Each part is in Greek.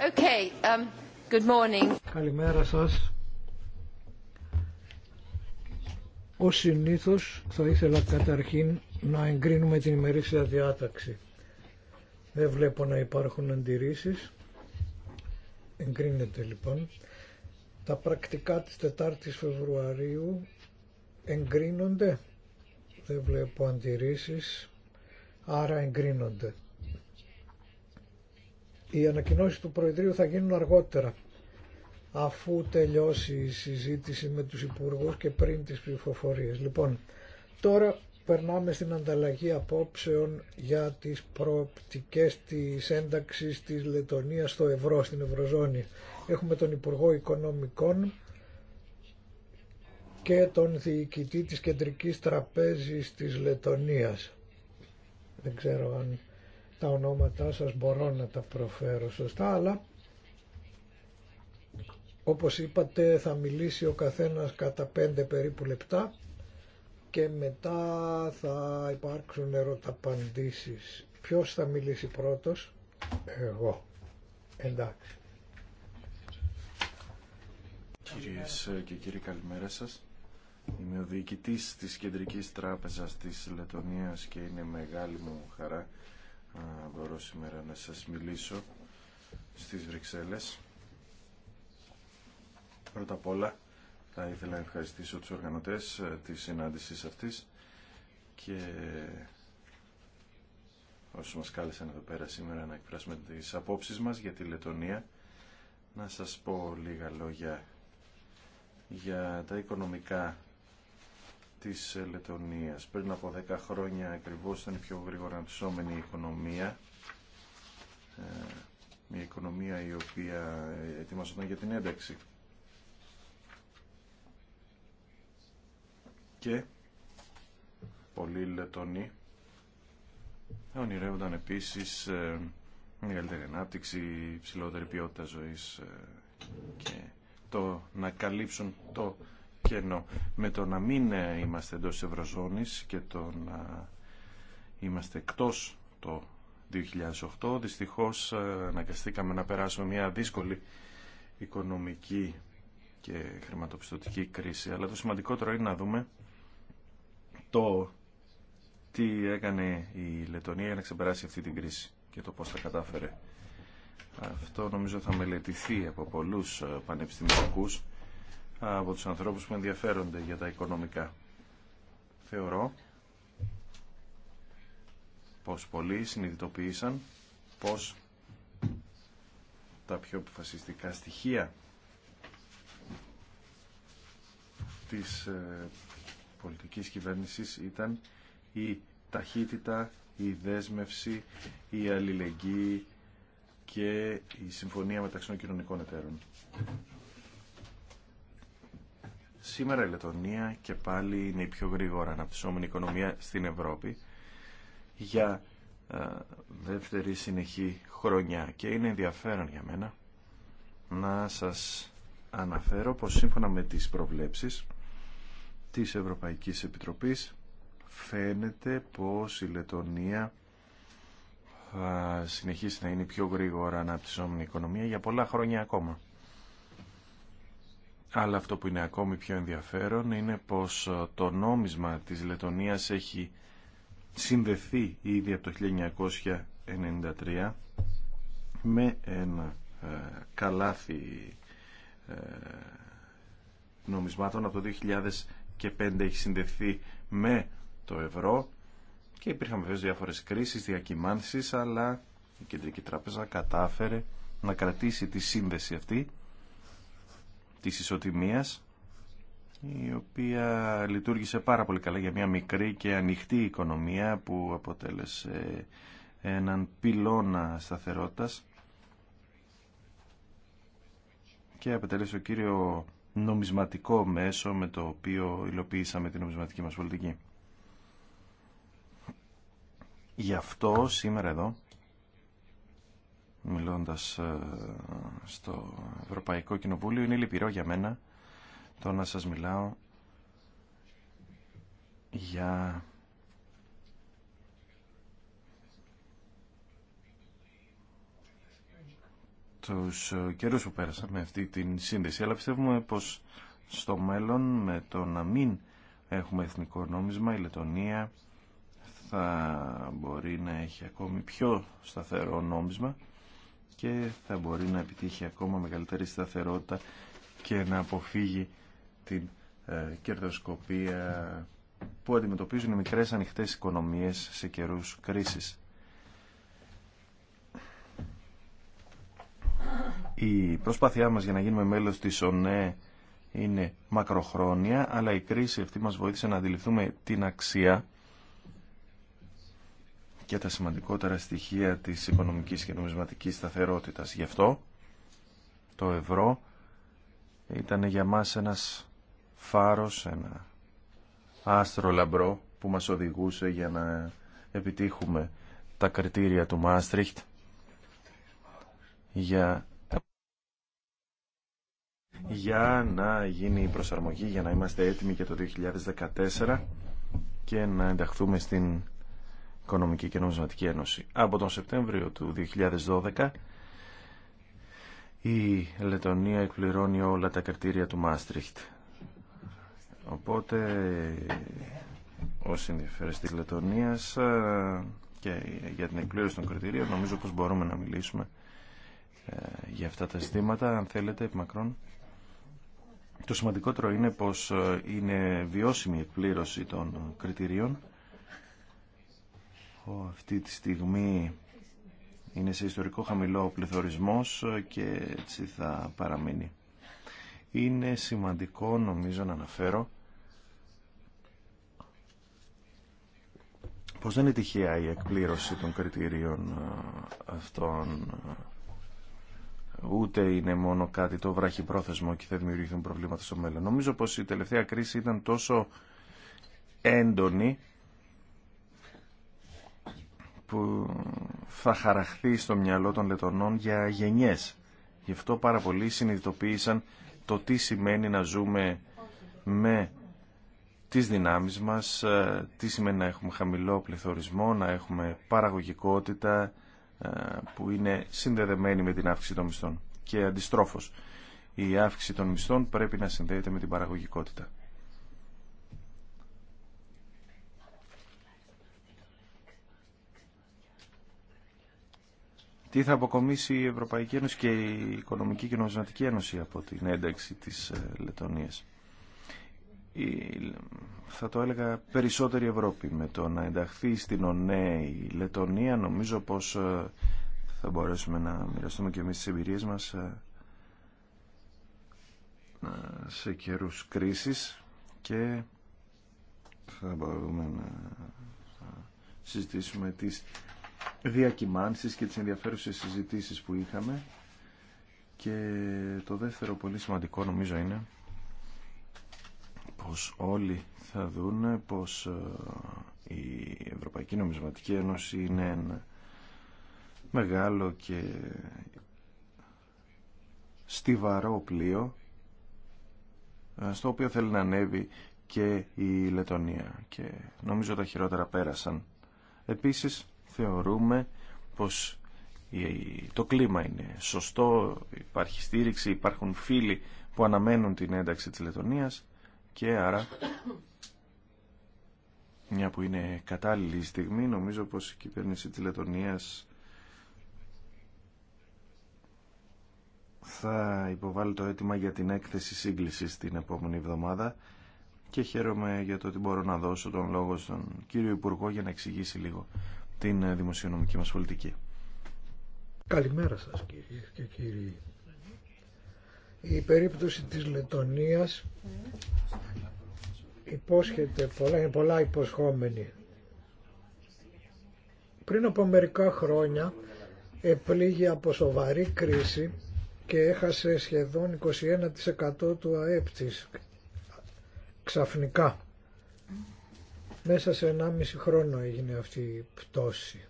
Um, Καλημέρα σας. Ως συνήθως θα ήθελα καταρχήν να εγκρίνουμε την ημερήσια διάταξη. Δεν βλέπω να υπάρχουν αντιρρήσεις. Εγκρίνεται λοιπόν. Τα πρακτικά της 4ης Φεβρουαρίου εγκρίνονται. Δεν βλέπω αντιρρήσεις. Άρα εγκρίνονται. Οι ανακοινώσει του Προεδρείου θα γίνουν αργότερα αφού τελειώσει η συζήτηση με τους υπουργούς και πριν τις ψηφοφορίες. Λοιπόν, τώρα περνάμε στην ανταλλαγή απόψεων για τις προοπτικές της ένταξη της Λετωνίας στο ευρώ, στην Ευρωζώνη. Έχουμε τον Υπουργό Οικονομικών και τον Διοικητή της Κεντρικής Τραπέζης της Λετωνίας. Δεν ξέρω αν τα ονόματά σας μπορώ να τα προφέρω σωστά, αλλά όπως είπατε θα μιλήσει ο καθένας κατά πέντε περίπου λεπτά και μετά θα υπάρξουν ερωταπαντήσεις. Ποιος θα μιλήσει πρώτος? Εγώ. Εντάξει. Κυρίες και κύριοι καλημέρα σας. Είμαι ο διοικητής της Κεντρικής Τράπεζας της Λετωνίας και είναι μεγάλη μου χαρά μπορώ σήμερα να σας μιλήσω στις Βρυξέλλες. Πρώτα απ' όλα θα ήθελα να ευχαριστήσω τους οργανωτές ε, της συνάντησης αυτής και όσους μας κάλεσαν εδώ πέρα σήμερα να εκφράσουμε τις απόψεις μας για τη Λετωνία να σας πω λίγα λόγια για τα οικονομικά της Λετωνίας. Πριν από 10 χρόνια ακριβώς ήταν η πιο γρήγορα αντισώμενη οικονομία. Ε, μια οικονομία η οποία ετοιμαζόταν για την ένταξη. Και πολλοί Λετωνοί ονειρεύονταν επίσης ε, μεγαλύτερη ανάπτυξη, ψηλότερη ποιότητα ζωής ε, και το να καλύψουν το και ενώ Με το να μην ε, είμαστε εντός Ευρωζώνης και το να είμαστε εκτός το 2008, δυστυχώς ε, αναγκαστήκαμε να περάσουμε μια δύσκολη οικονομική και χρηματοπιστωτική κρίση. Αλλά το σημαντικότερο είναι να δούμε το τι έκανε η Λετωνία για να ξεπεράσει αυτή την κρίση και το πώς τα κατάφερε. Αυτό νομίζω θα μελετηθεί από πολλούς ε, πανεπιστημιακούς από τους ανθρώπους που ενδιαφέρονται για τα οικονομικά. Θεωρώ πως πολλοί συνειδητοποίησαν πως τα πιο αποφασιστικά στοιχεία της ε, πολιτικής κυβέρνησης ήταν η ταχύτητα, η δέσμευση, η αλληλεγγύη και η συμφωνία μεταξύ των κοινωνικών εταίρων. Σήμερα η Λετωνία και πάλι είναι η πιο γρήγορα αναπτυσσόμενη οικονομία στην Ευρώπη για ε, δεύτερη συνεχή χρονιά και είναι ενδιαφέρον για μένα να σας αναφέρω πως σύμφωνα με τις προβλέψεις της Ευρωπαϊκής Επιτροπής φαίνεται πως η Λετωνία θα συνεχίσει να είναι η πιο γρήγορα αναπτυσσόμενη οικονομία για πολλά χρόνια ακόμα. Αλλά αυτό που είναι ακόμη πιο ενδιαφέρον είναι πως ε, το νόμισμα της Λετωνίας έχει συνδεθεί ήδη από το 1993 με ένα ε, καλάθι ε, νομισμάτων από το 2005 έχει συνδεθεί με το ευρώ και υπήρχαν βέβαια διάφορες κρίσεις, διακυμάνσεις αλλά η Κεντρική Τράπεζα κατάφερε να κρατήσει τη σύνδεση αυτή της ισοτιμίας η οποία λειτουργήσε πάρα πολύ καλά για μια μικρή και ανοιχτή οικονομία που αποτέλεσε έναν πυλώνα σταθερότητας και αποτέλεσε ο κύριο νομισματικό μέσο με το οποίο υλοποιήσαμε την νομισματική μας πολιτική. Γι' αυτό σήμερα εδώ μιλώντας ε, στο Ευρωπαϊκό Κοινοβούλιο. Είναι λυπηρό για μένα το να σας μιλάω για τους ε, καιρούς που πέρασαν με αυτή την σύνδεση. Αλλά πιστεύουμε πως στο μέλλον με το να μην έχουμε εθνικό νόμισμα η Λετωνία θα μπορεί να έχει ακόμη πιο σταθερό νόμισμα και θα μπορεί να επιτύχει ακόμα μεγαλύτερη σταθερότητα και να αποφύγει την ε, κερδοσκοπία που αντιμετωπίζουν οι μικρές ανοιχτές οικονομίες σε καιρούς κρίσης. Η προσπάθειά μας για να γίνουμε μέλος της ΟΝΕ είναι μακροχρόνια, αλλά η κρίση αυτή μας βοήθησε να αντιληφθούμε την αξία και τα σημαντικότερα στοιχεία της οικονομικής και νομισματικής σταθερότητας. Γι' αυτό το ευρώ ήταν για μας ένας φάρος, ένα άστρο λαμπρό που μας οδηγούσε για να επιτύχουμε τα κριτήρια του Μάστριχτ για για να γίνει η προσαρμογή, για να είμαστε έτοιμοι για το 2014 και να ενταχθούμε στην Οικονομική και Νομισματική Ένωση. Από τον Σεπτέμβριο του 2012 η Λετωνία εκπληρώνει όλα τα κριτήρια του Μάστριχτ. Οπότε ως ενδιαφέρες της Λετωνίας ε, και για την εκπλήρωση των κριτηρίων νομίζω πως μπορούμε να μιλήσουμε ε, για αυτά τα ζητήματα αν θέλετε επιμακρών. Το σημαντικότερο είναι πως ε, είναι βιώσιμη η εκπλήρωση των κριτηρίων αυτή τη στιγμή είναι σε ιστορικό χαμηλό πληθωρισμός και έτσι θα παραμείνει. Είναι σημαντικό νομίζω να αναφέρω πως δεν είναι τυχαία η εκπλήρωση των κριτηρίων ε, αυτών ούτε είναι μόνο κάτι το πρόθεσμο και θα δημιουργηθούν προβλήματα στο μέλλον. Νομίζω πως η τελευταία κρίση ήταν τόσο έντονη που θα χαραχθεί στο μυαλό των Λετωνών για γενιές. Γι' αυτό πάρα πολλοί συνειδητοποίησαν το τι σημαίνει να ζούμε με τις δυνάμεις μας, ε, τι σημαίνει να έχουμε χαμηλό πληθωρισμό, να έχουμε παραγωγικότητα ε, που είναι συνδεδεμένη με την αύξηση των μισθών. Και αντιστρόφως, η αύξηση των μισθών πρέπει να συνδέεται με την παραγωγικότητα. τι θα αποκομίσει η Ευρωπαϊκή Ένωση και η Οικονομική και Νομισματική Ένωση από την ένταξη της ε, Λετωνίας. Θα το έλεγα περισσότερη Ευρώπη με το να ενταχθεί στην ΩΝΕ η Λετωνία νομίζω πως ε, θα μπορέσουμε να μοιραστούμε και εμείς τις εμπειρίες μας ε, σε καιρούς κρίσης και θα μπορούμε να συζητήσουμε τις διακυμάνσεις και τις ενδιαφέρουσες συζητήσεις που είχαμε και το δεύτερο πολύ σημαντικό νομίζω είναι πως όλοι θα δουν πως ε, η Ευρωπαϊκή Νομισματική Ένωση είναι ένα μεγάλο και στιβαρό πλοίο ε, στο οποίο θέλει να ανέβει και η Λετωνία και νομίζω τα χειρότερα πέρασαν. Επίσης θεωρούμε πως το κλίμα είναι σωστό, υπάρχει στήριξη, υπάρχουν φίλοι που αναμένουν την ένταξη της Λετωνίας και άρα μια που είναι κατάλληλη στιγμή νομίζω πως η κυβέρνηση της Λετωνίας θα υποβάλει το αίτημα για την έκθεση σύγκλησης την επόμενη εβδομάδα και χαίρομαι για το ότι μπορώ να δώσω τον λόγο στον κύριο Υπουργό για να εξηγήσει λίγο την ε, δημοσιονομική μας πολιτική. Καλημέρα σας κύριε και κύριοι. Η περίπτωση της Λετωνίας υπόσχεται πολλά, είναι πολλά υποσχόμενη. Πριν από μερικά χρόνια επλήγει από σοβαρή κρίση και έχασε σχεδόν 21% του ΑΕΠ της ξαφνικά. Μέσα σε 1,5 χρόνο έγινε αυτή η πτώση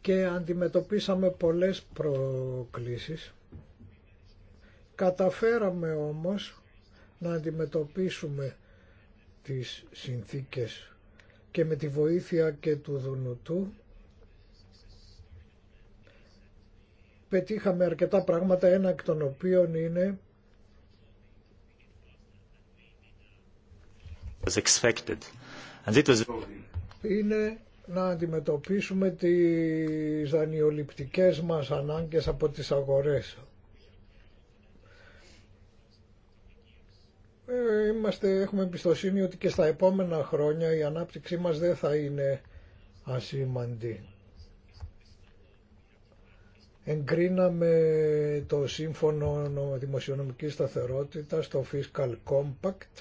και αντιμετωπίσαμε πολλές προκλήσεις. Καταφέραμε όμως να αντιμετωπίσουμε τις συνθήκες και με τη βοήθεια και του Δουνουτού πετύχαμε αρκετά πράγματα, ένα εκ των οποίων είναι expected είναι να αντιμετωπίσουμε τις δανειοληπτικές μας ανάγκες από τις αγορές. Ε, είμαστε, έχουμε εμπιστοσύνη ότι και στα επόμενα χρόνια η ανάπτυξή μας δεν θα είναι ασήμαντη. Εγκρίναμε το Σύμφωνο Δημοσιονομικής Σταθερότητας, το Fiscal Compact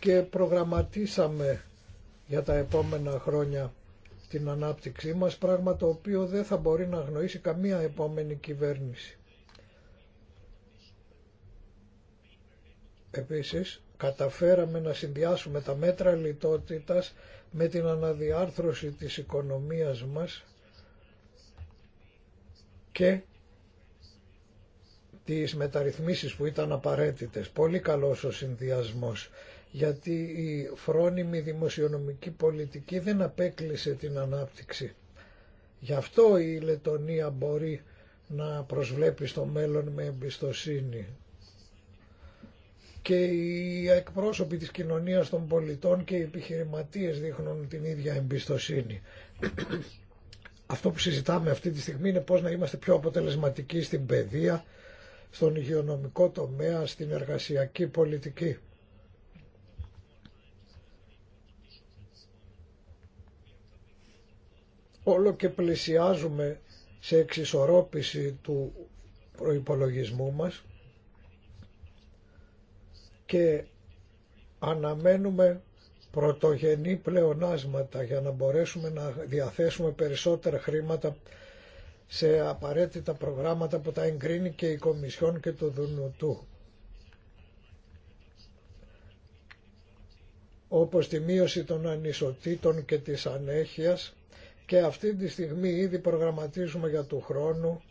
και προγραμματίσαμε για τα επόμενα χρόνια την ανάπτυξή μας, πράγμα το οποίο δεν θα μπορεί να γνωρίσει καμία επόμενη κυβέρνηση. Επίσης, καταφέραμε να συνδυάσουμε τα μέτρα λιτότητας με την αναδιάρθρωση της οικονομίας μας και τις μεταρρυθμίσεις που ήταν απαραίτητες. Πολύ καλός ο συνδυασμός γιατί η φρόνιμη δημοσιονομική πολιτική δεν απέκλεισε την ανάπτυξη. Γι' αυτό η Λετωνία μπορεί να προσβλέπει στο μέλλον με εμπιστοσύνη. Και οι εκπρόσωποι της κοινωνίας των πολιτών και οι επιχειρηματίες δείχνουν την ίδια εμπιστοσύνη. Αυτό που συζητάμε αυτή τη στιγμή είναι πώς να είμαστε πιο αποτελεσματικοί στην παιδεία, στον υγειονομικό τομέα, στην εργασιακή πολιτική. όλο και πλησιάζουμε σε εξισορρόπηση του προϋπολογισμού μας και αναμένουμε πρωτογενή πλεονάσματα για να μπορέσουμε να διαθέσουμε περισσότερα χρήματα σε απαραίτητα προγράμματα που τα εγκρίνει και η Κομισιόν και το Δουνουτού. όπως τη μείωση των ανισοτήτων και της ανέχειας και αυτή τη στιγμή ήδη προγραμματίζουμε για του χρόνου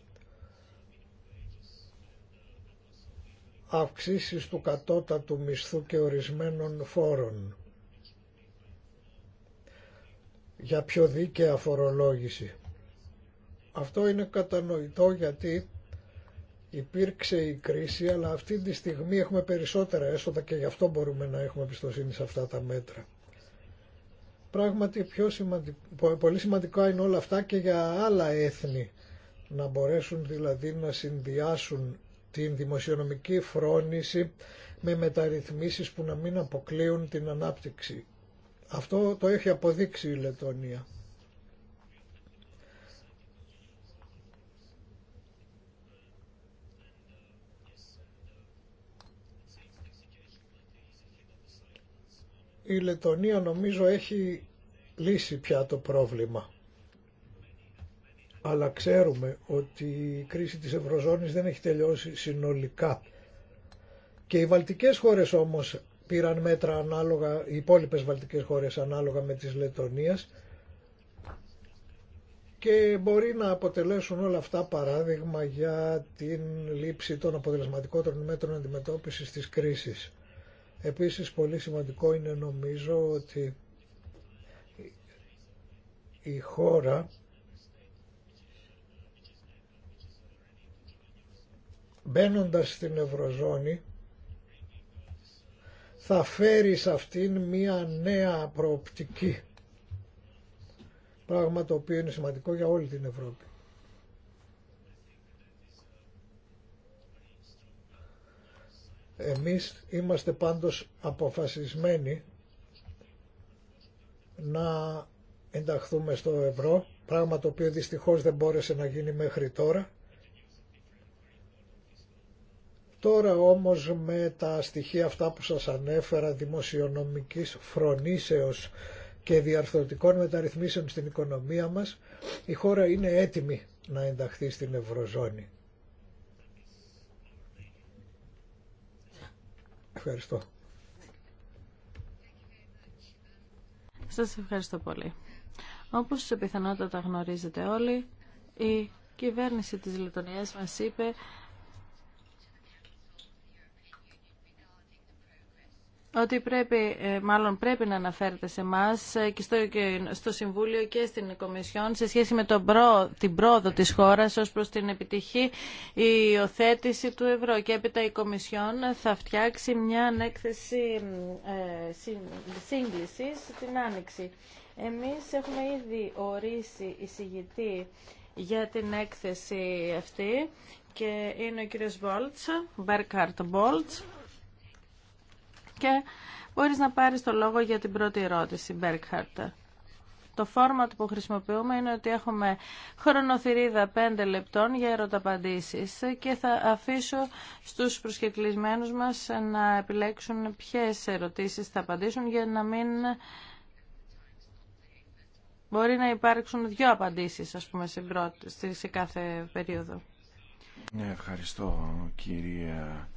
αυξήσεις του κατώτατου μισθού και ορισμένων φόρων για πιο δίκαια φορολόγηση. Αυτό είναι κατανοητό γιατί υπήρξε η κρίση αλλά αυτή τη στιγμή έχουμε περισσότερα έσοδα και γι' αυτό μπορούμε να έχουμε εμπιστοσύνη σε αυτά τα μέτρα. Πράγματι πιο πολύ σημαντικά είναι όλα αυτά και για άλλα έθνη να μπορέσουν δηλαδή να συνδυάσουν την δημοσιονομική φρόνηση με μεταρρυθμίσεις που να μην αποκλείουν την ανάπτυξη. Αυτό το έχει αποδείξει η Λετωνία. η Λετωνία νομίζω έχει λύσει πια το πρόβλημα. Αλλά ξέρουμε ότι η κρίση της Ευρωζώνης δεν έχει τελειώσει συνολικά. Και οι βαλτικές χώρες όμως πήραν μέτρα ανάλογα, οι υπόλοιπε βαλτικές χώρες ανάλογα με τις Λετωνίας και μπορεί να αποτελέσουν όλα αυτά παράδειγμα για την λήψη των αποτελεσματικότερων μέτρων αντιμετώπισης της κρίσης. Επίσης πολύ σημαντικό είναι νομίζω ότι η χώρα μπαίνοντας στην Ευρωζώνη θα φέρει σε αυτήν μία νέα προοπτική. Πράγμα το οποίο είναι σημαντικό για όλη την Ευρώπη. Εμείς είμαστε πάντως αποφασισμένοι να ενταχθούμε στο ευρώ, πράγμα το οποίο δυστυχώς δεν μπόρεσε να γίνει μέχρι τώρα. Τώρα όμως με τα στοιχεία αυτά που σας ανέφερα δημοσιονομικής φρονήσεως και διαρθρωτικών μεταρρυθμίσεων στην οικονομία μας, η χώρα είναι έτοιμη να ενταχθεί στην Ευρωζώνη. Ευχαριστώ. Σας ευχαριστώ πολύ. Όπως τα γνωρίζετε όλοι, η κυβέρνηση της Λετωνίας μας είπε ότι πρέπει, ε, μάλλον πρέπει να αναφέρεται σε εμά ε, και στο, Συμβούλιο και στην Κομισιόν σε σχέση με τον προ, την πρόοδο της χώρας ως προς την επιτυχή υιοθέτηση του ευρώ. Και έπειτα η Κομισιόν θα φτιάξει μια ανέκθεση ε, την την Άνοιξη. Εμείς έχουμε ήδη ορίσει εισηγητή για την έκθεση αυτή και είναι ο κύριος Μπόλτς, Μπέρκαρτ Μπόλτς. Και μπορείς να πάρεις το λόγο για την πρώτη ερώτηση, Μπέρκχαρτ. Το φόρματ που χρησιμοποιούμε είναι ότι έχουμε χρονοθυρίδα 5 λεπτών για ερωταπαντήσεις και θα αφήσω στους προσκεκλισμένους μας να επιλέξουν ποιες ερωτήσεις θα απαντήσουν για να μην μπορεί να υπάρξουν δύο απαντήσεις ας πούμε σε κάθε περίοδο. Ναι, ευχαριστώ κυρία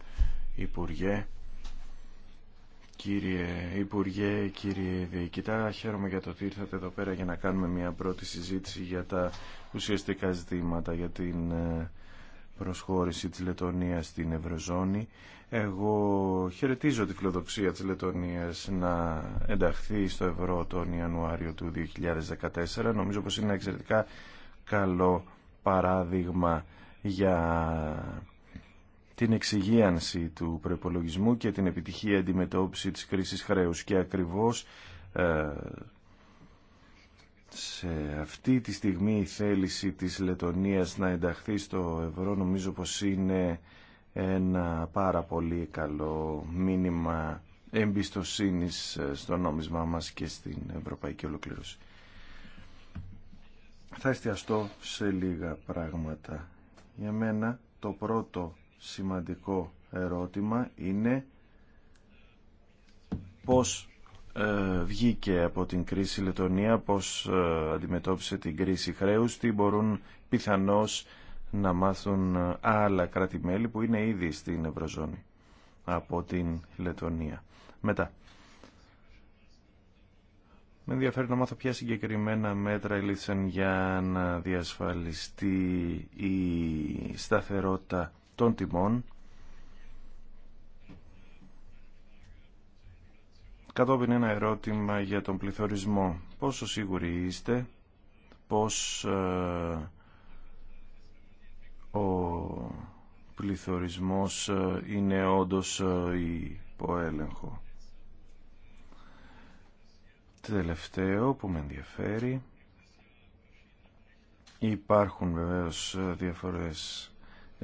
Υπουργέ κύριε Υπουργέ, κύριε Διοικητά. Χαίρομαι για το ότι ήρθατε εδώ πέρα για να κάνουμε μια πρώτη συζήτηση για τα ουσιαστικά ζητήματα, για την ε, προσχώρηση της Λετωνίας στην Ευρωζώνη. Εγώ χαιρετίζω τη φιλοδοξία της Λετωνίας να ενταχθεί στο ευρώ τον Ιανουάριο του 2014. Νομίζω πως είναι ένα εξαιρετικά καλό παράδειγμα για την εξυγίανση του προπολογισμού και την επιτυχή αντιμετώπιση της κρίσης χρέους. Και ακριβώς ε, σε αυτή τη στιγμή η θέληση της Λετωνίας να ενταχθεί στο ευρώ νομίζω πως είναι ένα πάρα πολύ καλό μήνυμα εμπιστοσύνης ε, στο νόμισμά μας και στην ευρωπαϊκή ολοκλήρωση. Θα εστιαστώ σε λίγα πράγματα. Για μένα το πρώτο σημαντικό ερώτημα είναι πώς ε, βγήκε από την κρίση η Λετωνία, πώς ε, αντιμετώπισε την κρίση χρέους, τι μπορούν πιθανώς να μάθουν ε, άλλα κράτη-μέλη που είναι ήδη στην Ευρωζώνη από την Λετωνία. Μετά. Με ενδιαφέρει να μάθω ποια συγκεκριμένα μέτρα ελήφθησαν για να διασφαλιστεί η σταθερότητα των τιμών Κατόπιν ένα ερώτημα για τον πληθωρισμό. Πόσο σίγουροι είστε πως ε, ο πληθωρισμός ε, είναι υπό ε, υποέλεγχο. Τελευταίο που με ενδιαφέρει υπάρχουν βεβαίως διαφορές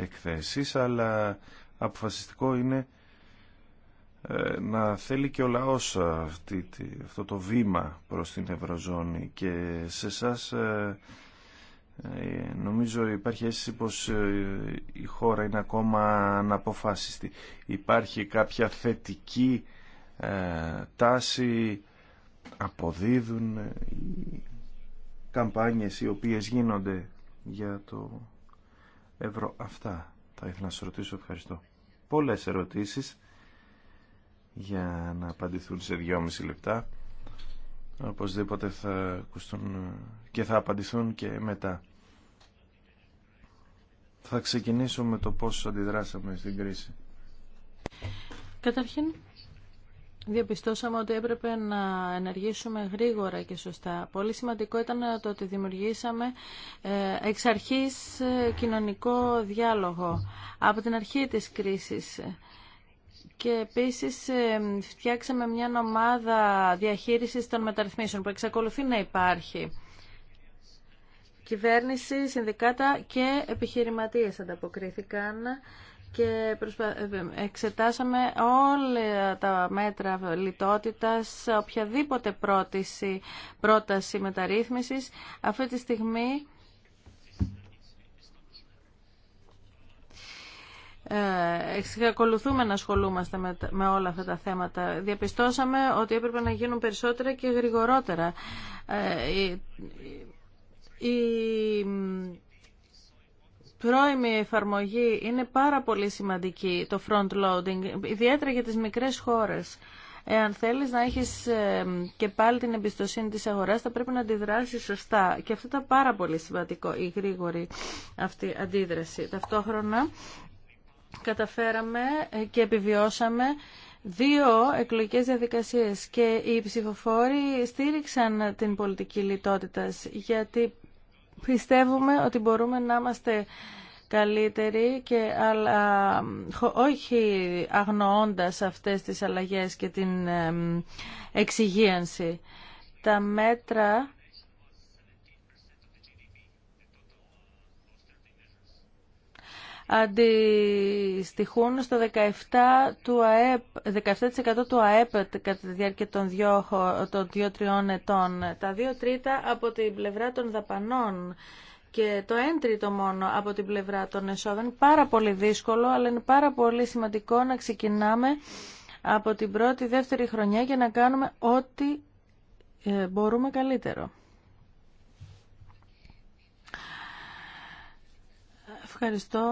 εκθέσεις, αλλά αποφασιστικό είναι ε, να θέλει και ο λαός αυτή, αυτό το βήμα προς την Ευρωζώνη και σε σας ε, ε, νομίζω υπάρχει αίσθηση πως η χώρα είναι ακόμα αναποφάσιστη. Υπάρχει κάποια θετική τάση αποδίδουν οι καμπάνιες οι οποίες γίνονται για το ευρώ. Αυτά θα ήθελα να σα ρωτήσω. Ευχαριστώ. Πολλέ ερωτήσεις για να απαντηθούν σε δυόμιση λεπτά. Οπωσδήποτε θα ακουστούν ε, και θα απαντηθούν και μετά. Θα ξεκινήσω με το πώς αντιδράσαμε στην κρίση. Καταρχήν, διαπιστώσαμε ότι έπρεπε να ενεργήσουμε γρήγορα και σωστά. Πολύ σημαντικό ήταν το ότι δημιουργήσαμε ε, εξ αρχής ε, κοινωνικό διάλογο από την αρχή της κρίσης. Και επίσης ε, φτιάξαμε μια ομάδα διαχείρισης των μεταρρυθμίσεων που εξακολουθεί να υπάρχει. Κυβέρνηση, συνδικάτα και επιχειρηματίες ανταποκρίθηκαν και ε, εξετάσαμε όλα τα μέτρα λιτότητας, οποιαδήποτε πρόταση, πρόταση μεταρρύθμισης. Αυτή τη στιγμή ε, εξακολουθούμε να ασχολούμαστε με, με όλα αυτά τα θέματα. Διαπιστώσαμε ότι έπρεπε να γίνουν περισσότερα και γρηγορότερα. Ε, πρώιμη εφαρμογή είναι πάρα πολύ σημαντική, το front loading, ιδιαίτερα για τις μικρές χώρες. Εάν θέλεις να έχεις ε, και πάλι την εμπιστοσύνη της αγοράς, θα πρέπει να αντιδράσεις σωστά. Και αυτό ήταν πάρα πολύ σημαντικό, η γρήγορη αυτή αντίδραση. Ταυτόχρονα καταφέραμε ε, και επιβιώσαμε δύο εκλογικές διαδικασίες και οι ψηφοφόροι στήριξαν την πολιτική λιτότητα γιατί Πιστεύουμε ότι μπορούμε να είμαστε καλύτεροι και αλλά όχι αγνοώντας αυτές τις αλλαγές και την εξυγίανση. Τα μέτρα αντιστοιχούν στο 17% του ΑΕΠ, 17% του ΑΕΠ κατά τη διάρκεια των 2-3 ετών. Τα 2 τρίτα από την πλευρά των δαπανών και το 1 τρίτο μόνο από την πλευρά των εσόδων. πάρα πολύ δύσκολο, αλλά είναι πάρα πολύ σημαντικό να ξεκινάμε από την πρώτη-δεύτερη χρονιά για να κάνουμε ό,τι ε, μπορούμε καλύτερο. Ευχαριστώ.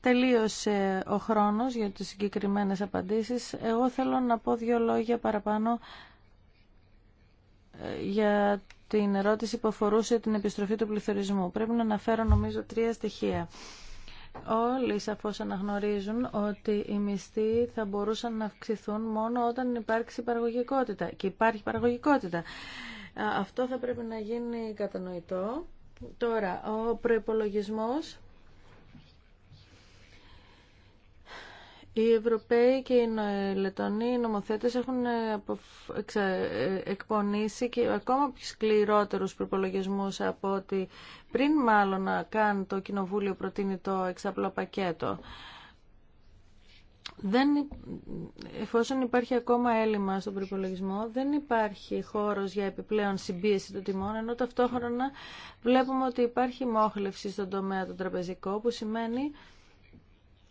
Τελείωσε ο χρόνος για τις συγκεκριμένες απαντήσεις. Εγώ θέλω να πω δύο λόγια παραπάνω ε, για την ερώτηση που αφορούσε την επιστροφή του πληθωρισμού. Πρέπει να αναφέρω νομίζω τρία στοιχεία. Όλοι σαφώς αναγνωρίζουν ότι οι μισθοί θα μπορούσαν να αυξηθούν μόνο όταν υπάρξει παραγωγικότητα. Και υπάρχει παραγωγικότητα. Αυτό θα πρέπει να γίνει κατανοητό Τώρα, ο προϋπολογισμός. Οι Ευρωπαίοι και οι ε, Λετωνοί νομοθέτες έχουν ε, ε, εκπονήσει και ακόμα σκληρότερους προϋπολογισμούς από ότι πριν μάλλον να κάνει το Κοινοβούλιο προτείνει το εξαπλό πακέτο δεν, εφόσον υπάρχει ακόμα έλλειμμα στον προπολογισμό, δεν υπάρχει χώρος για επιπλέον συμπίεση των τιμών, ενώ ταυτόχρονα βλέπουμε ότι υπάρχει μόχλευση στον τομέα του τραπεζικό, που σημαίνει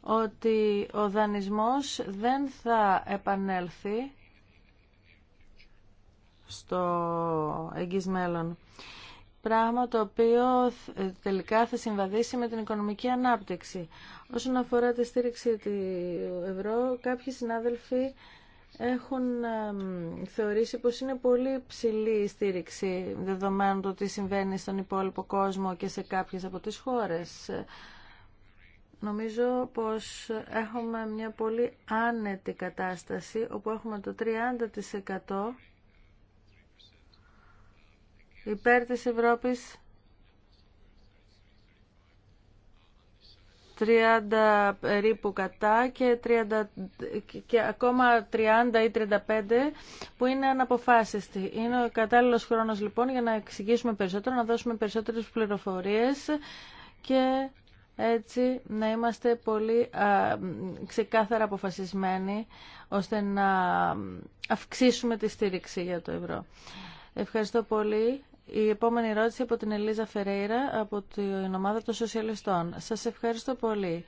ότι ο δανεισμός δεν θα επανέλθει στο εγγύς μέλλον. Πράγμα το οποίο τελικά θα συμβαδίσει με την οικονομική ανάπτυξη. Όσον αφορά τη στήριξη του ευρώ, κάποιοι συνάδελφοι έχουν θεωρήσει πως είναι πολύ ψηλή η στήριξη δεδομένου το τι συμβαίνει στον υπόλοιπο κόσμο και σε κάποιες από τις χώρες. Νομίζω πως έχουμε μια πολύ άνετη κατάσταση όπου έχουμε το 30% υπέρ της Ευρώπης 30 περίπου κατά και, 30, και ακόμα 30 ή 35 που είναι αναποφάσιστοι. Είναι ο κατάλληλος χρόνος λοιπόν για να εξηγήσουμε περισσότερο, να δώσουμε περισσότερες πληροφορίες και έτσι να είμαστε πολύ ξεκάθαρα αποφασισμένοι ώστε να αυξήσουμε τη στήριξη για το ευρώ. Ευχαριστώ πολύ. Η επόμενη ερώτηση από την Ελίζα Φερέιρα από την ομάδα των Σοσιαλιστών. Σας ευχαριστώ πολύ.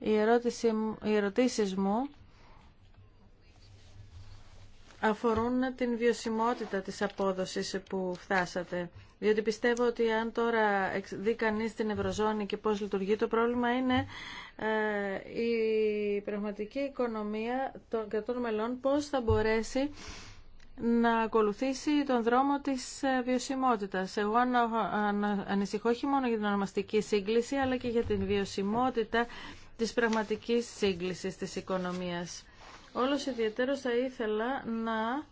Η ερώτηση, οι ερωτήσεις μου αφορούν την βιωσιμότητα της απόδοσης που φτάσατε. Διότι πιστεύω ότι αν τώρα δει κανεί την Ευρωζώνη και πώς λειτουργεί, το πρόβλημα είναι ε, η πραγματική οικονομία των κρατών μελών, πώς θα μπορέσει να ακολουθήσει τον δρόμο της ε, βιωσιμότητας. Εγώ ανησυχώ όχι μόνο για την ονομαστική σύγκληση, αλλά και για την βιωσιμότητα της πραγματικής σύγκλησης της οικονομίας. Όλος ιδιαίτερος θα ήθελα να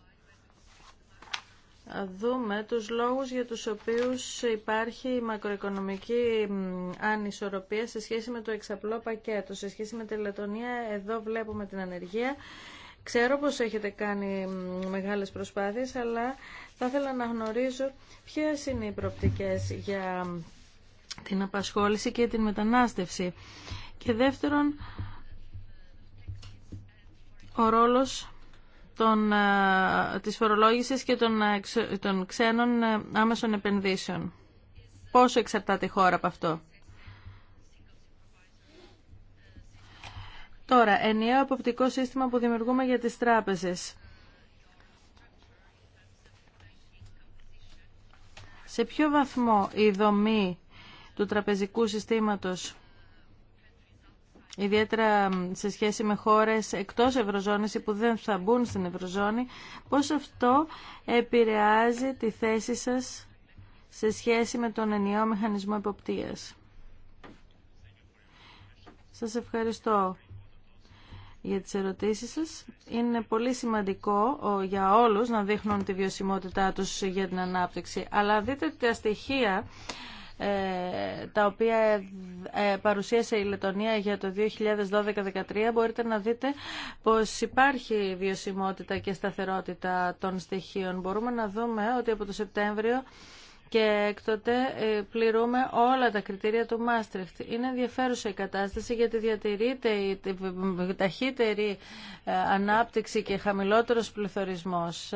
δούμε τους λόγους για τους οποίους υπάρχει η μακροοικονομική ανισορροπία σε σχέση με το εξαπλό πακέτο. Σε σχέση με τη Λετωνία, εδώ βλέπουμε την ανεργία Ξέρω πως έχετε κάνει μεγάλες προσπάθειες, αλλά θα ήθελα να γνωρίζω ποιες είναι οι προπτικές για την απασχόληση και την μετανάστευση. Και δεύτερον, ο ρόλος των, ε, της φορολόγησης και των, ε, των ξένων ε, άμεσων επενδύσεων. Πόσο εξαρτάται η χώρα από αυτό. Τώρα, ενιαίο αποπτικό σύστημα που δημιουργούμε για τις τράπεζες. Σε ποιο βαθμό η δομή του τραπεζικού συστήματος ιδιαίτερα σε σχέση με χώρες εκτός Ευρωζώνης ή που δεν θα μπουν στην Ευρωζώνη, πώς αυτό επηρεάζει τη θέση σας σε σχέση με τον ενιαίο μηχανισμό εποπτείας. Σας ευχαριστώ για τις ερωτήσεις σας. Είναι πολύ σημαντικό για όλους να δείχνουν τη βιωσιμότητά τους για την ανάπτυξη. Αλλά δείτε τα στοιχεία ε, τα οποία ε, παρουσίασε η Λετωνία για το 2012-2013 μπορείτε να δείτε πως υπάρχει βιωσιμότητα και σταθερότητα των στοιχείων. Μπορούμε να δούμε ότι από το Σεπτέμβριο και έκτοτε πληρούμε όλα τα κριτήρια του Μάστρεχτ. Είναι ενδιαφέρουσα η κατάσταση γιατί διατηρείται η ταχύτερη ανάπτυξη και χαμηλότερος πληθωρισμός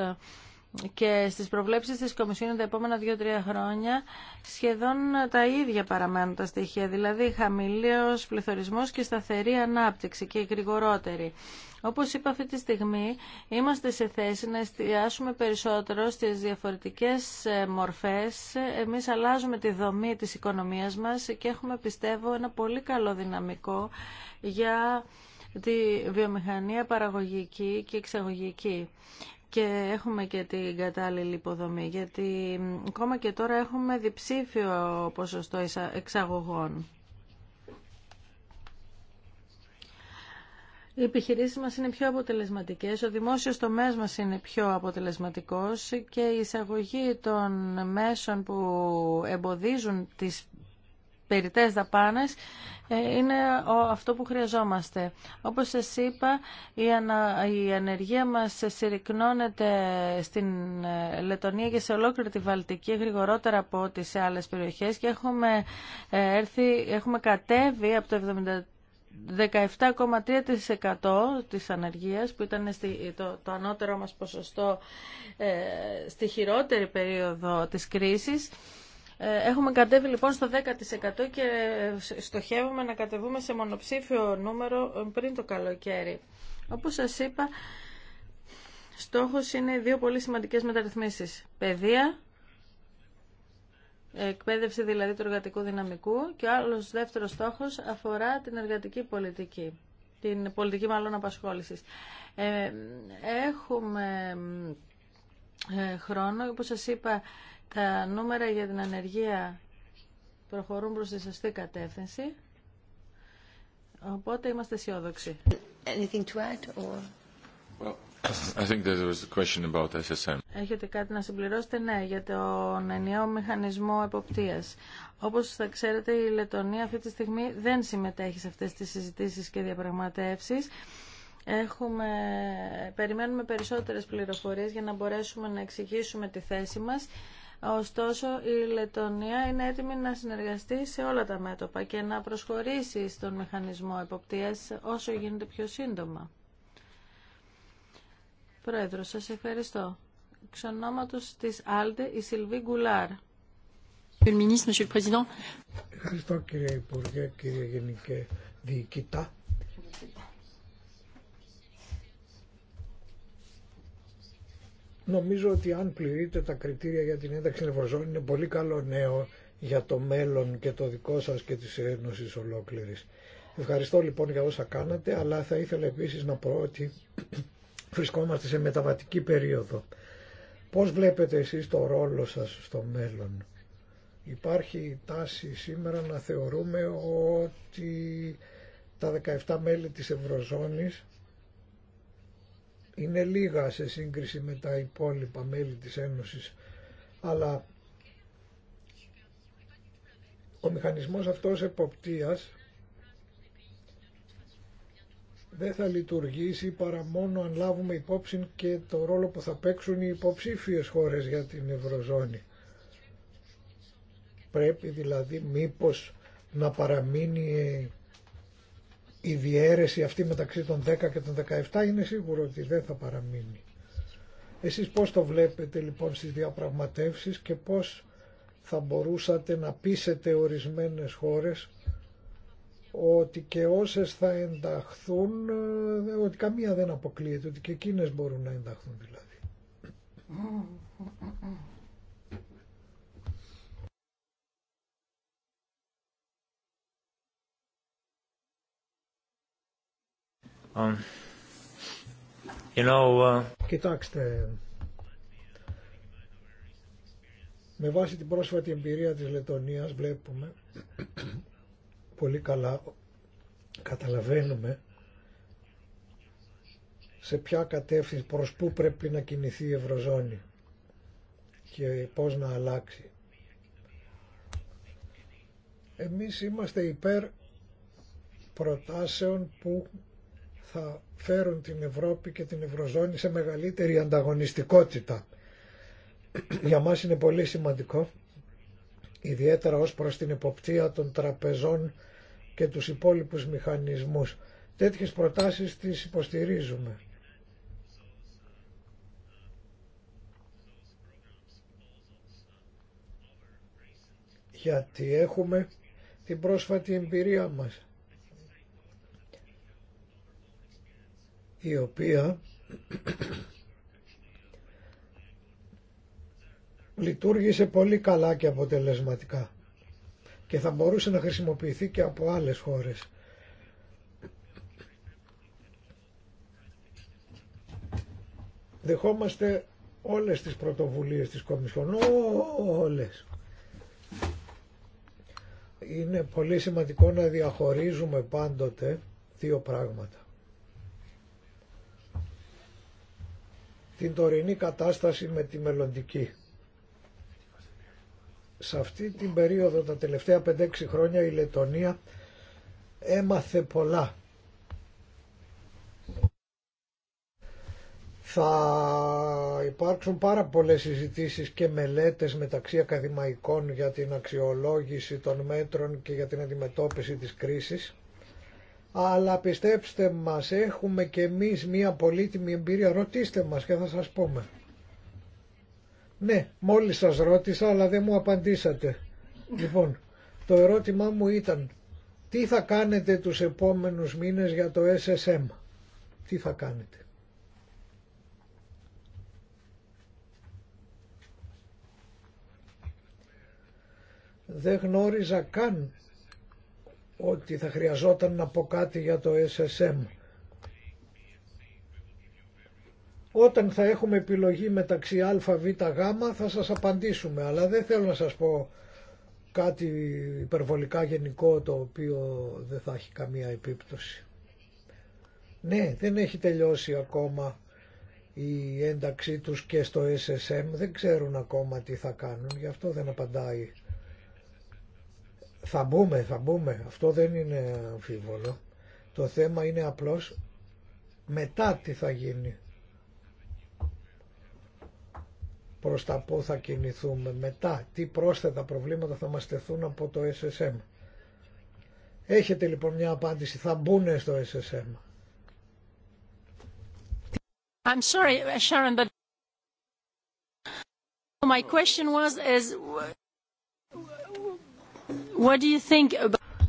και στις προβλέψεις της Κομισιόν τα επόμενα 2-3 χρόνια σχεδόν τα ίδια παραμένουν τα στοιχεία, δηλαδή χαμηλός πληθωρισμός και σταθερή ανάπτυξη και γρηγορότερη. Όπως είπα αυτή τη στιγμή, είμαστε σε θέση να εστιάσουμε περισσότερο στις διαφορετικές ε, μορφές. Εμείς αλλάζουμε τη δομή της οικονομίας μας και έχουμε, πιστεύω, ένα πολύ καλό δυναμικό για τη βιομηχανία παραγωγική και εξαγωγική και έχουμε και την κατάλληλη υποδομή, γιατί ακόμα και τώρα έχουμε διψήφιο ποσοστό εξαγωγών. Οι επιχειρήσεις μας είναι πιο αποτελεσματικές, ο δημόσιος τομέας μας είναι πιο αποτελεσματικός και η εισαγωγή των μέσων που εμποδίζουν τις περιττές δαπάνες ε, είναι αυτό που χρειαζόμαστε. Όπως σας είπα, η, η ανεργία μας συρρυκνώνεται στην ε, Λετωνία και σε ολόκληρη τη Βαλτική γρηγορότερα από ό,τι σε άλλες περιοχές και έχουμε, ε, έρθει, έχουμε κατέβει από το 17,3% της ανεργίας που ήταν στη, το, το ανώτερο μας ποσοστό στη χειρότερη περίοδο της κρίσης ε, έχουμε κατέβει λοιπόν στο 10% και στοχεύουμε να κατεβούμε σε μονοψήφιο νούμερο πριν το καλοκαίρι. Όπως σας είπα, στόχος είναι δύο πολύ σημαντικές μεταρρυθμίσεις. Παιδεία, εκπαίδευση δηλαδή του εργατικού δυναμικού και ο άλλος δεύτερος στόχος αφορά την εργατική πολιτική, την πολιτική μάλλον απασχόλησης. Ε, έχουμε ε, χρόνο, όπως σας είπα, τα νούμερα για την ανεργία προχωρούν προς τη σωστή κατεύθυνση. Οπότε είμαστε αισιόδοξοι. Anything to add or... I think there was a question about SSM. Έχετε κάτι να συμπληρώσετε, ναι, για τον ενιαίο μηχανισμό εποπτείας. Όπως θα ξέρετε, η Λετωνία αυτή τη στιγμή δεν συμμετέχει σε αυτές τις συζητήσεις και διαπραγματεύσεις. Έχουμε, περιμένουμε περισσότερες πληροφορίες για να μπορέσουμε να εξηγήσουμε τη θέση μας Ωστόσο, η Λετωνία είναι έτοιμη να συνεργαστεί σε όλα τα μέτωπα και να προσχωρήσει στον μηχανισμό εποπτείας όσο γίνεται πιο σύντομα. Πρόεδρο, σας ευχαριστώ. Εξ της Άλτε, η Σιλβί Γκουλάρ. Ευχαριστώ κύριε Υπουργέ, κύριε Γενική Διοικητά. Νομίζω ότι αν πληρείτε τα κριτήρια για την ένταξη στην Ευρωζώνη είναι πολύ καλό νέο για το μέλλον και το δικό σας και της Ένωσης ολόκληρης. Ευχαριστώ λοιπόν για όσα κάνατε, αλλά θα ήθελα επίσης να πω ότι βρισκόμαστε σε μεταβατική περίοδο. Πώς βλέπετε εσείς το ρόλο σας στο μέλλον. Υπάρχει τάση σήμερα να θεωρούμε ότι τα 17 μέλη της Ευρωζώνης είναι λίγα σε σύγκριση με τα υπόλοιπα μέλη της Ένωσης, αλλά ο μηχανισμός αυτός εποπτείας δεν θα λειτουργήσει παρά μόνο αν λάβουμε υπόψη και το ρόλο που θα παίξουν οι υποψήφιες χώρες για την Ευρωζώνη. Πρέπει δηλαδή μήπως να παραμείνει η διαίρεση αυτή μεταξύ των 10 και των 17 είναι σίγουρο ότι δεν θα παραμείνει. Εσείς πώς το βλέπετε λοιπόν στις διαπραγματεύσεις και πώς θα μπορούσατε να πείσετε ορισμένες χώρες ότι και όσες θα ενταχθούν, ε, ότι καμία δεν αποκλείεται, ότι και εκείνες μπορούν να ενταχθούν δηλαδή. Um, uh, Κοιτάξτε, με βάση την πρόσφατη εμπειρία της Λετωνίας βλέπουμε πολύ καλά, καταλαβαίνουμε σε ποια κατεύθυνση, προς πού πρέπει να κινηθεί η Ευρωζώνη και πώς να αλλάξει. Εμείς είμαστε υπέρ προτάσεων που θα φέρουν την Ευρώπη και την Ευρωζώνη σε μεγαλύτερη ανταγωνιστικότητα. Για μας είναι πολύ σημαντικό, ιδιαίτερα ως προς την εποπτεία των τραπεζών και τους υπόλοιπους μηχανισμούς. Τέτοιες προτάσεις τις υποστηρίζουμε. Γιατί έχουμε την πρόσφατη εμπειρία μας η οποία λειτουργήσε πολύ καλά και αποτελεσματικά και θα μπορούσε να χρησιμοποιηθεί και από άλλες χώρες. Δεχόμαστε όλες τις πρωτοβουλίες της Κομισιόν, όλες. Είναι πολύ σημαντικό να διαχωρίζουμε πάντοτε δύο πράγματα. την τωρινή κατάσταση με τη μελλοντική. Σε αυτή την περίοδο τα τελευταία 5-6 χρόνια η Λετωνία έμαθε πολλά. Θα υπάρξουν πάρα πολλές συζητήσεις και μελέτες μεταξύ ακαδημαϊκών για την αξιολόγηση των μέτρων και για την αντιμετώπιση της κρίσης αλλά πιστέψτε μας έχουμε και εμείς μια πολύτιμη εμπειρία ρωτήστε μας και θα σας πούμε ναι μόλις σας ρώτησα αλλά δεν μου απαντήσατε λοιπόν το ερώτημά μου ήταν τι θα κάνετε τους επόμενους μήνες για το SSM τι θα κάνετε δεν γνώριζα καν ότι θα χρειαζόταν να πω κάτι για το SSM. Όταν θα έχουμε επιλογή μεταξύ α, β, γ θα σας απαντήσουμε, αλλά δεν θέλω να σας πω κάτι υπερβολικά γενικό το οποίο δεν θα έχει καμία επίπτωση. Ναι, δεν έχει τελειώσει ακόμα η ένταξή τους και στο SSM, δεν ξέρουν ακόμα τι θα κάνουν, γι' αυτό δεν απαντάει θα μπούμε, θα μπούμε. Αυτό δεν είναι αμφίβολο. Το θέμα είναι απλώς μετά τι θα γίνει. Προς τα πού θα κινηθούμε μετά. Τι πρόσθετα προβλήματα θα μας τεθούν από το SSM. Έχετε λοιπόν μια απάντηση. Θα μπουν στο SSM. I'm sorry, Sharon, but my question was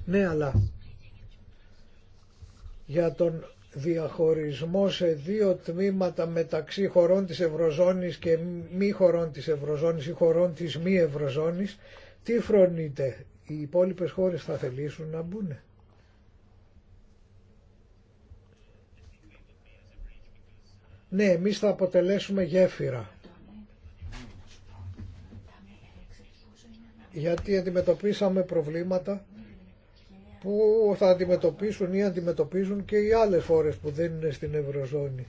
ναι, αλλά για τον διαχωρισμό σε δύο τμήματα μεταξύ χωρών της Ευρωζώνης και μη χωρών της Ευρωζώνης ή χωρών της μη Ευρωζώνης, τι φρονείτε, οι υπόλοιπες χώρες θα θελήσουν να μπουν. Ναι, εμείς θα αποτελέσουμε γέφυρα. γιατί αντιμετωπίσαμε προβλήματα που θα αντιμετωπίσουν ή αντιμετωπίζουν και οι άλλες φορές που δεν είναι στην Ευρωζώνη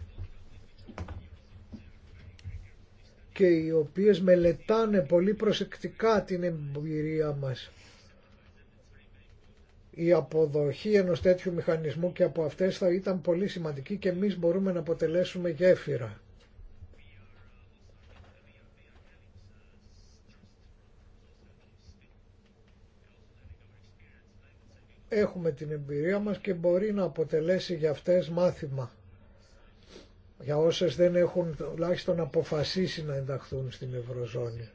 και οι οποίες μελετάνε πολύ προσεκτικά την εμπειρία μας. Η αποδοχή ενός τέτοιου μηχανισμού και από αυτές θα ήταν πολύ σημαντική και εμείς μπορούμε να αποτελέσουμε γέφυρα. έχουμε την εμπειρία μας και μπορεί να αποτελέσει για αυτές μάθημα. Για όσες δεν έχουν τουλάχιστον αποφασίσει να ενταχθούν στην Ευρωζώνη.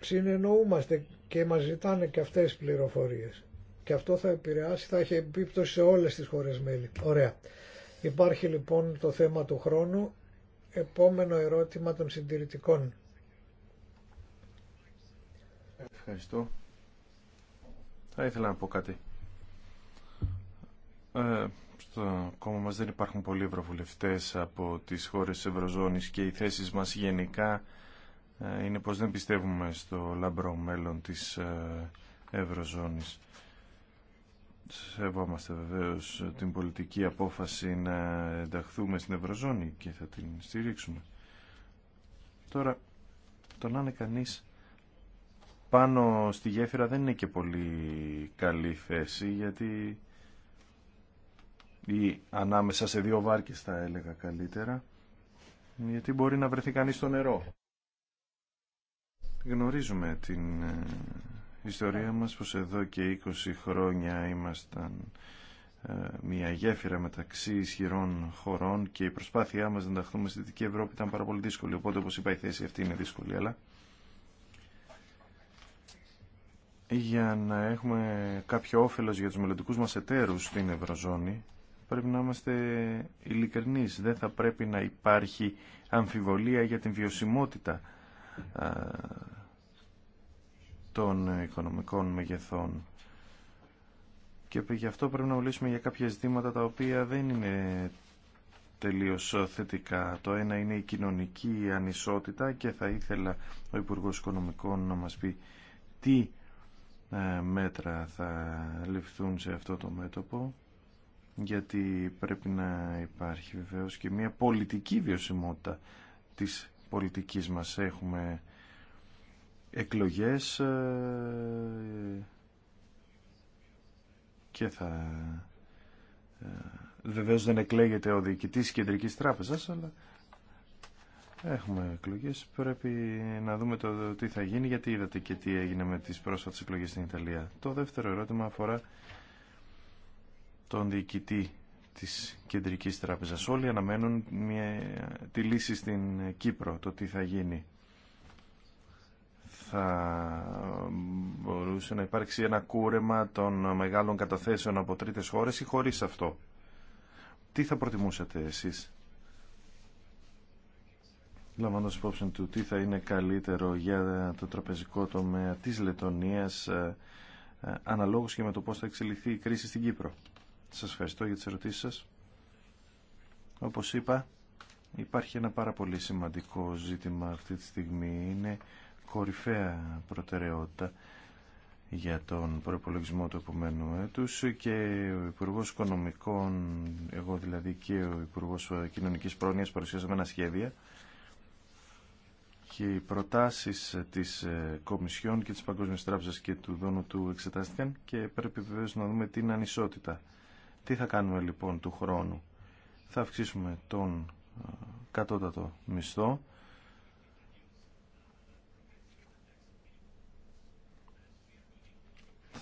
Συνεννοούμαστε και μας ζητάνε και αυτές τις πληροφορίες. Και αυτό θα επηρεάσει, θα έχει επίπτωση σε όλες τις χώρες μέλη. Ωραία. Υπάρχει λοιπόν το θέμα του χρόνου επόμενο ερώτημα των συντηρητικών. Ευχαριστώ. Θα ήθελα να πω κάτι. Ε, στο κόμμα μας δεν υπάρχουν πολλοί ευρωβουλευτές από τις χώρες της Ευρωζώνης και οι θέσεις μας γενικά ε, είναι πως δεν πιστεύουμε στο λαμπρό μέλλον της ε, Ευρωζώνης. Σεβόμαστε βεβαίως την πολιτική απόφαση να ενταχθούμε στην Ευρωζώνη και θα την στηρίξουμε. Τώρα, το να είναι κανείς πάνω στη γέφυρα δεν είναι και πολύ καλή θέση γιατί ή ανάμεσα σε δύο βάρκες θα έλεγα καλύτερα γιατί μπορεί να βρεθεί κανείς στο νερό. Γνωρίζουμε την ε, η ιστορία μας πως εδώ και 20 χρόνια ήμασταν ε, μια γέφυρα μεταξύ ισχυρών χωρών και η προσπάθειά μας να ενταχθούμε στη Δυτική Ευρώπη ήταν πάρα πολύ δύσκολη. Οπότε, όπως είπα, η θέση αυτή είναι δύσκολη, αλλά για να έχουμε κάποιο όφελος για τους μελλοντικού μας εταίρους στην Ευρωζώνη, πρέπει να είμαστε ειλικρινείς. Δεν θα πρέπει να υπάρχει αμφιβολία για την βιωσιμότητα των οικονομικών μεγεθών. Και γι' αυτό πρέπει να μιλήσουμε για κάποια ζητήματα τα οποία δεν είναι τελείως θετικά. Το ένα είναι η κοινωνική ανισότητα και θα ήθελα ο Υπουργός Οικονομικών να μας πει τι ε, μέτρα θα ληφθούν σε αυτό το μέτωπο γιατί πρέπει να υπάρχει βεβαίως και μια πολιτική βιωσιμότητα της πολιτικής μας. Έχουμε εκλογές ε, και θα... Ε, βεβαίως δεν εκλέγεται ο διοικητής κεντρικής τράπεζας, αλλά Έχουμε εκλογές. Πρέπει να δούμε το τι θα γίνει, γιατί είδατε και τι έγινε με τις πρόσφατες εκλογές στην Ιταλία. Το δεύτερο ερώτημα αφορά τον διοικητή της Κεντρικής Τράπεζας. Όλοι αναμένουν μια, τη λύση στην Κύπρο, το τι θα γίνει θα μπορούσε να υπάρξει ένα κούρεμα των μεγάλων καταθέσεων από τρίτες χώρες ή χωρίς αυτό. Τι θα προτιμούσατε εσείς λαμβάνοντα υπόψη του τι θα είναι καλύτερο για το τραπεζικό τομέα της Λετωνίας ε, ε, αναλόγως και με το πώς θα εξελιχθεί η κρίση στην Κύπρο. Σας ευχαριστώ για τις ερωτήσεις σας. Όπως είπα, υπάρχει ένα πάρα πολύ σημαντικό ζήτημα αυτή τη στιγμή. Είναι κορυφαία προτεραιότητα για τον προπολογισμό του επομένου έτους και ο Υπουργό Οικονομικών, εγώ δηλαδή και ο Υπουργό Κοινωνικής Πρόνοιας παρουσιάσαμε ένα σχέδιο και οι προτάσεις της ε, Κομισιόν και της Παγκόσμιας Τράπεζας και του Δόνου του εξετάστηκαν και πρέπει βεβαίως να δούμε την ανισότητα. Τι θα κάνουμε λοιπόν του χρόνου. Θα αυξήσουμε τον ε, κατώτατο μισθό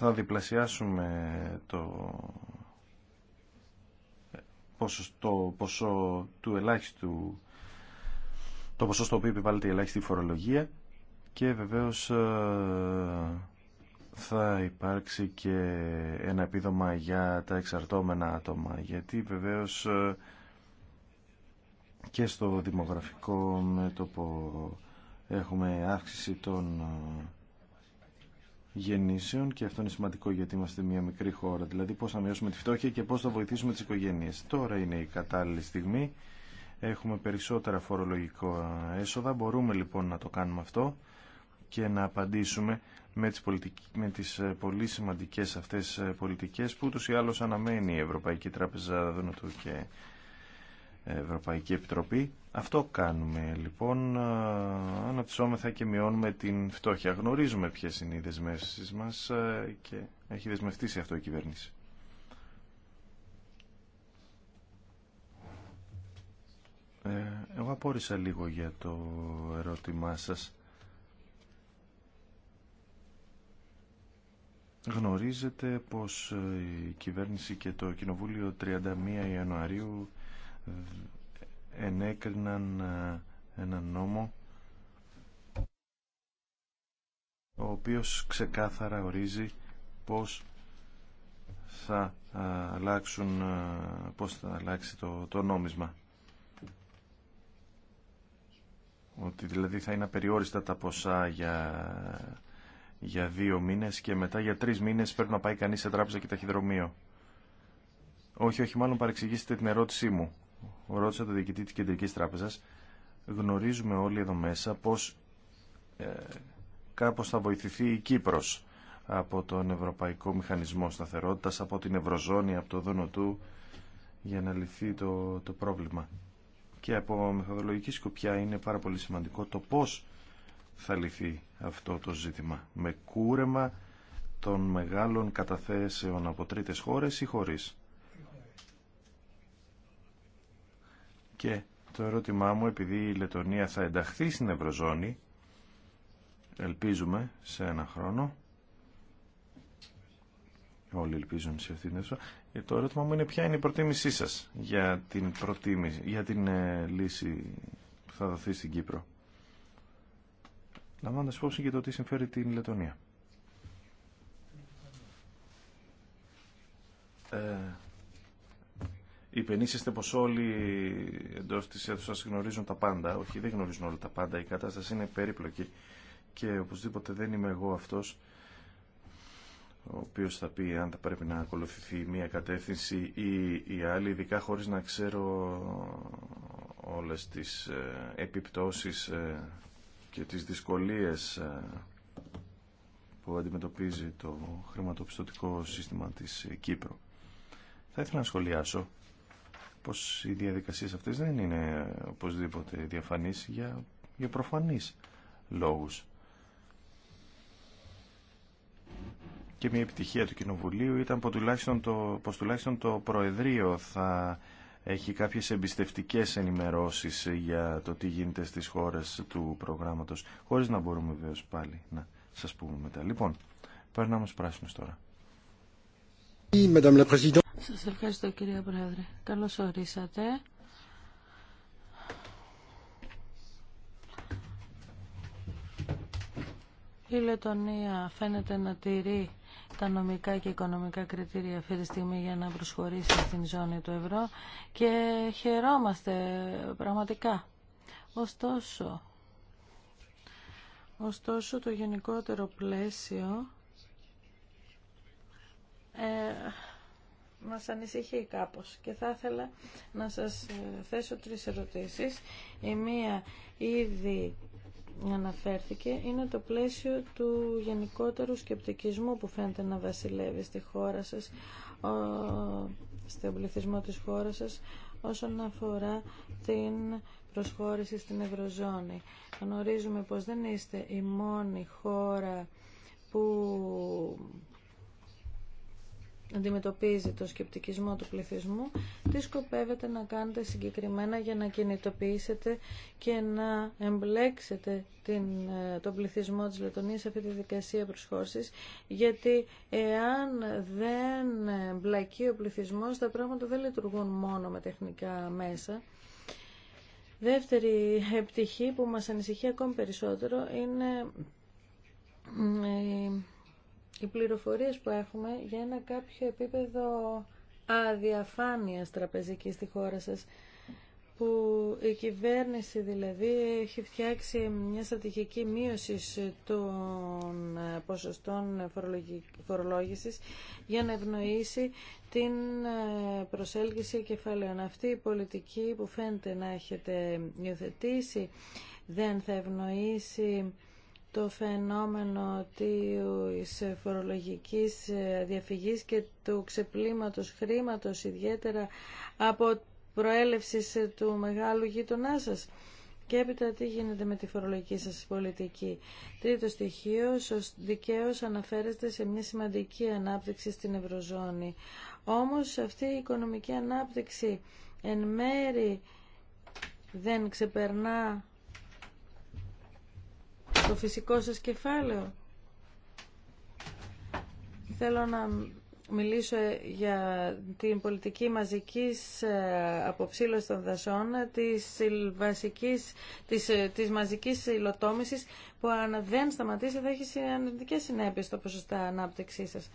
θα διπλασιάσουμε το ποσοστό, ποσό του ελάχιστου το ποσό στο οποίο επιβάλλεται η ελάχιστη φορολογία και βεβαίως ε, θα υπάρξει και ένα επίδομα για τα εξαρτώμενα άτομα γιατί βεβαίως ε, και στο δημογραφικό μέτωπο έχουμε αύξηση των ε, γεννήσεων και αυτό είναι σημαντικό γιατί είμαστε μια μικρή χώρα. Δηλαδή πώς θα μειώσουμε τη φτώχεια και πώς θα βοηθήσουμε τις οικογένειες. Τώρα είναι η κατάλληλη στιγμή. Έχουμε περισσότερα φορολογικό έσοδα. Μπορούμε λοιπόν να το κάνουμε αυτό και να απαντήσουμε με τις, με τις ε, πολύ σημαντικές αυτές ε, πολιτικές που ούτως ή άλλως αναμένει η Ευρωπαϊκή Τράπεζα Δούνου και Ευρωπαϊκή Επιτροπή. Αυτό κάνουμε λοιπόν, αναψώμεθα και μειώνουμε την φτώχεια. Γνωρίζουμε ποιες είναι οι δεσμεύσεις μας και έχει δεσμευτεί σε αυτό η κυβέρνηση. Ε, εγώ απόρρισα λίγο για το ερώτημά σας. Γνωρίζετε πως ε, η κυβέρνηση και το Κοινοβούλιο 31 Ιανουαρίου ενέκριναν ε, έναν νόμο ο οποίος ξεκάθαρα ορίζει πώς θα αλλάξουν ε, πώς θα αλλάξει το, το νόμισμα ότι δηλαδή θα είναι απεριόριστα τα ποσά για, για δύο μήνες και μετά για τρεις μήνες πρέπει να πάει κανείς σε τράπεζα και ταχυδρομείο όχι όχι μάλλον παρεξηγήσετε την ερώτησή μου ρώτησα το διοικητή της Κεντρικής Τράπεζας, γνωρίζουμε όλοι εδώ μέσα πως ε, κάπως θα βοηθηθεί η Κύπρος από τον Ευρωπαϊκό Μηχανισμό Σταθερότητας, από την Ευρωζώνη, από το δόνο για να λυθεί το, το πρόβλημα. Και από μεθοδολογική σκοπιά είναι πάρα πολύ σημαντικό το πώς θα λυθεί αυτό το ζήτημα. Με κούρεμα των μεγάλων καταθέσεων από τρίτες χώρες ή χωρίς. Και το ερώτημά μου, επειδή η Λετωνία θα ενταχθεί στην Ευρωζώνη, ελπίζουμε σε ένα χρόνο, όλοι ελπίζουν σε αυτήν την αίθουσα, ε, το ερώτημά μου είναι ποια είναι η προτίμησή σας για την, προτίμηση, για την ε, λύση που θα δοθεί στην Κύπρο. Να Λαμβάνοντας υπόψη και το τι συμφέρει την Λετωνία. Ε, υπενήσεστε πω όλοι εντός τη αίθουσα γνωρίζουν τα πάντα. Όχι, δεν γνωρίζουν όλα τα πάντα. Η κατάσταση είναι περίπλοκη και οπωσδήποτε δεν είμαι εγώ αυτός ο οποίος θα πει αν θα πρέπει να ακολουθηθεί μία κατεύθυνση ή η άλλη, ειδικά χωρίς να ξέρω όλες τις ε, επιπτώσεις ε, και τις δυσκολίες ε, που αντιμετωπίζει το χρηματοπιστωτικό σύστημα της Κύπρου. Θα ήθελα να σχολιάσω πως οι διαδικασίες αυτές δεν είναι οπωσδήποτε διαφανείς για, για προφανείς λόγους. Και μια επιτυχία του Κοινοβουλίου ήταν πως τουλάχιστον το, τουλάχιστον το Προεδρείο θα έχει κάποιες εμπιστευτικές ενημερώσεις για το τι γίνεται στις χώρες του προγράμματος, χωρίς να μπορούμε βεβαίως πάλι να σας πούμε μετά. Λοιπόν, περνάμε στους πράσινους τώρα. Σας ευχαριστώ κυρία Πρόεδρε. Καλώς ορίσατε. Η Λετωνία φαίνεται να τηρεί τα νομικά και οικονομικά κριτήρια αυτή τη στιγμή για να προσχωρήσει στην ζώνη του ευρώ και χαιρόμαστε πραγματικά. Ωστόσο, ωστόσο το γενικότερο πλαίσιο ε, μας ανησυχεί κάπως και θα ήθελα να σας ε, θέσω τρεις ερωτήσεις. Η μία ήδη αναφέρθηκε είναι το πλαίσιο του γενικότερου σκεπτικισμού που φαίνεται να βασιλεύει στη χώρα σας, στον πληθυσμό της χώρας σας όσον αφορά την προσχώρηση στην Ευρωζώνη. Γνωρίζουμε πως δεν είστε η μόνη χώρα που αντιμετωπίζει το σκεπτικισμό του πληθυσμού, τι σκοπεύετε να κάνετε συγκεκριμένα για να κινητοποιήσετε και να εμπλέξετε την, ε, τον πληθυσμό της Λετωνίας σε αυτή τη δικασία προσχώρησης, γιατί εάν δεν μπλακεί ο πληθυσμός, τα πράγματα δεν λειτουργούν μόνο με τεχνικά μέσα. Δεύτερη επιτυχή που μας ανησυχεί ακόμη περισσότερο είναι οι πληροφορίες που έχουμε για ένα κάποιο επίπεδο αδιαφάνειας τραπεζικής στη χώρα σας που η κυβέρνηση δηλαδή έχει φτιάξει μια στρατηγική μείωση των ποσοστών φορολόγησης για να ευνοήσει την προσέλκυση κεφαλαίων. Αυτή η πολιτική που φαίνεται να έχετε υιοθετήσει δεν θα ευνοήσει το φαινόμενο της φορολογικής διαφυγής και του ξεπλήματος χρήματος, ιδιαίτερα από προέλευσης του μεγάλου γείτονά σας. Και έπειτα τι γίνεται με τη φορολογική σας πολιτική. Τρίτο στοιχείο, δικαίως αναφέρεστε σε μια σημαντική ανάπτυξη στην Ευρωζώνη. Όμως αυτή η οικονομική ανάπτυξη εν μέρη δεν ξεπερνά το φυσικό σας κεφάλαιο. Θέλω να μιλήσω για την πολιτική μαζικής ε, αποψήλωσης των δασών, της, βασικής, της, ε, της μαζικής υλοτόμησης που αν δεν σταματήσει θα έχει αρνητικέ συνέπειες στο ποσοστά ανάπτυξή σας.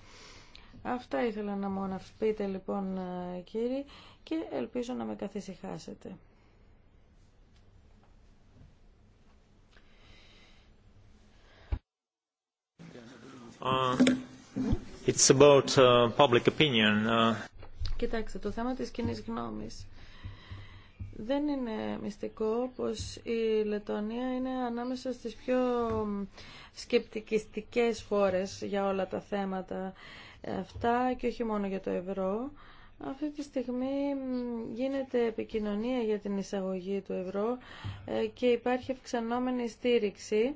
Αυτά ήθελα να μου πείτε λοιπόν ε, κύριοι και ελπίζω να με καθησυχάσετε. Uh, uh, uh. Κοιτάξτε, το θέμα της κοινή γνώμης. Δεν είναι μυστικό πως η Λετωνία είναι ανάμεσα στις πιο σκεπτικιστικές φόρες για όλα τα θέματα αυτά και όχι μόνο για το ευρώ. Αυτή τη στιγμή γίνεται επικοινωνία για την εισαγωγή του ευρώ ε, και υπάρχει αυξανόμενη στήριξη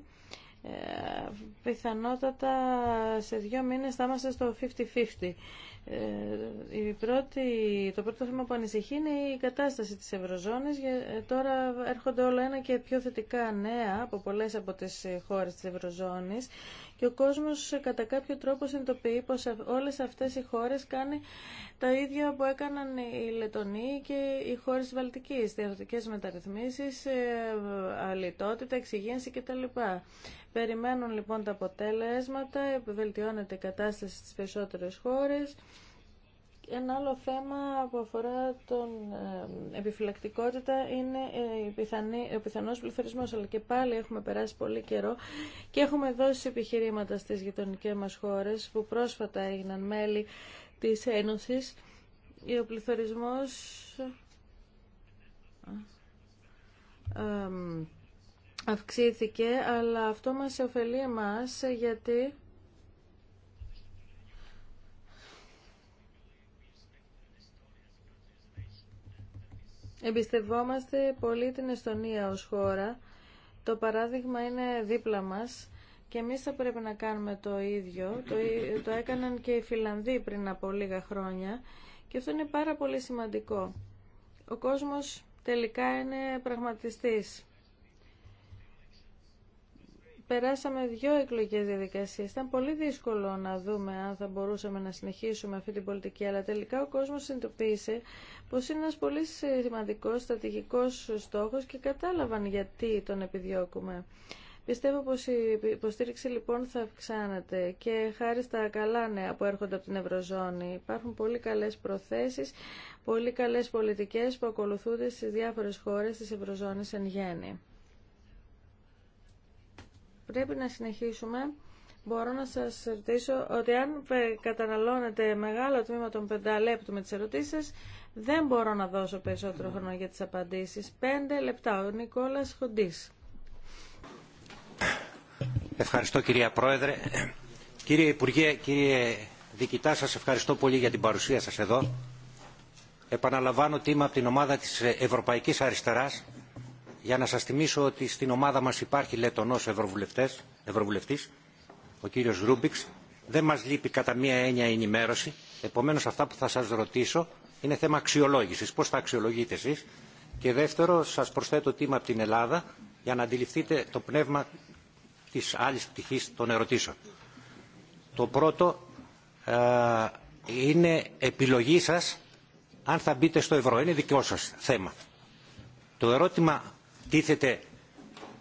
ε, πιθανότατα σε δύο μήνες θα είμαστε στο 50-50. Ε, η πρώτη, το πρώτο θέμα που ανησυχεί είναι η κατάσταση της Ευρωζώνης. Ε, τώρα έρχονται όλο ένα και πιο θετικά νέα από πολλές από τις χώρες της Ευρωζώνης και ο κόσμος κατά κάποιο τρόπο συνειδητοποιεί πως όλες αυτές οι χώρες κάνει τα ίδια που έκαναν οι Λετονοί και οι χώρες της Βαλτικής, διαρροτικές μεταρρυθμίσεις, ε, αλητότητα, εξυγένση κτλ. Περιμένουν λοιπόν τα αποτέλεσματα, βελτιώνεται η κατάσταση στις περισσότερες χώρες. Ένα άλλο θέμα που αφορά την ε, επιφυλακτικότητα είναι ε, ο πιθανός πληθωρισμός, αλλά και πάλι έχουμε περάσει πολύ καιρό και έχουμε δώσει επιχειρήματα στις γειτονικές μας χώρες που πρόσφατα έγιναν μέλη της Ένωσης. Ε, ο πληθωρισμός αυξήθηκε, αλλά αυτό μας ωφελεί εμάς γιατί Εμπιστευόμαστε πολύ την Εστονία ως χώρα. Το παράδειγμα είναι δίπλα μας και εμείς θα πρέπει να κάνουμε το ίδιο. Το, το έκαναν και οι Φιλανδοί πριν από λίγα χρόνια και αυτό είναι πάρα πολύ σημαντικό. Ο κόσμος τελικά είναι πραγματιστής περάσαμε δύο εκλογικές διαδικασίες. Ήταν πολύ δύσκολο να δούμε αν θα μπορούσαμε να συνεχίσουμε αυτή την πολιτική, αλλά τελικά ο κόσμος συνειδητοποίησε πως είναι ένας πολύ σημαντικός στρατηγικός στόχος και κατάλαβαν γιατί τον επιδιώκουμε. Πιστεύω πως η υποστήριξη λοιπόν θα αυξάνεται και χάρη στα καλά νέα που έρχονται από την Ευρωζώνη. Υπάρχουν πολύ καλές προθέσεις, πολύ καλές πολιτικές που ακολουθούνται στις διάφορες χώρες της Ευρωζώνης εν γέννη πρέπει να συνεχίσουμε. Μπορώ να σας ρωτήσω ότι αν καταναλώνετε μεγάλο τμήμα των πενταλέπτου με τις ερωτήσεις, δεν μπορώ να δώσω περισσότερο χρόνο για τις απαντήσεις. Πέντε λεπτά. Ο Νικόλας Χοντής. Ευχαριστώ κυρία Πρόεδρε. Κύριε Υπουργέ, κύριε Δικητά, σας ευχαριστώ πολύ για την παρουσία σας εδώ. Επαναλαμβάνω ότι είμαι από την ομάδα της Ευρωπαϊκής Αριστεράς για να σας θυμίσω ότι στην ομάδα μας υπάρχει λετονός ευρωβουλευτής, ο κύριος Ρούμπιξ. Δεν μας λείπει κατά μία έννοια ενημέρωση. Επομένως αυτά που θα σας ρωτήσω είναι θέμα αξιολόγησης. Πώς θα αξιολογείτε εσείς. Και δεύτερο, σας προσθέτω τίμα από την Ελλάδα για να αντιληφθείτε το πνεύμα της άλλης πτυχής των ερωτήσεων. Το πρώτο ε, είναι επιλογή σας αν θα μπείτε στο ευρώ. Είναι δικό σας θέμα. Το ερώτημα τίθεται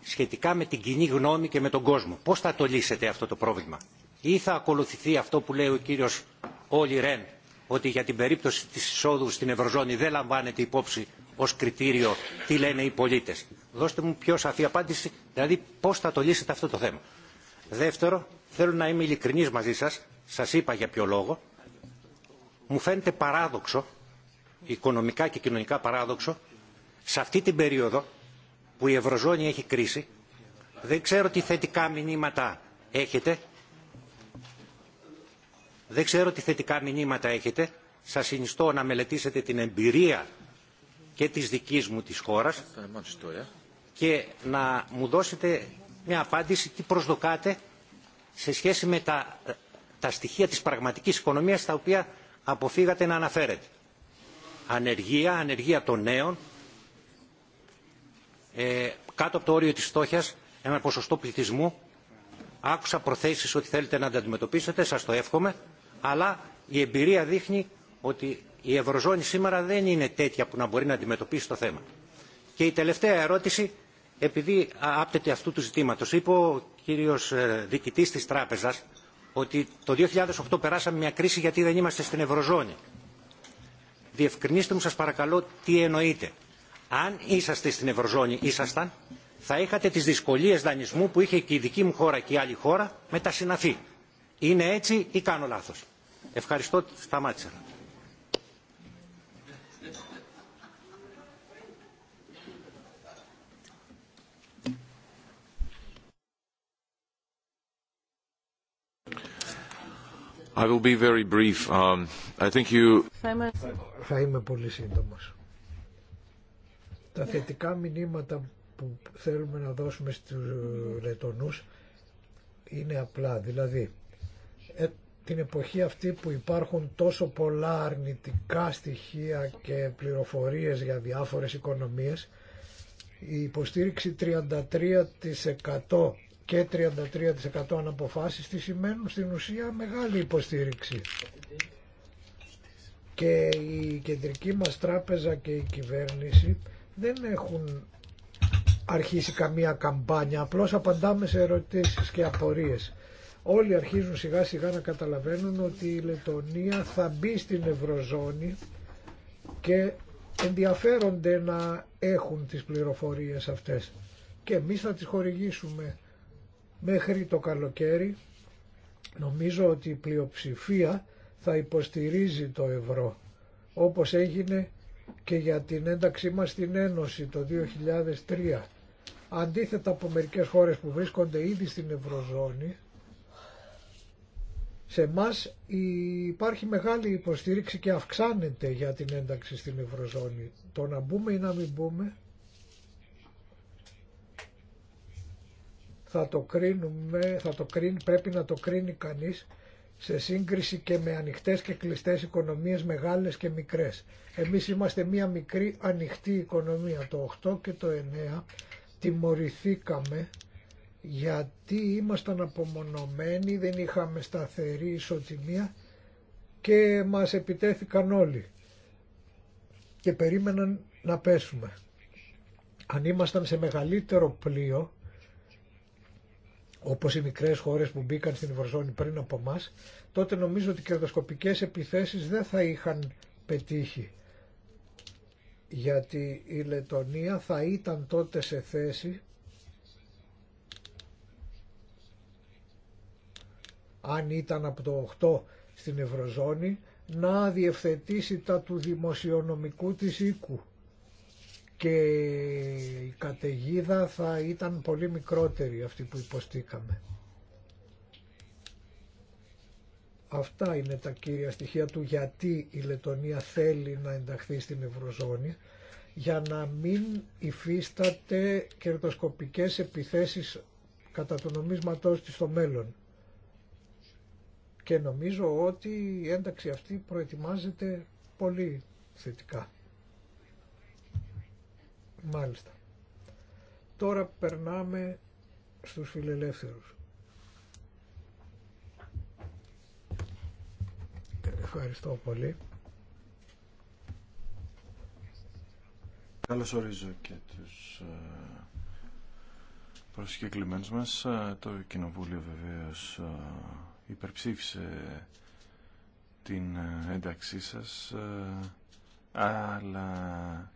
σχετικά με την κοινή γνώμη και με τον κόσμο. Πώς θα το λύσετε αυτό το πρόβλημα. Ή θα ακολουθηθεί αυτό που λέει ο κύριος Όλι Ρεν, ότι για την περίπτωση της εισόδου στην Ευρωζώνη δεν λαμβάνεται υπόψη ως κριτήριο τι λένε οι πολίτες. Δώστε μου πιο σαφή απάντηση, δηλαδή πώς θα το λύσετε αυτό το θέμα. Δεύτερο, θέλω να είμαι ειλικρινής μαζί σας, σας είπα για ποιο λόγο. Μου φαίνεται παράδοξο, οικονομικά και κοινωνικά παράδοξο, σε αυτή την περίοδο που η Ευρωζώνη έχει κρίση. Δεν ξέρω τι θετικά μηνύματα έχετε. Δεν ξέρω τι θετικά μηνύματα έχετε. Σας συνιστώ να μελετήσετε την εμπειρία και της δικής μου της χώρας και να μου δώσετε μια απάντηση τι προσδοκάτε σε σχέση με τα, τα στοιχεία της πραγματικής οικονομίας τα οποία αποφύγατε να αναφέρετε. Ανεργία, ανεργία των νέων, ε, κάτω από το όριο της φτώχειας ένα ποσοστό πληθυσμού. Άκουσα προθέσεις ότι θέλετε να τα αντιμετωπίσετε, σας το εύχομαι, αλλά η εμπειρία δείχνει ότι η Ευρωζώνη σήμερα δεν είναι τέτοια που να μπορεί να αντιμετωπίσει το θέμα. Και η τελευταία ερώτηση, επειδή άπτεται αυτού του ζητήματος, είπε ο κύριος ε, διοικητής της τράπεζας ότι το 2008 περάσαμε μια κρίση γιατί δεν είμαστε στην Ευρωζώνη. Διευκρινίστε μου σας παρακαλώ τι εννοείτε αν είσαστε στην Ευρωζώνη ήσασταν, θα είχατε τις δυσκολίες δανεισμού που είχε και η δική μου χώρα και η άλλη χώρα με τα συναφή. Είναι έτσι ή κάνω λάθος. Ευχαριστώ. Σταμάτησα. θα είμαι πολύ σύντομος. Τα θετικά μηνύματα που θέλουμε να δώσουμε στους Λετονούς είναι απλά. Δηλαδή, ε, την εποχή αυτή που υπάρχουν τόσο πολλά αρνητικά στοιχεία και πληροφορίες για διάφορες οικονομίες, η υποστήριξη 33% και 33% αναποφάσεις τη σημαίνουν στην ουσία μεγάλη υποστήριξη. Και η κεντρική μας τράπεζα και η κυβέρνηση δεν έχουν αρχίσει καμία καμπάνια, απλώς απαντάμε σε ερωτήσεις και απορίες. Όλοι αρχίζουν σιγά σιγά να καταλαβαίνουν ότι η Λετωνία θα μπει στην Ευρωζώνη και ενδιαφέρονται να έχουν τις πληροφορίες αυτές. Και εμείς θα τις χορηγήσουμε μέχρι το καλοκαίρι. Νομίζω ότι η πλειοψηφία θα υποστηρίζει το ευρώ, όπως έγινε και για την ένταξή μας στην Ένωση το 2003. Αντίθετα από μερικές χώρες που βρίσκονται ήδη στην Ευρωζώνη, σε εμά υπάρχει μεγάλη υποστήριξη και αυξάνεται για την ένταξη στην Ευρωζώνη. Το να μπούμε ή να μην μπούμε θα το, κρίνουμε, θα το κρίνει, πρέπει να το κρίνει κανείς σε σύγκριση και με ανοιχτές και κλειστές οικονομίες μεγάλες και μικρές. Εμείς είμαστε μία μικρή ανοιχτή οικονομία. Το 8 και το 9 τιμωρηθήκαμε γιατί ήμασταν απομονωμένοι, δεν είχαμε σταθερή ισοτιμία και μας επιτέθηκαν όλοι και περίμεναν να πέσουμε. Αν ήμασταν σε μεγαλύτερο πλοίο όπως οι μικρές χώρες που μπήκαν στην Ευρωζώνη πριν από εμά, τότε νομίζω ότι οι κερδοσκοπικές επιθέσεις δεν θα είχαν πετύχει. Γιατί η Λετωνία θα ήταν τότε σε θέση, αν ήταν από το 8 στην Ευρωζώνη, να διευθετήσει τα του δημοσιονομικού της οίκου και η καταιγίδα θα ήταν πολύ μικρότερη αυτή που υποστήκαμε. Αυτά είναι τα κύρια στοιχεία του γιατί η Λετωνία θέλει να ενταχθεί στην Ευρωζώνη για να μην υφίσταται κερδοσκοπικές επιθέσεις κατά το νομίσματός της στο μέλλον. Και νομίζω ότι η ένταξη αυτή προετοιμάζεται πολύ θετικά. Μάλιστα. Τώρα περνάμε στους φιλελεύθερους. Ευχαριστώ πολύ. Καλώς ορίζω και τους ε, προσκεκλημένους μας. Ε, το Κοινοβούλιο βεβαίως ε, υπερψήφισε την ένταξή σας, αλλά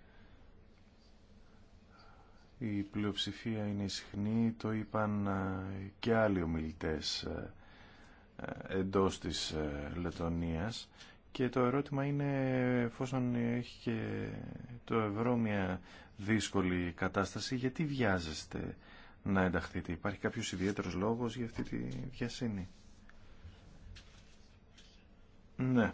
η πλειοψηφία είναι ισχνή, το είπαν ε, και άλλοι ομιλητές ε, ε, εντός της Λετωνίας και το ερώτημα είναι εφόσον έχει και το ευρώ μια δύσκολη κατάσταση γιατί βιάζεστε να ενταχθείτε υπάρχει κάποιος ιδιαίτερος λόγος για αυτή τη βιασύνη ναι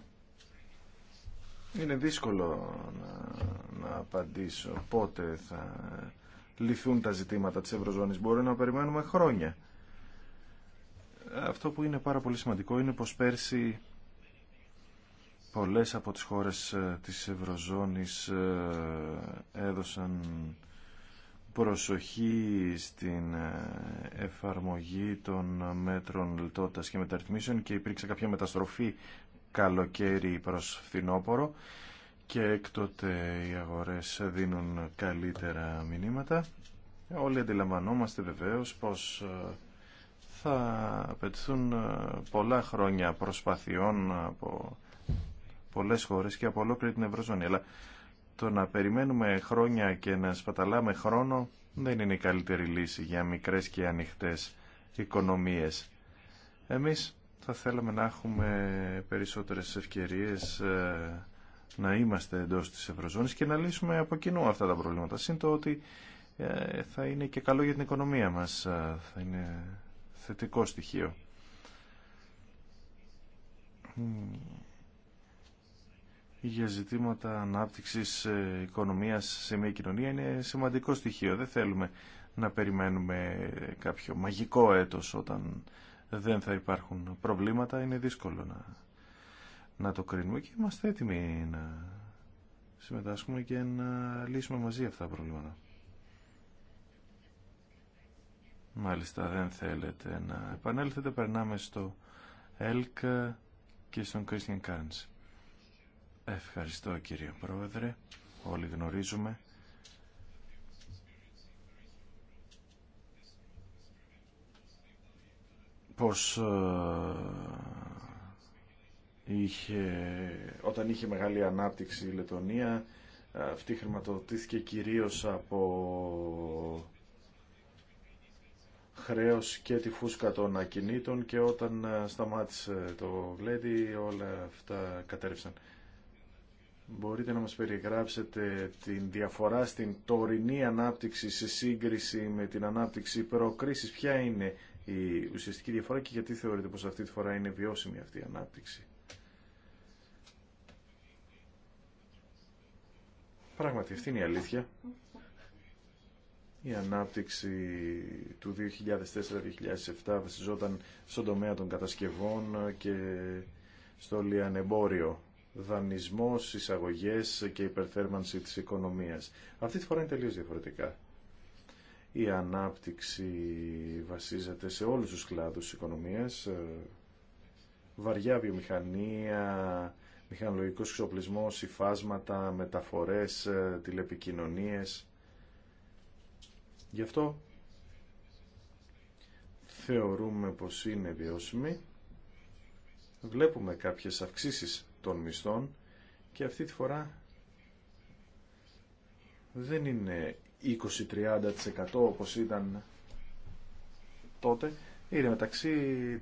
είναι δύσκολο να, να απαντήσω πότε θα λυθούν τα ζητήματα της Ευρωζώνης. μπορεί να περιμένουμε χρόνια. Αυτό που είναι πάρα πολύ σημαντικό είναι πως πέρσι πολλές από τις χώρες ε, της Ευρωζώνης ε, έδωσαν προσοχή στην ε, εφαρμογή των μέτρων λιτότητας και μεταρρυθμίσεων και υπήρξε κάποια μεταστροφή καλοκαίρι προς φθινόπορο και έκτοτε οι αγορές δίνουν καλύτερα μηνύματα. Όλοι αντιλαμβανόμαστε βεβαίως πως ε, θα απαιτηθούν ε, πολλά χρόνια προσπαθειών από πολλές χώρες και από ολόκληρη την Ευρωζώνη. Αλλά το να περιμένουμε χρόνια και να σπαταλάμε χρόνο δεν είναι η καλύτερη λύση για μικρές και ανοιχτές οικονομίες. Εμείς θα θέλαμε να έχουμε περισσότερες ευκαιρίες ε, να είμαστε εντός της Ευρωζώνης και να λύσουμε από κοινού αυτά τα προβλήματα. Συν το ότι ε, θα είναι και καλό για την οικονομία μας, ε, θα είναι θετικό στοιχείο. Για ζητήματα ανάπτυξης ε, οικονομίας σε μια κοινωνία είναι σημαντικό στοιχείο. Δεν θέλουμε να περιμένουμε κάποιο μαγικό έτος όταν δεν θα υπάρχουν προβλήματα. Είναι δύσκολο να να το κρίνουμε και είμαστε έτοιμοι να συμμετάσχουμε και να λύσουμε μαζί αυτά τα προβλήματα. Μάλιστα δεν θέλετε να επανέλθετε. Περνάμε στο Έλκ και στον Κρίστιαν Κάρνς. Ευχαριστώ κύριε Πρόεδρε. Όλοι γνωρίζουμε. Πως ε, είχε, όταν είχε μεγάλη ανάπτυξη η Λετωνία αυτή χρηματοδοτήθηκε κυρίως από χρέος και τη φούσκα των ακινήτων και όταν ε, σταμάτησε το Βλέδι όλα αυτά κατέρευσαν. Μπορείτε να μας περιγράψετε την διαφορά στην τωρινή ανάπτυξη σε σύγκριση με την ανάπτυξη προκρίσης. Ποια είναι η ουσιαστική διαφορά και γιατί θεωρείτε πως αυτή τη φορά είναι βιώσιμη αυτή η ανάπτυξη. Πράγματι, αυτή είναι η αλήθεια. Η ανάπτυξη του 2004-2007 βασιζόταν στον τομέα των κατασκευών και στο λιανεμπόριο, δανεισμός, εισαγωγές και υπερθέρμανση της οικονομίας. Αυτή τη φορά είναι τελείως διαφορετικά. Η ανάπτυξη βασίζεται σε όλους τους κλάδους της οικονομίας, βαριά βιομηχανία, μηχανολογικός εξοπλισμός, υφάσματα, μεταφορές, ε, τηλεπικοινωνίες. Γι' αυτό θεωρούμε πως είναι βιώσιμη. Βλέπουμε κάποιες αυξήσεις των μισθών και αυτή τη φορά δεν είναι 20-30% όπως ήταν τότε. Είναι μεταξύ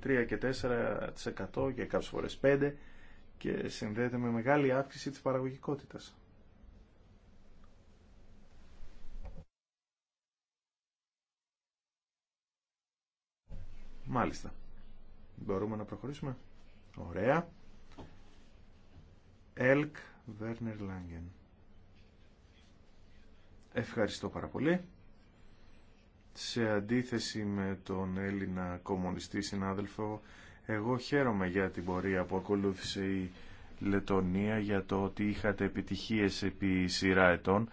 3 και 4% και κάποιες φορές 5% και συνδέεται με μεγάλη αύξηση της παραγωγικότητας. Μάλιστα. Μπορούμε να προχωρήσουμε. Ωραία. Ελκ Βέρνερ Λάγγεν. Ευχαριστώ πάρα πολύ. Σε αντίθεση με τον Έλληνα κομμονιστή συνάδελφο, εγώ χαίρομαι για την πορεία που ακολούθησε η Λετωνία για το ότι είχατε επιτυχίες επί σειρά ετών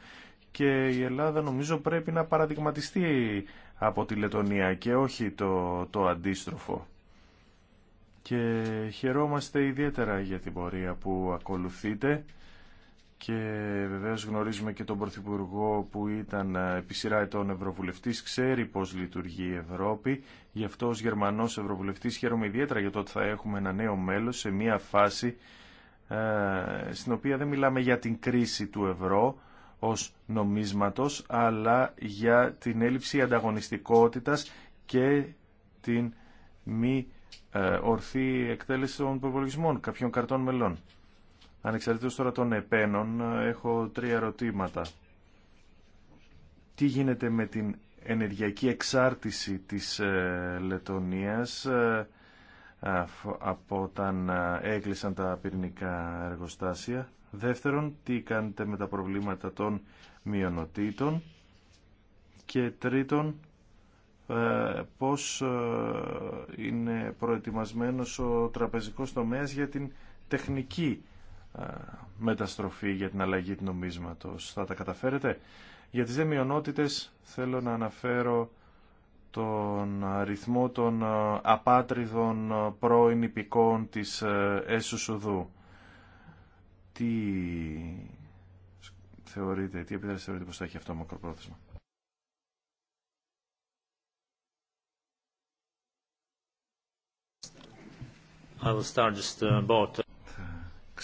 και η Ελλάδα νομίζω πρέπει να παραδειγματιστεί από τη Λετωνία και όχι το, το αντίστροφο. Και χαιρόμαστε ιδιαίτερα για την πορεία που ακολουθείτε και βεβαίως γνωρίζουμε και τον Πρωθυπουργό που ήταν ε, επί σειρά ετών Ευρωβουλευτής, ξέρει πώς λειτουργεί η Ευρώπη. Γι' αυτό ως Γερμανός Ευρωβουλευτής χαίρομαι ιδιαίτερα για το ότι θα έχουμε ένα νέο μέλος σε μια φάση ε, στην οποία δεν μιλάμε για την κρίση του ευρώ ως νομίσματος, αλλά για την έλλειψη ανταγωνιστικότητας και την μη ε, ορθή εκτέλεση των προπολογισμών κάποιων καρτών μελών. Ανεξαρτήτως τώρα των επένων, έχω τρία ερωτήματα. Τι γίνεται με την ενεργειακή εξάρτηση της ε, Λετωνίας ε, από όταν ε, έκλεισαν τα πυρηνικά εργοστάσια. Δεύτερον, τι κάνετε με τα προβλήματα των μειονοτήτων. Και τρίτον, πώς είναι προετοιμασμένος ο τραπεζικός τομέας για την τεχνική ε, μεταστροφή για την αλλαγή του νομίσματος. Θα τα καταφέρετε. Για τις δε θέλω να αναφέρω τον αριθμό των ε, απάτριδων ε, πρώην υπηκών της Έσουσουδού. Τι θεωρείτε, τι επίδραση θεωρείτε πως θα έχει αυτό μακροπρόθεσμα. I will uh,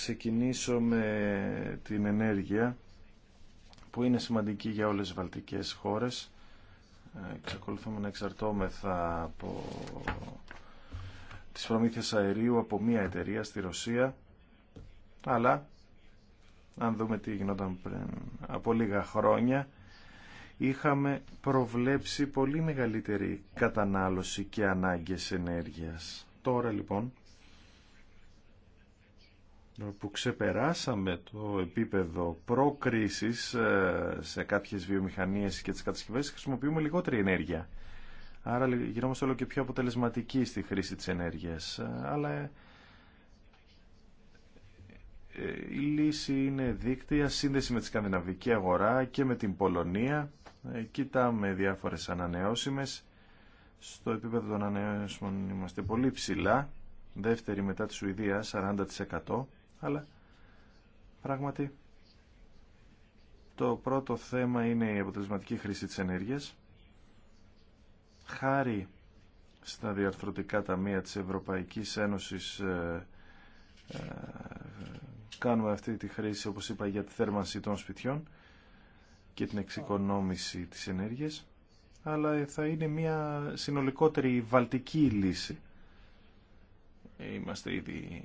ξεκινήσω με την ενέργεια που είναι σημαντική για όλες τις βαλτικές χώρες. Ε, εξακολουθούμε να εξαρτώμεθα από τις προμήθειες αερίου από μία εταιρεία στη Ρωσία, αλλά αν δούμε τι γινόταν πριν από λίγα χρόνια, είχαμε προβλέψει πολύ μεγαλύτερη κατανάλωση και ανάγκες ενέργειας. Τώρα λοιπόν που ξεπεράσαμε το επίπεδο προκρίσης ε, σε κάποιες βιομηχανίες και τις κατασκευές χρησιμοποιούμε λιγότερη ενέργεια. Άρα γινόμαστε όλο και πιο αποτελεσματικοί στη χρήση της ενέργειας. Ε, αλλά ε, η λύση είναι δίκτυα, σύνδεση με τη σκανδιναβική αγορά και με την Πολωνία. Κοιτάμε διάφορες ανανεώσιμες. Στο επίπεδο των ανανεώσιμων είμαστε πολύ ψηλά. Δεύτερη μετά τη Σουηδία 40% αλλά πράγματι το πρώτο θέμα είναι η αποτελεσματική χρήση της ενέργειας. Χάρη στα διαρθρωτικά ταμεία της Ευρωπαϊκής Ένωσης ε, ε, κάνουμε αυτή τη χρήση, όπως είπα, για τη θέρμανση των σπιτιών και την εξοικονόμηση της ενέργειας, αλλά θα είναι μια συνολικότερη βαλτική λύση. Είμαστε ήδη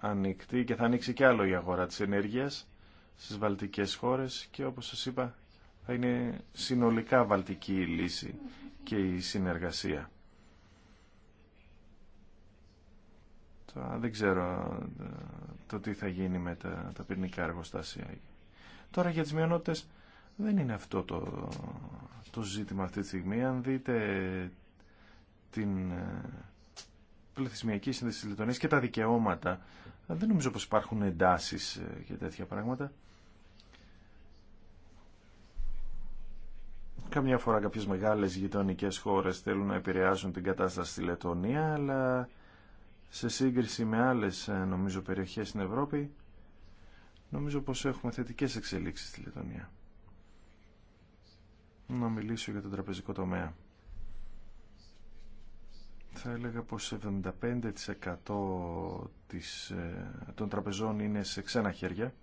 ανοιχτή και θα ανοίξει και άλλο η αγορά της ενέργειας στις βαλτικές χώρες και όπως σας είπα θα είναι συνολικά βαλτική η λύση και η συνεργασία. δεν ξέρω ε, το τι θα γίνει με τα, τα πυρνικά εργοστάσια. Τώρα για τις μειονότητες δεν είναι αυτό το, το ζήτημα αυτή τη στιγμή. Αν δείτε την ε, πληθυσμιακή σύνδεση της και τα δικαιώματα δεν νομίζω πως υπάρχουν εντάσεις ε, για τέτοια πράγματα. Καμιά φορά κάποιες μεγάλες γειτονικές χώρες θέλουν να επηρεάσουν την κατάσταση στη Λετωνία, αλλά σε σύγκριση με άλλες ε, νομίζω περιοχές στην Ευρώπη, νομίζω πως έχουμε θετικές εξελίξεις στη Λετωνία. Να μιλήσω για τον τραπεζικό τομέα. Θα έλεγα πως 75% ε, των τραπεζών είναι σε ξένα χέρια,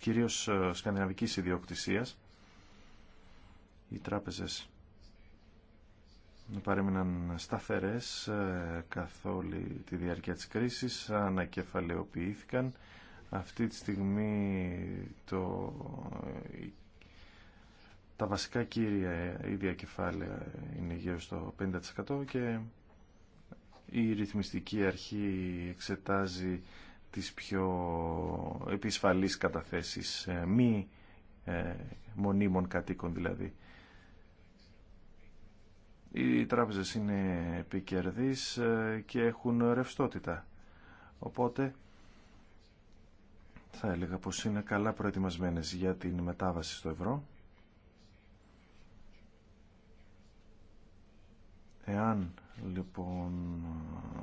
κυρίως ε, σκανδιναβικής ιδιοκτησίας. Οι τράπεζες παρέμειναν σταθερές ε, καθ' όλη τη διάρκεια της κρίσης, ανακεφαλαιοποιήθηκαν. Αυτή τη στιγμή το, τα βασικά κύρια ίδια κεφάλαια είναι γύρω στο 50% και η ρυθμιστική αρχή εξετάζει τις πιο επισφαλείς καταθέσεις ε, μη ε, μονίμων κατοίκων δηλαδή. Οι τράπεζες είναι επικερδείς ε, και έχουν ρευστότητα. Οπότε θα έλεγα πως είναι καλά προετοιμασμένες για την μετάβαση στο ευρώ. Εάν λοιπόν ε,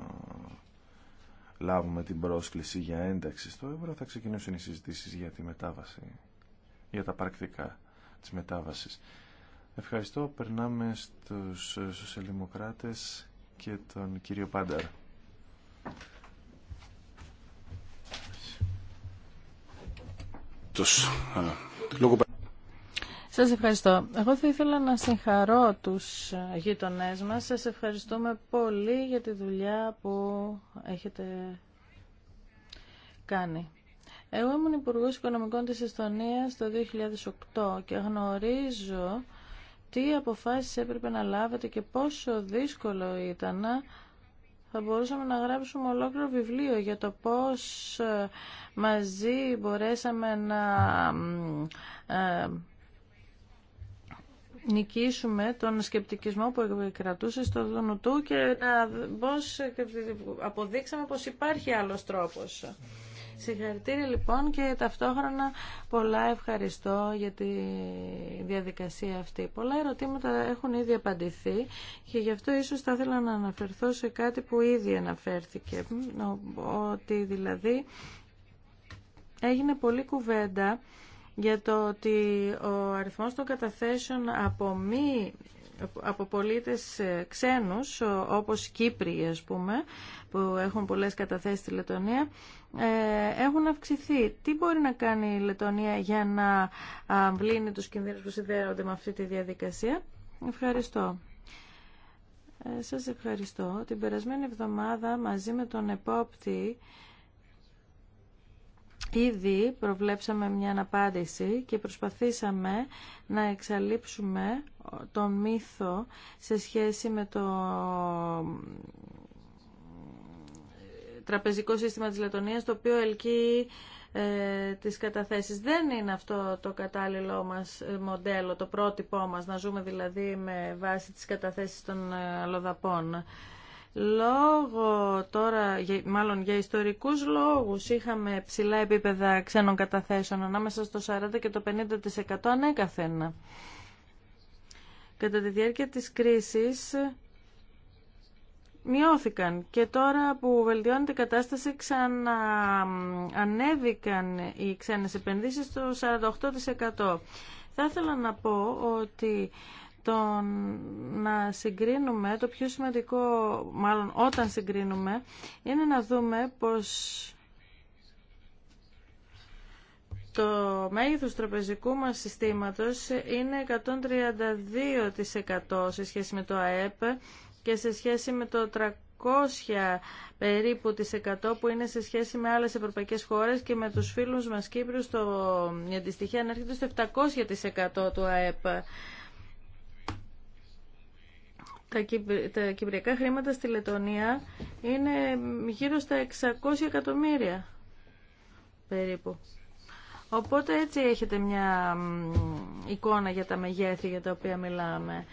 λάβουμε την πρόσκληση για ένταξη στο ευρώ θα ξεκινήσουν οι συζητήσεις για τη μετάβαση για τα πρακτικά της μετάβασης Ευχαριστώ. Περνάμε στους σοσιαλδημοκράτες και τον κύριο Πάνταρ. Τους, ε, λόγω σας ευχαριστώ. Εγώ θα ήθελα να συγχαρώ τους γείτονές μας. Σας ευχαριστούμε πολύ για τη δουλειά που έχετε κάνει. Εγώ ήμουν Υπουργός Οικονομικών της Εστονίας το 2008 και γνωρίζω τι αποφάσεις έπρεπε να λάβετε και πόσο δύσκολο ήταν θα μπορούσαμε να γράψουμε ολόκληρο βιβλίο για το πώς ε, μαζί μπορέσαμε να ε, νικήσουμε τον σκεπτικισμό που κρατούσε στο Δουνουτού και να πώς αποδείξαμε πως υπάρχει άλλος τρόπος. Συγχαρητήρια λοιπόν και ταυτόχρονα πολλά ευχαριστώ για τη διαδικασία αυτή. Πολλά ερωτήματα έχουν ήδη απαντηθεί και γι' αυτό ίσως θα ήθελα να αναφερθώ σε κάτι που ήδη αναφέρθηκε, ότι δηλαδή έγινε πολλή κουβέντα για το ότι ο αριθμός των καταθέσεων από μη από πολίτες ε, ξένους, όπως Κύπροι ας πούμε, που έχουν πολλές καταθέσεις στη Λετωνία, ε, έχουν αυξηθεί. Τι μπορεί να κάνει η Λετωνία για να βλύνει τους κινδύνους που συνδέονται με αυτή τη διαδικασία. Ευχαριστώ. Ε, σας ευχαριστώ. Την περασμένη εβδομάδα μαζί με τον επόπτη Ήδη προβλέψαμε μια αναπάντηση και προσπαθήσαμε να εξαλείψουμε τον μύθο σε σχέση με το τραπεζικό σύστημα της Λετωνίας, το οποίο ελκύει ε, τις καταθέσεις. Δεν είναι αυτό το κατάλληλό μας ε, μοντέλο, το πρότυπό μας, να ζούμε δηλαδή με βάση τις καταθέσεις των ε, αλλοδαπών. Λόγω τώρα, μάλλον για ιστορικούς λόγους, είχαμε ψηλά επίπεδα ξένων καταθέσεων ανάμεσα στο 40% και το 50% ανέκαθεν. Κατά τη διάρκεια της κρίσης μειώθηκαν και τώρα που βελτιώνεται η κατάσταση ανέβηκαν οι ξένες επενδύσεις στο 48%. Θα ήθελα να πω ότι το να συγκρίνουμε, το πιο σημαντικό, μάλλον όταν συγκρίνουμε, είναι να δούμε πως το μέγεθος τραπεζικού μας συστήματος είναι 132% σε σχέση με το ΑΕΠ και σε σχέση με το 300 περίπου τις 100 που είναι σε σχέση με άλλες ευρωπαϊκές χώρες και με τους φίλους μας Κύπρους το, η αντιστοιχεία ανέρχεται στο 700% του ΑΕΠ τα κυπριακά χρήματα στη Λετωνία είναι γύρω στα 600 εκατομμύρια περίπου. Οπότε έτσι έχετε μια εικόνα για τα μεγέθη για τα οποία μιλάμε.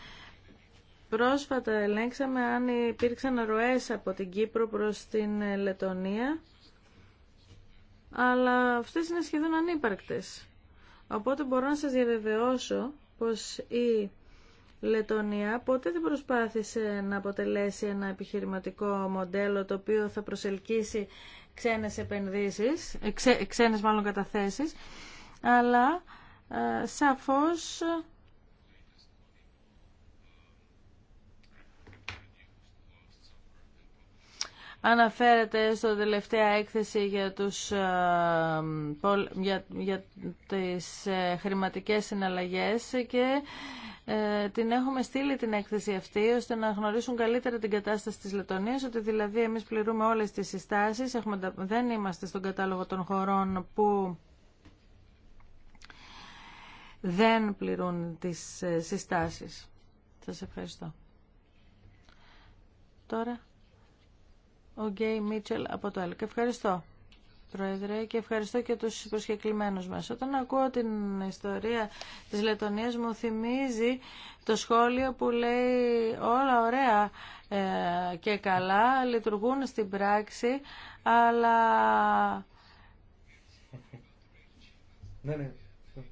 Πρόσφατα ελέγξαμε αν υπήρξαν ροές από την Κύπρο προς την Λετωνία, αλλά αυτές είναι σχεδόν ανύπαρκτες. Οπότε μπορώ να σας διαβεβαιώσω πως η Λετωνία ποτέ δεν προσπάθησε να αποτελέσει ένα επιχειρηματικό μοντέλο το οποίο θα προσελκύσει ξένες επενδύσεις, ε, ξένες μάλλον καταθέσεις, αλλά ε, σαφώς αναφέρεται στο τελευταία έκθεση για, τους, ε, για, για τις χρηματικές συναλλαγές και ε, την έχουμε στείλει την έκθεση αυτή ώστε να γνωρίσουν καλύτερα την κατάσταση της Λετωνίας, ότι δηλαδή εμείς πληρούμε όλες τις συστάσεις, έχουμε, δεν είμαστε στον κατάλογο των χωρών που δεν πληρούν τις ε, συστάσεις. Σας ευχαριστώ. Τώρα, ο Γκέι Μίτσελ από το ΕΛΚ. Ευχαριστώ και ευχαριστώ και τους προσκεκλημένους μας. Όταν ακούω την ιστορία της Λετωνίας μου θυμίζει το σχόλιο που λέει όλα ωραία ε, και καλά, λειτουργούν στην πράξη, αλλά... Ναι, ναι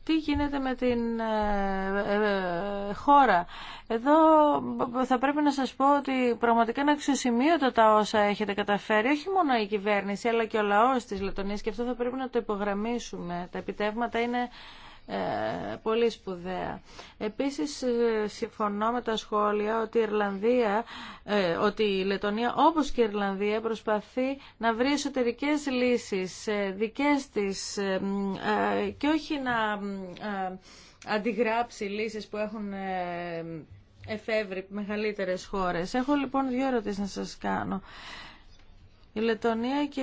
τι γίνεται με την ε, ε, ε, χώρα. Εδώ θα πρέπει να σας πω ότι πραγματικά είναι αξιοσημείωτα τα όσα έχετε καταφέρει, όχι μόνο η κυβέρνηση αλλά και ο λαός της Λετωνίας και αυτό θα πρέπει να το υπογραμμίσουμε. Τα επιτεύγματα είναι ε, πολύ σπουδαία. Επίσης ε, συμφωνώ με τα σχόλια ότι η Ιρλανδία, ε, ότι η Λετωνία όπως και η Ιρλανδία προσπαθεί να βρει εσωτερικές λύσεις δικές της και όχι να αντιγράψει λύσεις που έχουν εφεύρει μεγαλύτερες χώρες. Έχω λοιπόν δύο ερωτήσεις να σας κάνω. Η Λετωνία και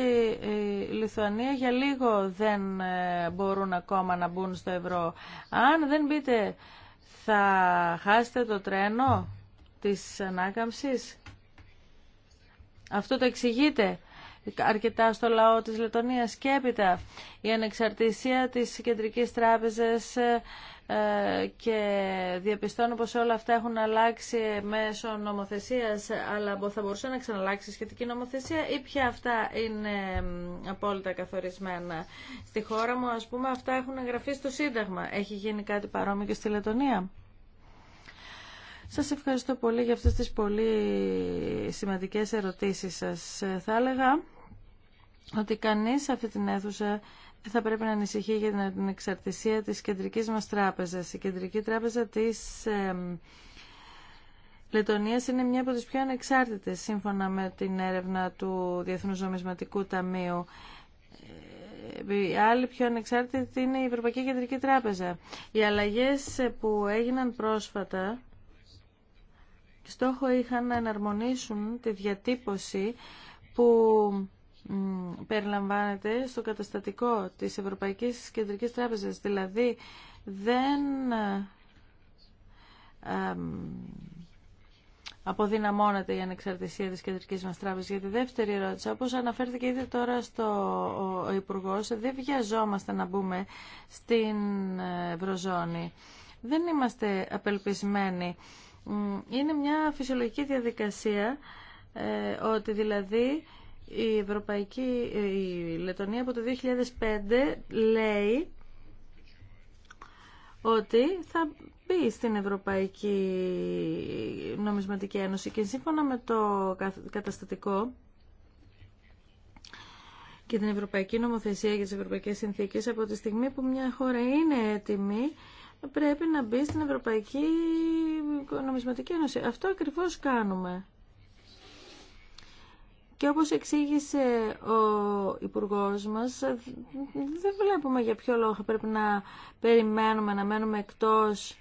η Λιθουανία για λίγο δεν ε, μπορούν ακόμα να μπουν στο ευρώ. Αν δεν μπείτε, θα χάσετε το τρένο της ανάκαμψης. Αυτό το εξηγείτε αρκετά στο λαό της Λετωνίας. Και έπειτα η ανεξαρτησία της Κεντρικής Τράπεζας ε, και διαπιστώνω πως όλα αυτά έχουν αλλάξει μέσω νομοθεσίας αλλά θα μπορούσε να ξαναλλάξει σχετική νομοθεσία ή πια αυτά είναι απόλυτα καθορισμένα. Στη χώρα μου ας πούμε αυτά έχουν εγγραφεί στο Σύνταγμα. Έχει γίνει κάτι παρόμοιο και στη Λετωνία. Σας ευχαριστώ πολύ για αυτές τις πολύ σημαντικές ερωτήσεις σας. Θα έλεγα ότι κανείς αυτή την αίθουσα θα πρέπει να ανησυχεί για την εξαρτησία της κεντρικής μας τράπεζας. Η κεντρική τράπεζα της Λετωνίας είναι μια από τις πιο ανεξάρτητες σύμφωνα με την έρευνα του Διεθνούς Νομισματικού Ταμείου. Ε, η άλλη πιο ανεξάρτητη είναι η Ευρωπαϊκή Κεντρική Τράπεζα. Οι αλλαγές που έγιναν πρόσφατα στόχο είχαν να εναρμονίσουν τη διατύπωση που περιλαμβάνεται στο καταστατικό της Ευρωπαϊκής Κεντρικής Τράπεζας. Δηλαδή δεν ε, αποδυναμώνεται η ανεξαρτησία της Κεντρικής μας Τράπεζας. Για τη δεύτερη ερώτηση, όπως αναφέρθηκε ήδη τώρα στο ο Υπουργός, δεν βιαζόμαστε να μπούμε στην ε, Ευρωζώνη. Δεν είμαστε απελπισμένοι είναι μια φυσιολογική διαδικασία ε, ότι δηλαδή η Ευρωπαϊκή ε, η Λετωνία από το 2005 λέει ότι θα μπει στην Ευρωπαϊκή Νομισματική Ένωση και σύμφωνα με το καταστατικό και την Ευρωπαϊκή Νομοθεσία για τις Ευρωπαϊκές Συνθήκες από τη στιγμή που μια χώρα είναι έτοιμη πρέπει να μπει στην Ευρωπαϊκή Νομισματική Ένωση. Αυτό ακριβώς κάνουμε. Και όπως εξήγησε ο Υπουργός μας, δεν βλέπουμε για ποιο λόγο πρέπει να περιμένουμε, να μένουμε εκτός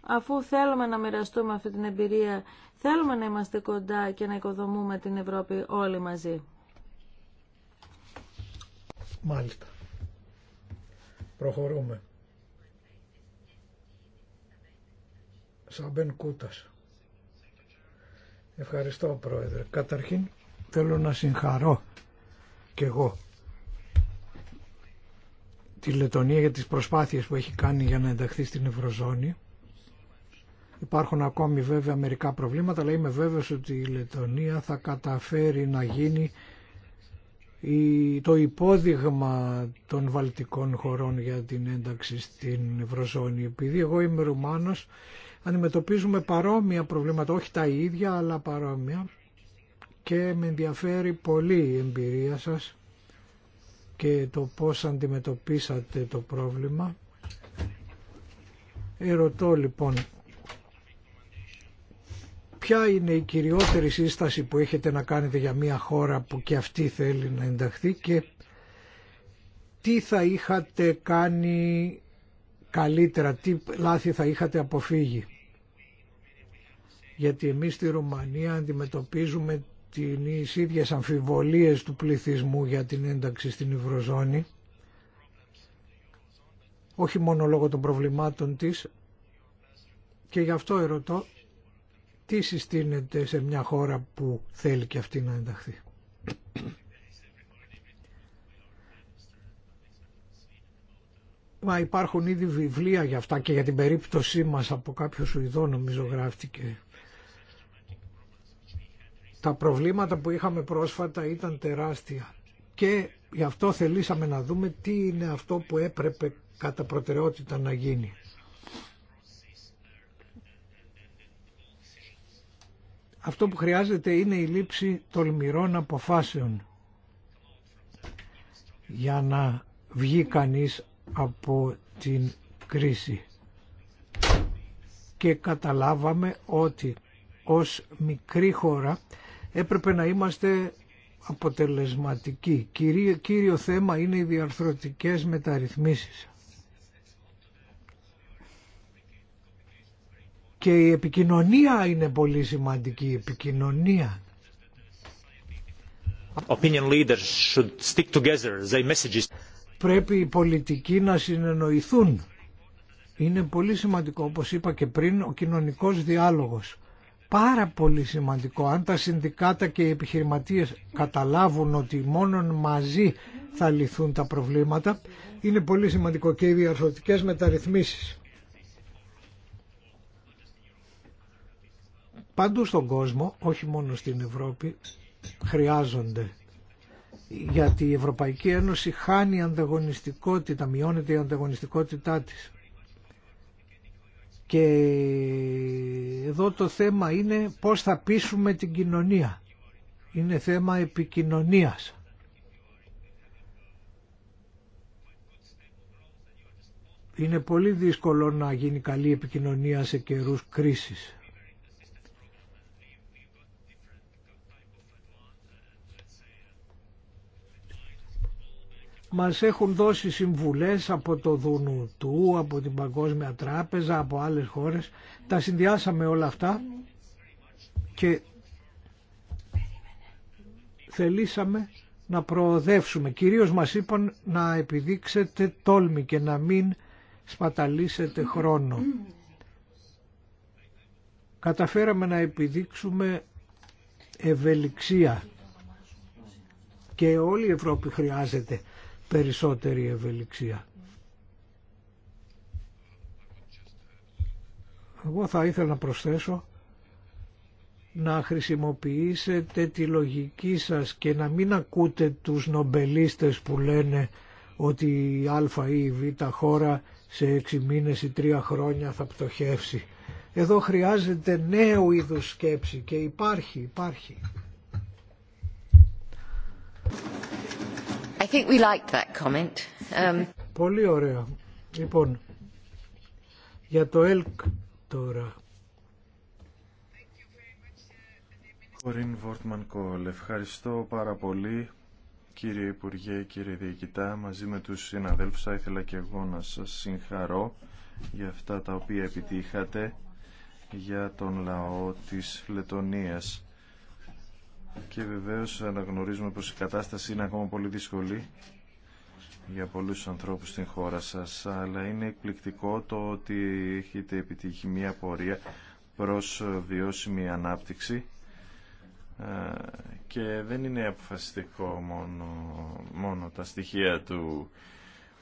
αφού θέλουμε να μοιραστούμε αυτή την εμπειρία, θέλουμε να είμαστε κοντά και να οικοδομούμε την Ευρώπη όλοι μαζί. Μάλιστα. Προχωρούμε. Σαμπεν Κούτας. Ευχαριστώ Πρόεδρε. Καταρχήν θέλω να συγχαρώ και εγώ τη Λετωνία για τις προσπάθειες που έχει κάνει για να ενταχθεί στην Ευρωζώνη. Υπάρχουν ακόμη βέβαια μερικά προβλήματα, αλλά είμαι βέβαιος ότι η Λετωνία θα καταφέρει να γίνει το υπόδειγμα των βαλτικών χωρών για την ένταξη στην Ευρωζώνη. Επειδή εγώ είμαι Ρουμάνος, αντιμετωπίζουμε παρόμοια προβλήματα, όχι τα ίδια, αλλά παρόμοια και με ενδιαφέρει πολύ η εμπειρία σας και το πώς αντιμετωπίσατε το πρόβλημα. Ερωτώ λοιπόν, Ποια είναι η κυριότερη σύσταση που έχετε να κάνετε για μια χώρα που και αυτή θέλει να ενταχθεί και τι θα είχατε κάνει καλύτερα, τι λάθη θα είχατε αποφύγει. Γιατί εμείς στη Ρουμανία αντιμετωπίζουμε τις ίδιες αμφιβολίες του πληθυσμού για την ένταξη στην Ευρωζώνη όχι μόνο λόγω των προβλημάτων της και γι' αυτό ερωτώ τι συστήνεται σε μια χώρα που θέλει και αυτή να ενταχθεί. Μα υπάρχουν ήδη βιβλία για αυτά και για την περίπτωσή μας από κάποιο Σουηδό νομίζω γράφτηκε. Τα προβλήματα που είχαμε πρόσφατα ήταν τεράστια και γι' αυτό θελήσαμε να δούμε τι είναι αυτό που έπρεπε κατά προτεραιότητα να γίνει. Αυτό που χρειάζεται είναι η λήψη τολμηρών αποφάσεων για να βγει κανείς από την κρίση. Και καταλάβαμε ότι ως μικρή χώρα έπρεπε να είμαστε αποτελεσματικοί. Κύριο, θέμα είναι οι διαρθρωτικές μεταρρυθμίσεις. και η επικοινωνία είναι πολύ σημαντική, η επικοινωνία. Πρέπει οι πολιτικοί να συνεννοηθούν. Είναι πολύ σημαντικό, όπως είπα και πριν, ο κοινωνικός διάλογος. Πάρα πολύ σημαντικό. Αν τα συνδικάτα και οι επιχειρηματίες καταλάβουν ότι μόνο μαζί θα λυθούν τα προβλήματα, είναι πολύ σημαντικό και οι διαρθρωτικές μεταρρυθμίσεις Παντού στον κόσμο, όχι μόνο στην Ευρώπη, χρειάζονται. Γιατί η Ευρωπαϊκή Ένωση χάνει ανταγωνιστικότητα, μειώνεται η ανταγωνιστικότητά της. Και εδώ το θέμα είναι πώς θα πείσουμε την κοινωνία. Είναι θέμα επικοινωνίας. Είναι πολύ δύσκολο να γίνει καλή επικοινωνία σε καιρούς κρίσης. Μας έχουν δώσει συμβουλές από το Δουνουτού, από την Παγκόσμια Τράπεζα, από άλλες χώρες. Τα συνδυάσαμε όλα αυτά και θελήσαμε να προοδεύσουμε. Κυρίως μας είπαν να επιδείξετε τόλμη και να μην σπαταλήσετε χρόνο. Καταφέραμε να επιδείξουμε ευελιξία και όλη η Ευρώπη χρειάζεται περισσότερη ευελιξία. Εγώ θα ήθελα να προσθέσω να χρησιμοποιήσετε τη λογική σας και να μην ακούτε τους νομπελίστες που λένε ότι η α ή η β χώρα σε έξι μήνες ή τρία χρόνια θα πτωχεύσει. Εδώ χρειάζεται νέου είδους σκέψη και υπάρχει, υπάρχει. Um, πολύ ωραία. Λοιπόν, για το ΕΛΚ τώρα. Κορίν Βόρτμαν Κόλ, ευχαριστώ πάρα πολύ κύριε Υπουργέ, κύριε Διοικητά, μαζί με τους συναδέλφους θα ήθελα και εγώ να σας συγχαρώ για αυτά τα οποία επιτύχατε για τον λαό της Λετωνίας και βεβαίως αναγνωρίζουμε πως η κατάσταση είναι ακόμα πολύ δύσκολη για πολλούς ανθρώπους στην χώρα σας, αλλά είναι εκπληκτικό το ότι έχετε επιτύχει μια πορεία προς βιώσιμη ανάπτυξη και δεν είναι αποφασιστικό μόνο, μόνο τα στοιχεία του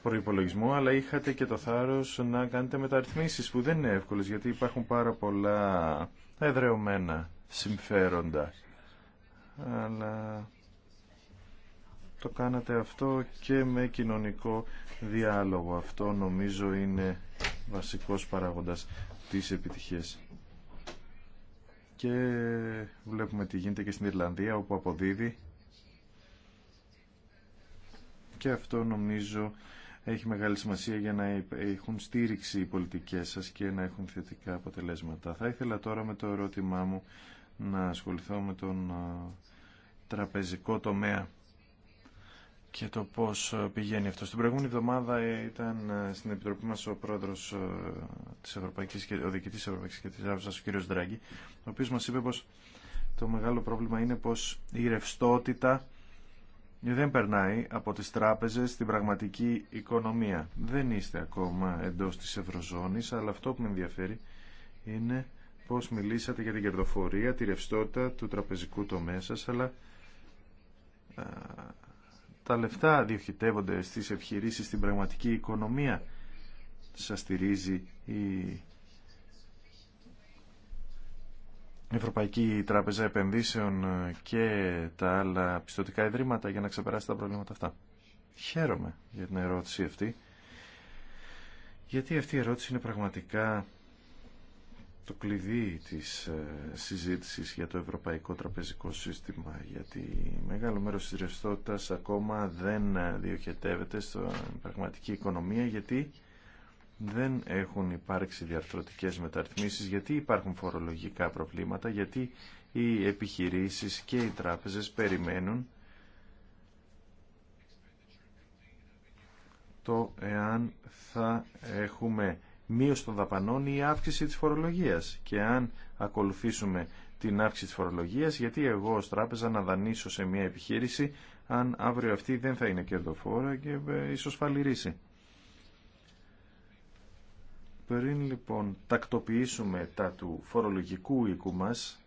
προϋπολογισμού, αλλά είχατε και το θάρρος να κάνετε μεταρρυθμίσεις που δεν είναι εύκολες, γιατί υπάρχουν πάρα πολλά εδρεωμένα συμφέροντα αλλά το κάνατε αυτό και με κοινωνικό διάλογο. Αυτό νομίζω είναι βασικός παράγοντας της επιτυχίας. Και βλέπουμε τι γίνεται και στην Ιρλανδία όπου αποδίδει και αυτό νομίζω έχει μεγάλη σημασία για να έχουν στήριξη οι πολιτικές σας και να έχουν θετικά αποτελέσματα. Θα ήθελα τώρα με το ερώτημά μου να ασχοληθώ με τον τραπεζικό τομέα και το πώς πηγαίνει αυτό. Στην προηγούμενη εβδομάδα ήταν στην Επιτροπή μας ο πρόεδρος της Ευρωπαϊκής, ο διοικητής Ευρωπαϊκής και ο κύριος Δράγκη, ο οποίος μας είπε πως το μεγάλο πρόβλημα είναι πως η ρευστότητα δεν περνάει από τις τράπεζες στην πραγματική οικονομία. Δεν είστε ακόμα εντός της Ευρωζώνης, αλλά αυτό που με ενδιαφέρει είναι πως μιλήσατε για την κερδοφορία, τη ρευστότητα του τραπεζικού τομέα σας, αλλά α, τα λεφτά διοχετεύονται στις επιχειρήσεις στην πραγματική οικονομία. Σας στηρίζει η Ευρωπαϊκή Τράπεζα Επενδύσεων και τα άλλα πιστοτικά ιδρύματα για να ξεπεράσει τα προβλήματα αυτά. Χαίρομαι για την ερώτηση αυτή, γιατί αυτή η ερώτηση είναι πραγματικά το κλειδί της ε, συζήτησης για το Ευρωπαϊκό Τραπεζικό Σύστημα γιατί μεγάλο μέρος της ρευστότητα ακόμα δεν ε, διοχετεύεται στην πραγματική οικονομία γιατί δεν έχουν υπάρξει διαρθρωτικές μεταρρυθμίσεις, γιατί υπάρχουν φορολογικά προβλήματα, γιατί οι επιχειρήσεις και οι τράπεζες περιμένουν το εάν θα έχουμε μείωση των δαπανών ή αύξηση της φορολογίας. Και αν ακολουθήσουμε την αύξηση της φορολογίας, γιατί εγώ ως τράπεζα να δανείσω σε μια επιχείρηση αν αύριο αυτή δεν θα είναι κερδοφόρα και ε, ίσως φαλυρίσει. Πριν λοιπόν τακτοποιήσουμε τα του φορολογικού οίκου μας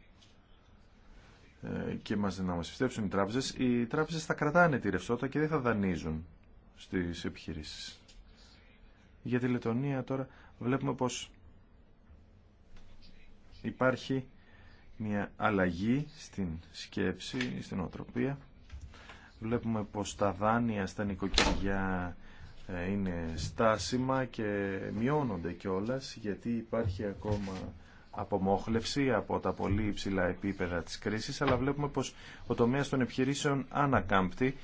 ε, και μας να μας πιστέψουν οι τράπεζες, οι τράπεζες θα κρατάνε τη ρευστότητα και δεν θα δανείζουν στις επιχειρήσεις. Για τη Λετωνία τώρα βλέπουμε πως υπάρχει μια αλλαγή στην σκέψη, στην οτροπία. Βλέπουμε πως τα δάνεια στα νοικοκυριά ε, είναι στάσιμα και μειώνονται κιόλας γιατί υπάρχει ακόμα απομόχλευση από τα πολύ υψηλά επίπεδα της κρίσης αλλά βλέπουμε πως ο τομέας των επιχειρήσεων ανακάμπτει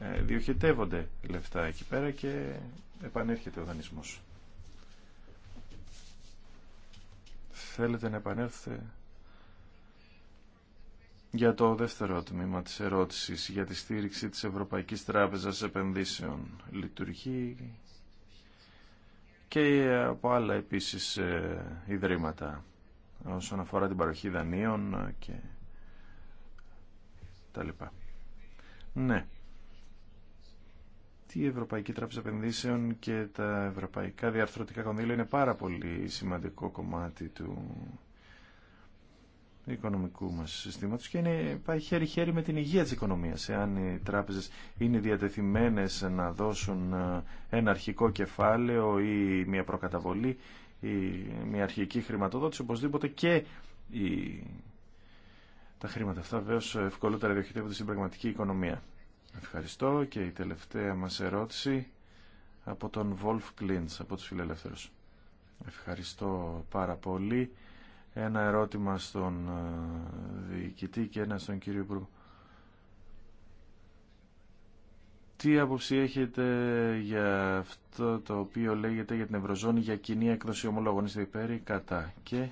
ε, διοχετεύονται λεφτά εκεί πέρα και επανέρχεται ο δανεισμός. θέλετε να επανέλθετε για το δεύτερο τμήμα της ερώτησης για τη στήριξη της Ευρωπαϊκής Τράπεζας Επενδύσεων λειτουργεί και από άλλα επίσης ε, ιδρύματα όσον αφορά την παροχή δανείων και τα λοιπά. Ναι η Ευρωπαϊκή Τράπεζα Επενδύσεων και τα ευρωπαϊκά διαρθρωτικά κονδύλια είναι πάρα πολύ σημαντικό κομμάτι του οικονομικού μας συστήματος και είναι, πάει χέρι-χέρι με την υγεία της οικονομίας. Εάν οι τράπεζες είναι διατεθειμένες να δώσουν ε, ένα αρχικό κεφάλαιο ή μια προκαταβολή ή μια αρχική χρηματοδότηση, οπωσδήποτε και η... τα χρήματα αυτά βέβαια ευκολότερα διοχετεύονται στην πραγματική οικονομία. Ευχαριστώ και η τελευταία μας ερώτηση από τον Βολφ Κλίντς, από τους φιλελεύθερους. Ευχαριστώ πάρα πολύ. Ένα ερώτημα στον ε, διοικητή και ένα στον κύριο Υπουργό. Τι άποψη έχετε για αυτό το οποίο λέγεται για την Ευρωζώνη για κοινή έκδοση ομολόγων. Είστε κατά. Και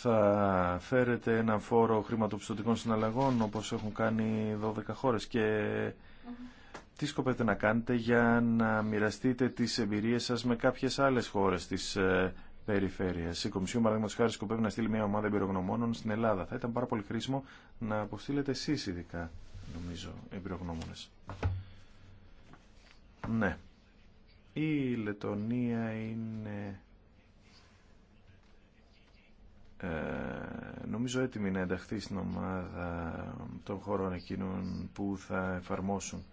θα φέρετε ένα φόρο χρηματοπιστωτικών συναλλαγών όπως έχουν κάνει 12 χώρες και τι σκοπεύετε να κάνετε για να μοιραστείτε τις εμπειρίες σας με κάποιες άλλες χώρες της ε, περιφέρειας. Η Κομισιόν παραδείγματο χάρη σκοπεύει να στείλει μια ομάδα εμπειρογνωμόνων στην Ελλάδα. Θα ήταν πάρα πολύ χρήσιμο να αποστείλετε εσείς ειδικά νομίζω εμπειρογνώμονες. Ναι. Η Λετωνία είναι ε, νομίζω έτοιμη να ενταχθεί στην ομάδα των χωρών εκείνων που θα εφαρμόσουν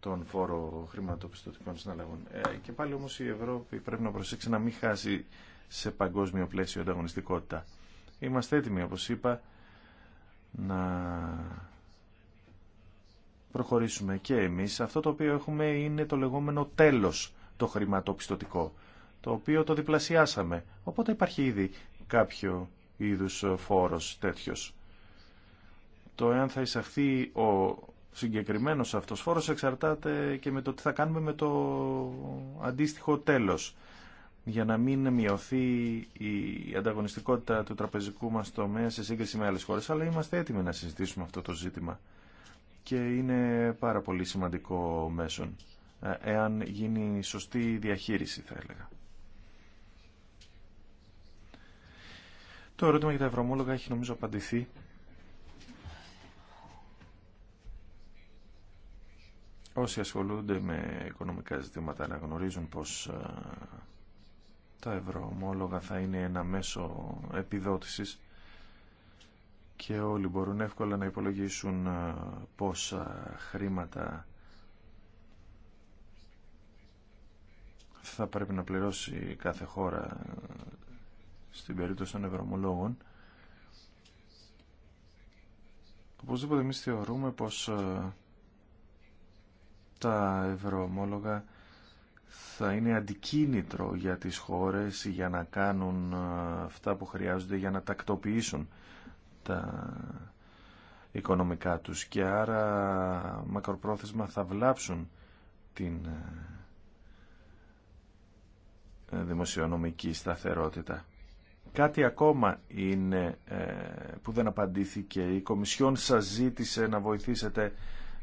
τον φόρο χρηματοπιστωτικών συναλλαγών. Ε, και πάλι όμως η Ευρώπη πρέπει να προσέξει να μην χάσει σε παγκόσμιο πλαίσιο ανταγωνιστικότητα. Είμαστε έτοιμοι, όπως είπα, να προχωρήσουμε και εμείς. Αυτό το οποίο έχουμε είναι το λεγόμενο τέλος το χρηματοπιστωτικό, το οποίο το διπλασιάσαμε. Οπότε υπάρχει ήδη κάποιο είδους ε, φόρος τέτοιος. Το εάν θα εισαχθεί ο συγκεκριμένος αυτός φόρος εξαρτάται και με το τι θα κάνουμε με το αντίστοιχο τέλος για να μην μειωθεί η ανταγωνιστικότητα του τραπεζικού μας τομέα σε σύγκριση με άλλες χώρες, αλλά είμαστε έτοιμοι να συζητήσουμε αυτό το ζήτημα και είναι πάρα πολύ σημαντικό μέσον, ε, εάν γίνει σωστή διαχείριση θα έλεγα. Το ερώτημα για τα ευρωομόλογα έχει νομίζω απαντηθεί. Όσοι ασχολούνται με οικονομικά ζητήματα γνωρίζουν πως ε, τα ευρωομόλογα θα είναι ένα μέσο επιδότησης και όλοι μπορούν εύκολα να υπολογίσουν ε, πόσα χρήματα θα πρέπει να πληρώσει κάθε χώρα στην περίπτωση των ευρωομολόγων. Οπωσδήποτε εμεί θεωρούμε πως ε, τα ευρωομόλογα θα είναι αντικίνητρο για τις χώρες για να κάνουν ε, αυτά που χρειάζονται για να τακτοποιήσουν τα οικονομικά τους και άρα μακροπρόθεσμα θα βλάψουν την ε, δημοσιονομική σταθερότητα. Κάτι ακόμα είναι ε, που δεν απαντήθηκε. Η Κομισιόν σας ζήτησε να βοηθήσετε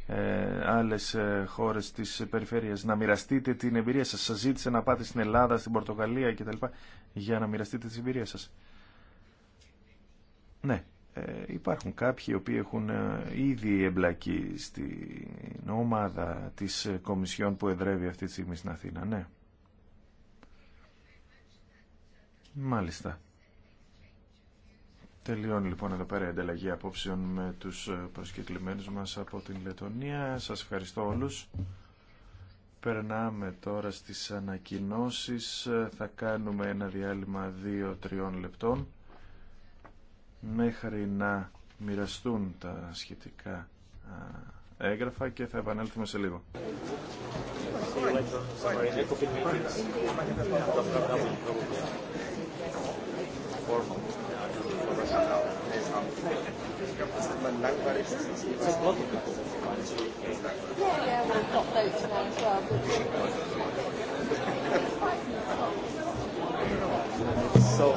ε, άλλες ε, χώρες της περιφέρειας να μοιραστείτε την εμπειρία σας. Σας ζήτησε να πάτε στην Ελλάδα, στην Πορτογαλία κτλ. για να μοιραστείτε την εμπειρία σας. Ναι, υπάρχουν κάποιοι οι οποίοι έχουν ήδη εμπλακεί στην ομάδα της Κομισιόν που εδρεύει αυτή τη στιγμή στην Αθήνα. Ναι. Μάλιστα. Τελειώνει λοιπόν εδώ πέρα η ανταλλαγή απόψεων με τους ε, προσκεκλημένους μας από την Λετωνία. Σας ευχαριστώ όλους. Περνάμε τώρα στις ανακοινώσεις. Θα κάνουμε ένα διάλειμμα 2-3 λεπτών μέχρι να μοιραστούν τα σχετικά έγγραφα και θα επανέλθουμε σε λίγο. Ich glaube, das ist mein langweiligstes So,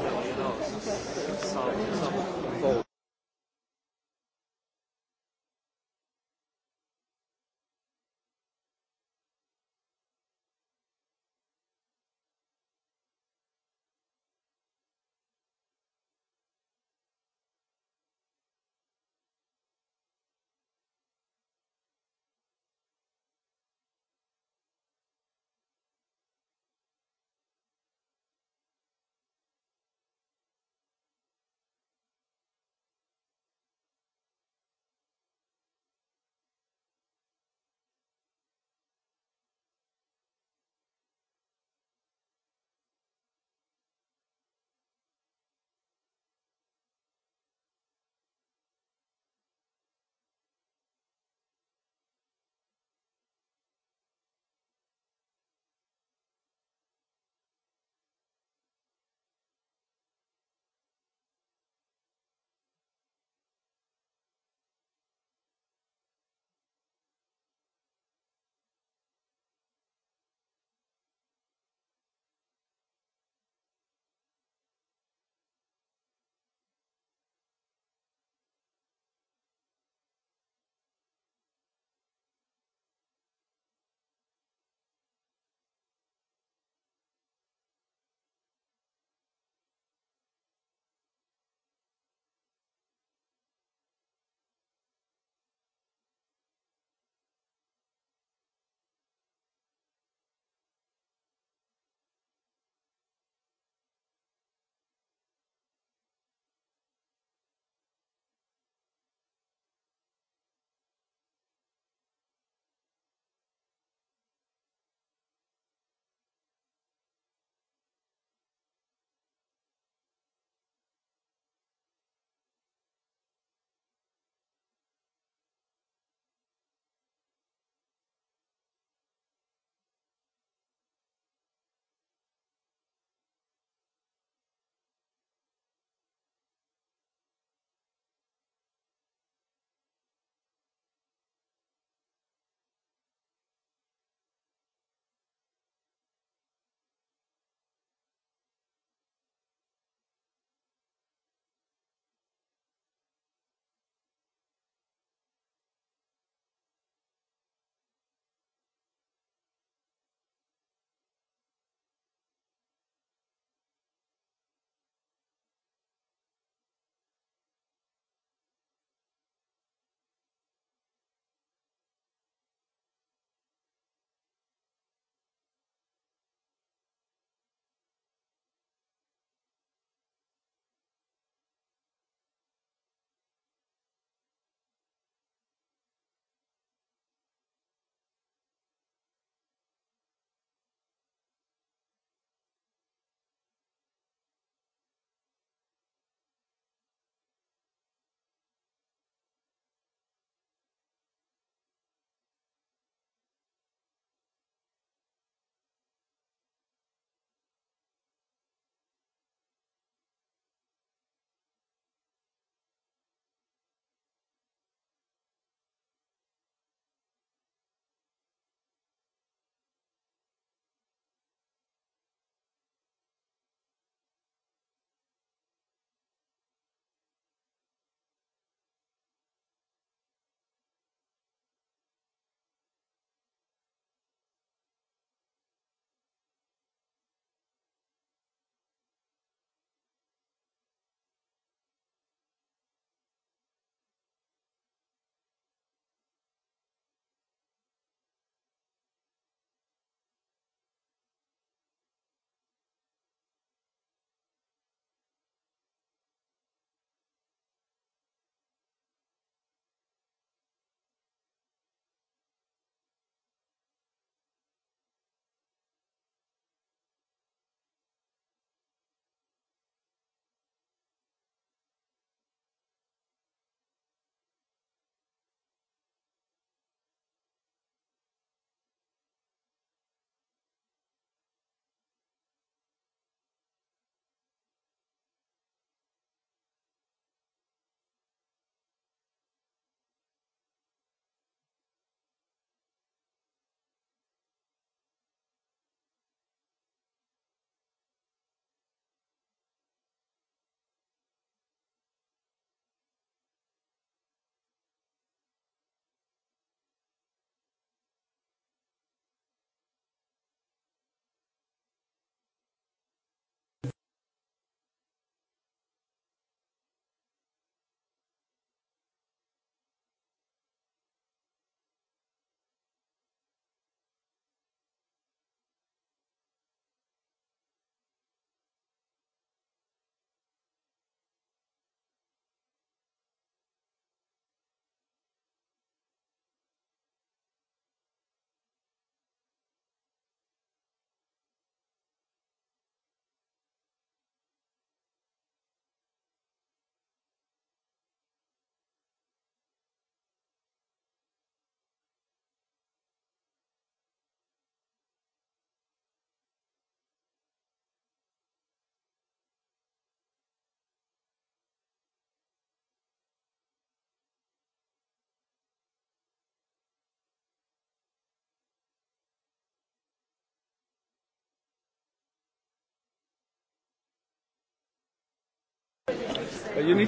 Um,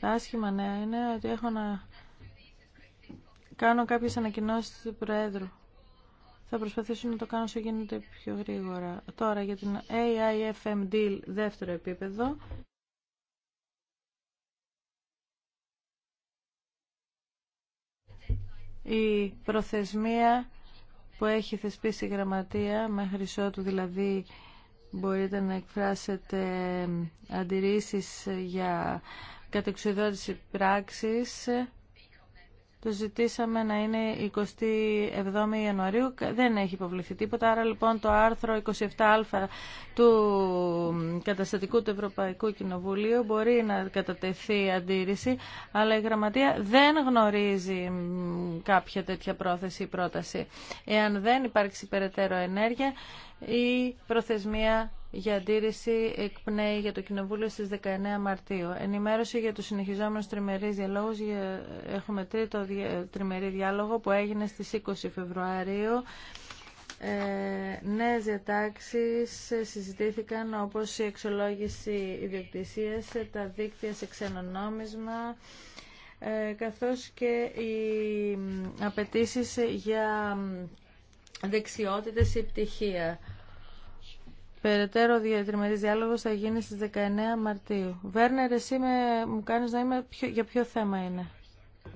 Τα άσχημα νέα είναι ότι έχω να κάνω κάποιες ανακοινώσεις του Προέδρου. Θα προσπαθήσω να το κάνω όσο γίνεται πιο γρήγορα. Τώρα για την AIFM deal δεύτερο επίπεδο. Η προθεσμία που έχει θεσπίσει η γραμματεία μέχρι ότου δηλαδή μπορείτε να εκφράσετε αντιρρήσεις για κατεξοδότηση πράξης το ζητήσαμε να είναι 27 Ιανουαρίου. Δεν έχει υποβληθεί τίποτα. Άρα λοιπόν το άρθρο 27α του καταστατικού του Ευρωπαϊκού Κοινοβουλίου μπορεί να κατατεθεί αντίρρηση, αλλά η Γραμματεία δεν γνωρίζει κάποια τέτοια πρόθεση ή πρόταση. Εάν δεν υπάρξει περαιτέρω ενέργεια, η προθεσμία για αντίρρηση εκπνέει για το Κοινοβούλιο στις 19 Μαρτίου. Ενημέρωση για τους συνεχιζόμενους τριμερείς διαλόγους. Έχουμε τρίτο τριμερή διάλογο που έγινε στις 20 Φεβρουαρίου. Ε, νέες διατάξεις συζητήθηκαν όπως η εξολόγηση ιδιοκτησίας, τα δίκτυα σε ξενονόμισμα, ε, καθώς και οι απαιτήσει για δεξιότητες ή πτυχία. Περαιτέρω διατριμερή διάλογο θα γίνει στι 19 Μαρτίου. Βέρνερ, εσύ με, μου κάνει να είμαι ποιο, για ποιο θέμα είναι.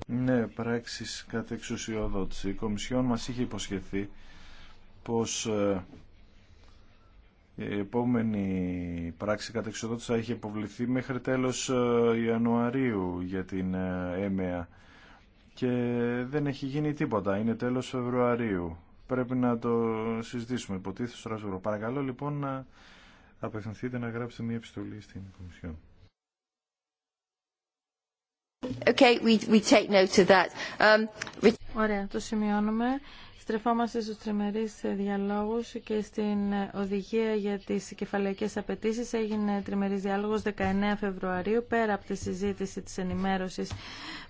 Ναι, πράξει κατά Η Κομισιόν μα είχε υποσχεθεί πω ε, η επόμενη πράξη κατά εξουσιοδότηση θα είχε υποβληθεί μέχρι τέλο ε, Ιανουαρίου για την ε, ΕΜΕΑ. Και δεν έχει γίνει τίποτα. Είναι τέλος Φεβρουαρίου πρέπει να το συζητήσουμε. Υποτίθεται Στρασβούργο. Παρακαλώ λοιπόν να απευθυνθείτε να γράψετε μια επιστολή στην Κομισιόν. Okay, we, we take note of that. Um, Ωραία, το σημειώνουμε. Στρεφόμαστε στους τριμερείς διαλόγους και στην οδηγία για τις κεφαλαϊκές απαιτήσεις έγινε τριμερείς διάλογος 19 Φεβρουαρίου πέρα από τη συζήτηση της ενημέρωσης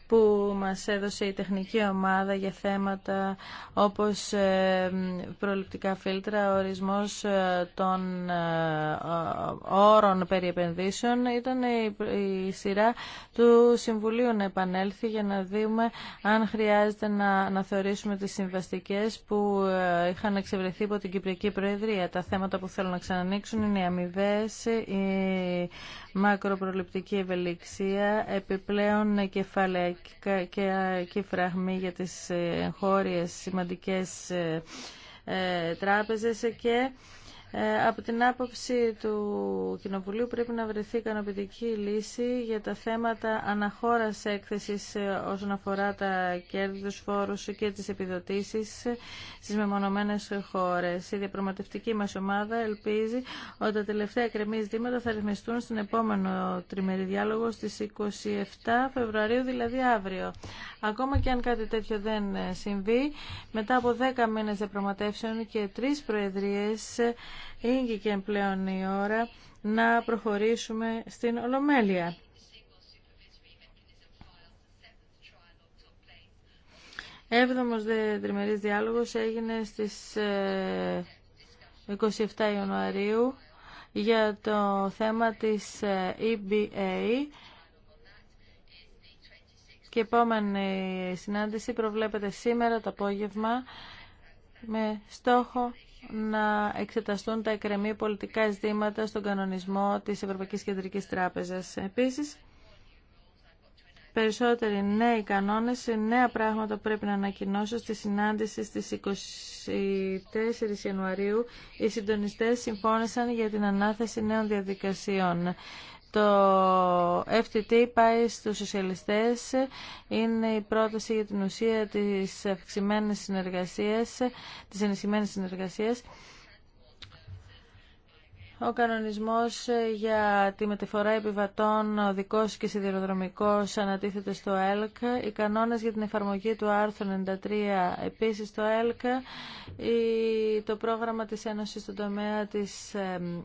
που μας έδωσε η τεχνική ομάδα για θέματα όπως ε, προληπτικά φίλτρα, ορισμός ε, των ε, όρων περί επενδύσεων. Ήταν η σειρά του Συμβουλίου να επανέλθει για να δούμε αν χρειάζεται να, να θεωρήσουμε τις συμβαστικές που είχαν εξευρεθεί από την Κυπριακή Προεδρία. Τα θέματα που θέλουν να ξανανοίξουν είναι οι αμοιβέ, η μακροπροληπτική ευελιξία, επιπλέον κεφαλαία και φραγμή για τις ε, χώριες σημαντικές ε, ε, τράπεζες και ε, από την άποψη του Κοινοβουλίου πρέπει να βρεθεί ικανοποιητική λύση για τα θέματα αναχώρας έκθεσης ε, όσον αφορά τα κέρδη, τους φόρους και τις επιδοτήσεις στις μεμονωμένες χώρες. Η διαπραγματευτική μας ομάδα ελπίζει ότι τα τελευταία κρεμή ζητήματα θα ρυθμιστούν στην επόμενο τριμερή διάλογο στις 27 Φεβρουαρίου, δηλαδή αύριο. Ακόμα και αν κάτι τέτοιο δεν ε, συμβεί, μετά από 10 μήνες διαπραγματεύσεων και τρεις προεδρίες είναι και πλέον η ώρα να προχωρήσουμε στην Ολομέλεια. Έβδομος δε τριμερής διάλογος έγινε στις 27 ε, Ιανουαρίου για το θέμα της EBA ε, και επόμενη συνάντηση προβλέπεται σήμερα το απόγευμα με στόχο να εξεταστούν τα εκκρεμή πολιτικά ζητήματα στον κανονισμό της Ευρωπαϊκής Κεντρικής Τράπεζας. Επίσης, περισσότεροι νέοι κανόνες, νέα πράγματα πρέπει να ανακοινώσω στη συνάντηση στις 24 Ιανουαρίου. Οι συντονιστές συμφώνησαν για την ανάθεση νέων διαδικασιών. Το FTT πάει στους σοσιαλιστές, είναι η πρόταση για την ουσία της αυξημένης συνεργασίας, της ενισχυμένης συνεργασίας ο κανονισμός ε, για τη μεταφορά επιβατών οδικός και σιδηροδρομικός ανατίθεται στο ΕΛΚ, οι κανόνες για την εφαρμογή του άρθρου 93 επίσης στο ΕΛΚ, το πρόγραμμα της Ένωσης στον τομέα της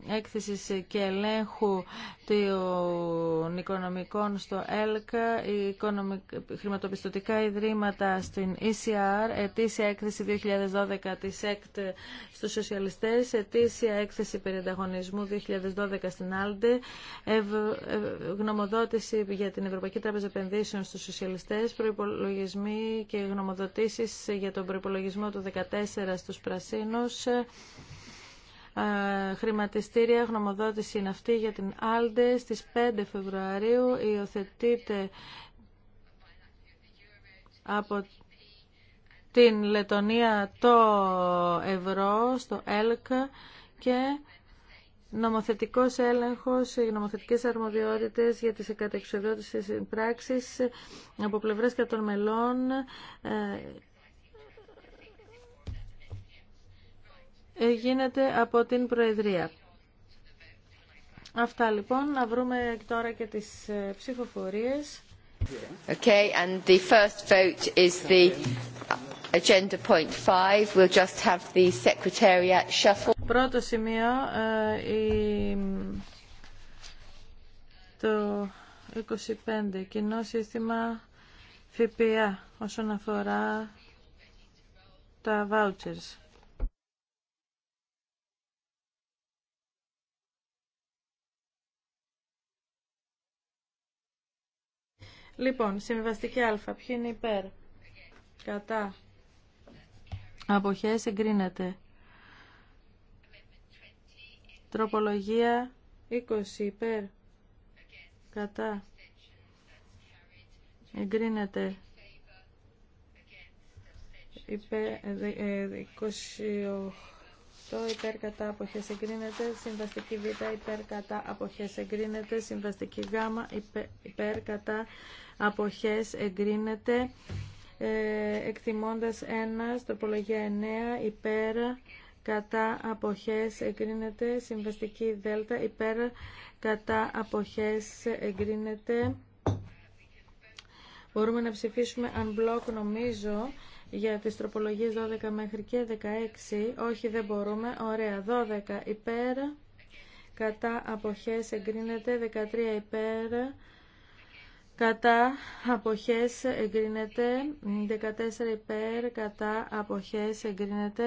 έκθεσης και ελέγχου των οικονομικών στο ΕΛΚ, οι χρηματοπιστωτικά ιδρύματα στην ECR, ετήσια έκθεση 2012 της ΕΚΤ στους σοσιαλιστές, ετήσια έκθεση περιενταγωνισμού 2012 στην Άλντε, γνωμοδότηση για την Ευρωπαϊκή Τράπεζα Επενδύσεων στους Σοσιαλιστές, προϋπολογισμοί και γνωμοδοτήσεις για τον προϋπολογισμό του 2014 στους Πρασίνους, ε, χρηματιστήρια γνωμοδότηση είναι αυτή για την ΑΛΔΕ. στις 5 Φεβρουαρίου υιοθετείται από την Λετωνία το ευρώ στο ΕΛΚ και νομοθετικός έλεγχος, οι νομοθετικές αρμοδιότητες για τις κατεξοδότησες πράξεις από και των μελών ε, ε, γίνεται από την Προεδρία. Αυτά λοιπόν, να βρούμε τώρα και τις ε, ψηφοφορίες. Okay, and the first vote is the Agenda point five. We'll just have the secretariat shuffle. Πρώτο σημείο ε, η, το 25 κοινό σύστημα ΦΠΑ όσον αφορά τα vouchers. Λοιπόν, συμβαστική α, ποιοι είναι υπέρ, κατά, Αποχές εγκρίνεται. Τροπολογία 20 υπέρ. Κατά. Εγκρίνεται. Ε, ε, το 28 υπέρ κατά αποχές εγκρίνεται. Συμβαστική Β υπέρ κατά αποχές εγκρίνεται. Συμβαστική Γ υπέρ, κατά αποχές εγκρίνεται. Ε, εκτιμώντας 1, τροπολογία 9, υπέρ, κατά αποχές εγκρίνεται, συμβαστική δέλτα, υπέρ, κατά αποχές εγκρίνεται. Μπορούμε να ψηφίσουμε unblock νομίζω για τις τροπολογίες 12 μέχρι και 16. Όχι δεν μπορούμε. Ωραία. 12 υπέρ. Κατά αποχές εγκρίνεται. 13 υπέρ κατά αποχές εγκρίνεται 14 υπέρ κατά αποχές εγκρίνεται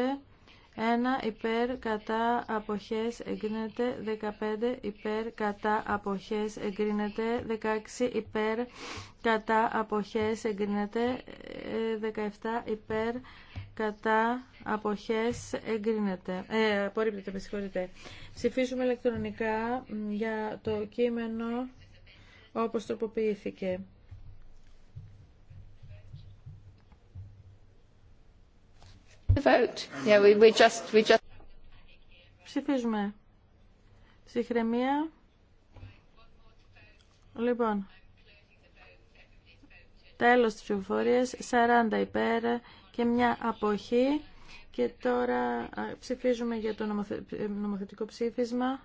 1 υπέρ κατά αποχές εγκρίνεται 15 υπέρ κατά αποχές εγκρίνεται 16 υπέρ κατά αποχές εγκρίνεται 17 ε, υπέρ κατά αποχές εγκρίνεται ε, απορρίπτεται με συγχωρείτε ψηφίσουμε ηλεκτρονικά για το κείμενο όπως τροποποιήθηκε. Ψηφίζουμε. Συγχρεμία. Λοιπόν. Τέλος της ψηφοφορίας. 40 υπέρ και μια αποχή. Και τώρα ψηφίζουμε για το νομοθετικό ψήφισμα.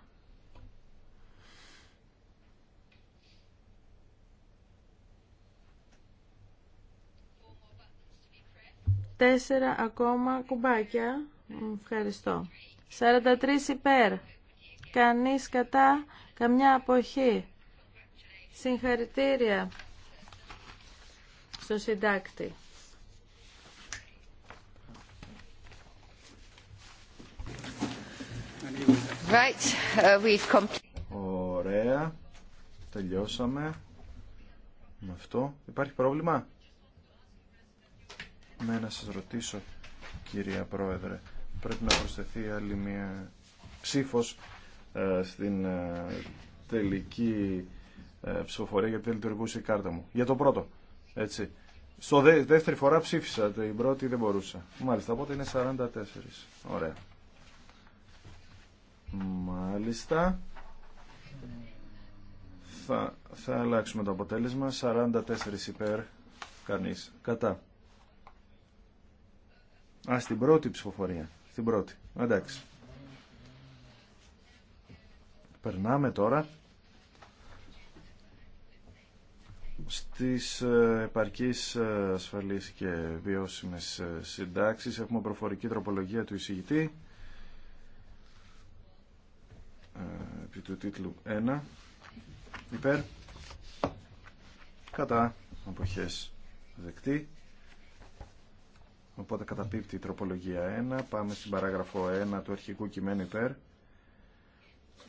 Τέσσερα ακόμα κουμπάκια. Ευχαριστώ. 43 υπέρ. Κανείς κατά. Καμιά αποχή. Συγχαρητήρια στο συντάκτη. Right, uh, we've Ωραία. Τελειώσαμε με αυτό. Υπάρχει πρόβλημα. Ναι, να σας ρωτήσω κυρία Πρόεδρε πρέπει να προσθεθεί άλλη μια ψήφος ε, στην ε, τελική ε, ψηφοφορία γιατί δεν λειτουργούσε η κάρτα μου για το πρώτο έτσι στο δεύτερη φορά ψήφισα την πρώτη δεν μπορούσα μάλιστα οπότε είναι 44 ωραία μάλιστα θα, θα αλλάξουμε το αποτέλεσμα 44 υπέρ κανείς κατά Α, στην πρώτη ψηφοφορία. Στην πρώτη. Εντάξει. Περνάμε τώρα στις ε, επαρκείς ε, ασφαλείς και βιώσιμες ε, συντάξεις. Έχουμε προφορική τροπολογία του εισηγητή επί του τίτλου 1 υπέρ κατά αποχές δεκτή Οπότε καταπίπτει η τροπολογία 1. Πάμε στην παράγραφο 1 του αρχικού κειμένου υπέρ.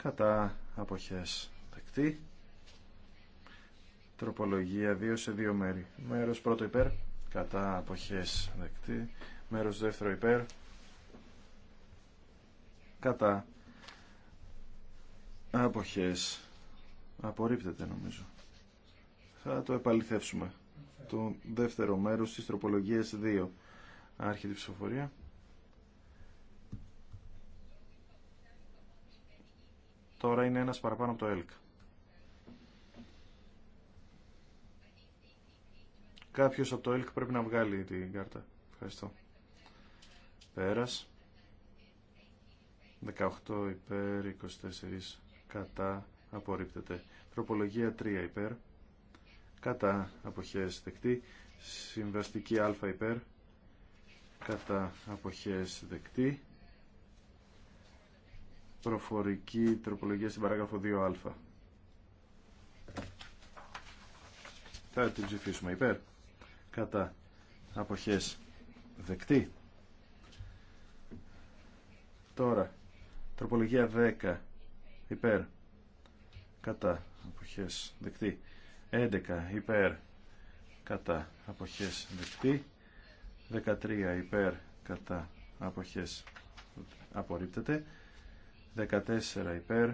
Κατά αποχές δεκτή. Τροπολογία 2 σε δύο μέρη. Μέρος πρώτο υπέρ. Κατά αποχές δεκτή. Μέρος δεύτερο υπέρ. Κατά αποχές απορρίπτεται νομίζω. Θα το επαληθεύσουμε. Το δεύτερο μέρος της τροπολογίας 2. Άρχεται ψηφοφορία. Τώρα είναι ένας παραπάνω από το ΕΛΚ. Κάποιος από το ΕΛΚ πρέπει να βγάλει την κάρτα. Ευχαριστώ. Πέρας. 18 υπέρ, 24 κατά, απορρίπτεται. Τροπολογία 3 υπέρ, κατά, αποχές δεκτή. Συμβαστική α υπέρ, κατά αποχές δεκτή προφορική τροπολογία στην παράγραφο 2α θα την ψηφίσουμε υπέρ κατά αποχές δεκτή τώρα τροπολογία 10 υπέρ κατά αποχές δεκτή 11 υπέρ κατά αποχές δεκτή 13 υπέρ κατά αποχές απορρίπτεται 14 υπέρ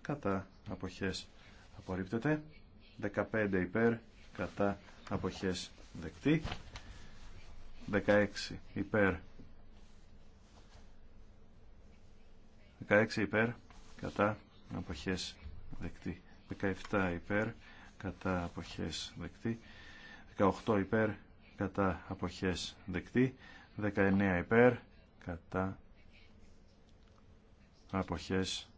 κατά αποχές απορρίπτεται 15 υπέρ κατά αποχές δεκτή 16 υπέρ 16 υπέρ κατά αποχές δεκτή 17 υπέρ κατά αποχές δεκτή 18 υπέρ κατά αποχές δεκτή 19 υπέρ κατά αποχές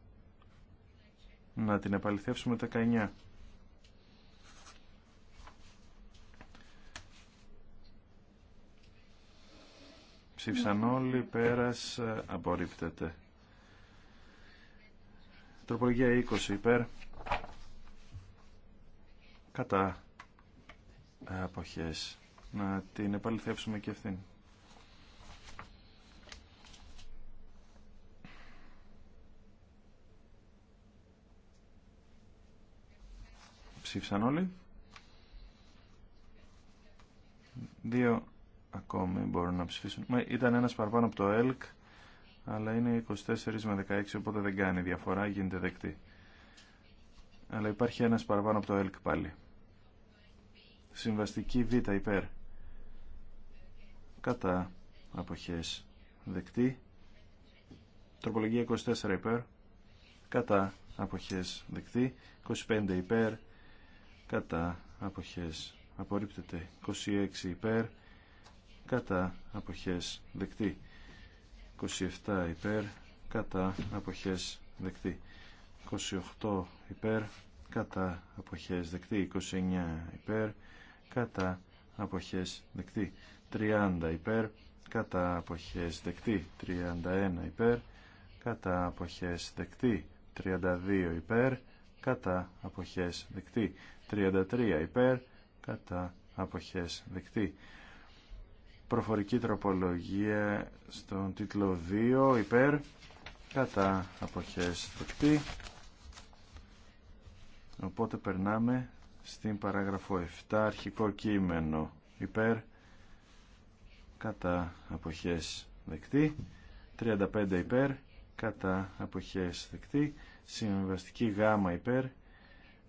να την επαληθεύσουμε 19 Ψήφισαν ναι. όλοι, πέρας, ε, απορρίπτεται. Τροπολογία 20 υπέρ. Κατά. Αποχές να την επαληθεύσουμε και αυτήν. Ψήφισαν όλοι. Δύο ακόμη μπορούν να ψηφίσουν. Ήταν ένας παραπάνω από το ΕΛΚ, αλλά είναι 24 με 16, οπότε δεν κάνει διαφορά, γίνεται δεκτή. Αλλά υπάρχει ένας παραπάνω από το ΕΛΚ πάλι. Συμβαστική Β υπέρ κατά αποχές δεκτή τροπολογία 24 υπέρ κατά αποχές δεκτή 25 υπέρ κατά αποχές απορρίπτεται 26 υπέρ κατά αποχές δεκτή 27 υπέρ κατά αποχές δεκτή 28 υπέρ κατά αποχές δεκτή 29 υπέρ κατά αποχές δεκτή 30 υπέρ κατά αποχές δεκτή 31 υπέρ κατά αποχές δεκτή 32 υπέρ κατά αποχές δεκτή 33 υπέρ κατά αποχές δεκτή προφορική τροπολογία στον τίτλο 2 υπέρ κατά αποχές δεκτή οπότε περνάμε στην παράγραφο 7 αρχικό κείμενο υπέρ κατά αποχές δεκτή 35 υπέρ κατά αποχές δεκτή συμβαστική γάμα υπέρ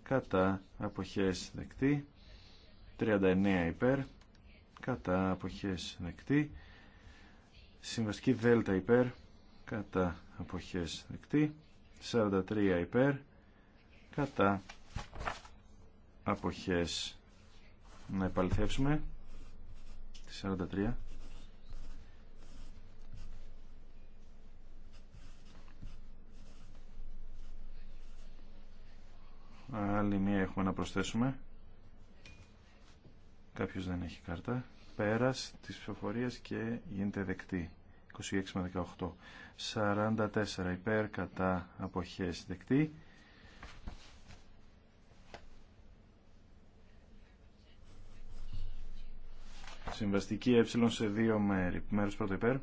κατά αποχές δεκτή 39 υπέρ κατά αποχές δεκτή συμβαστική δέλτα υπέρ κατά αποχές δεκτή 43 υπέρ κατά αποχές να επαληθεύσουμε 43 Άλλη μία έχουμε να προσθέσουμε. Κάποιος δεν έχει κάρτα. Πέρας της ψηφοφορίας και γίνεται δεκτή. 26 με 18. 44 υπέρ κατά αποχές δεκτή. Συμβαστική ε σε δύο μέρη. Μέρος πρώτο υπέρ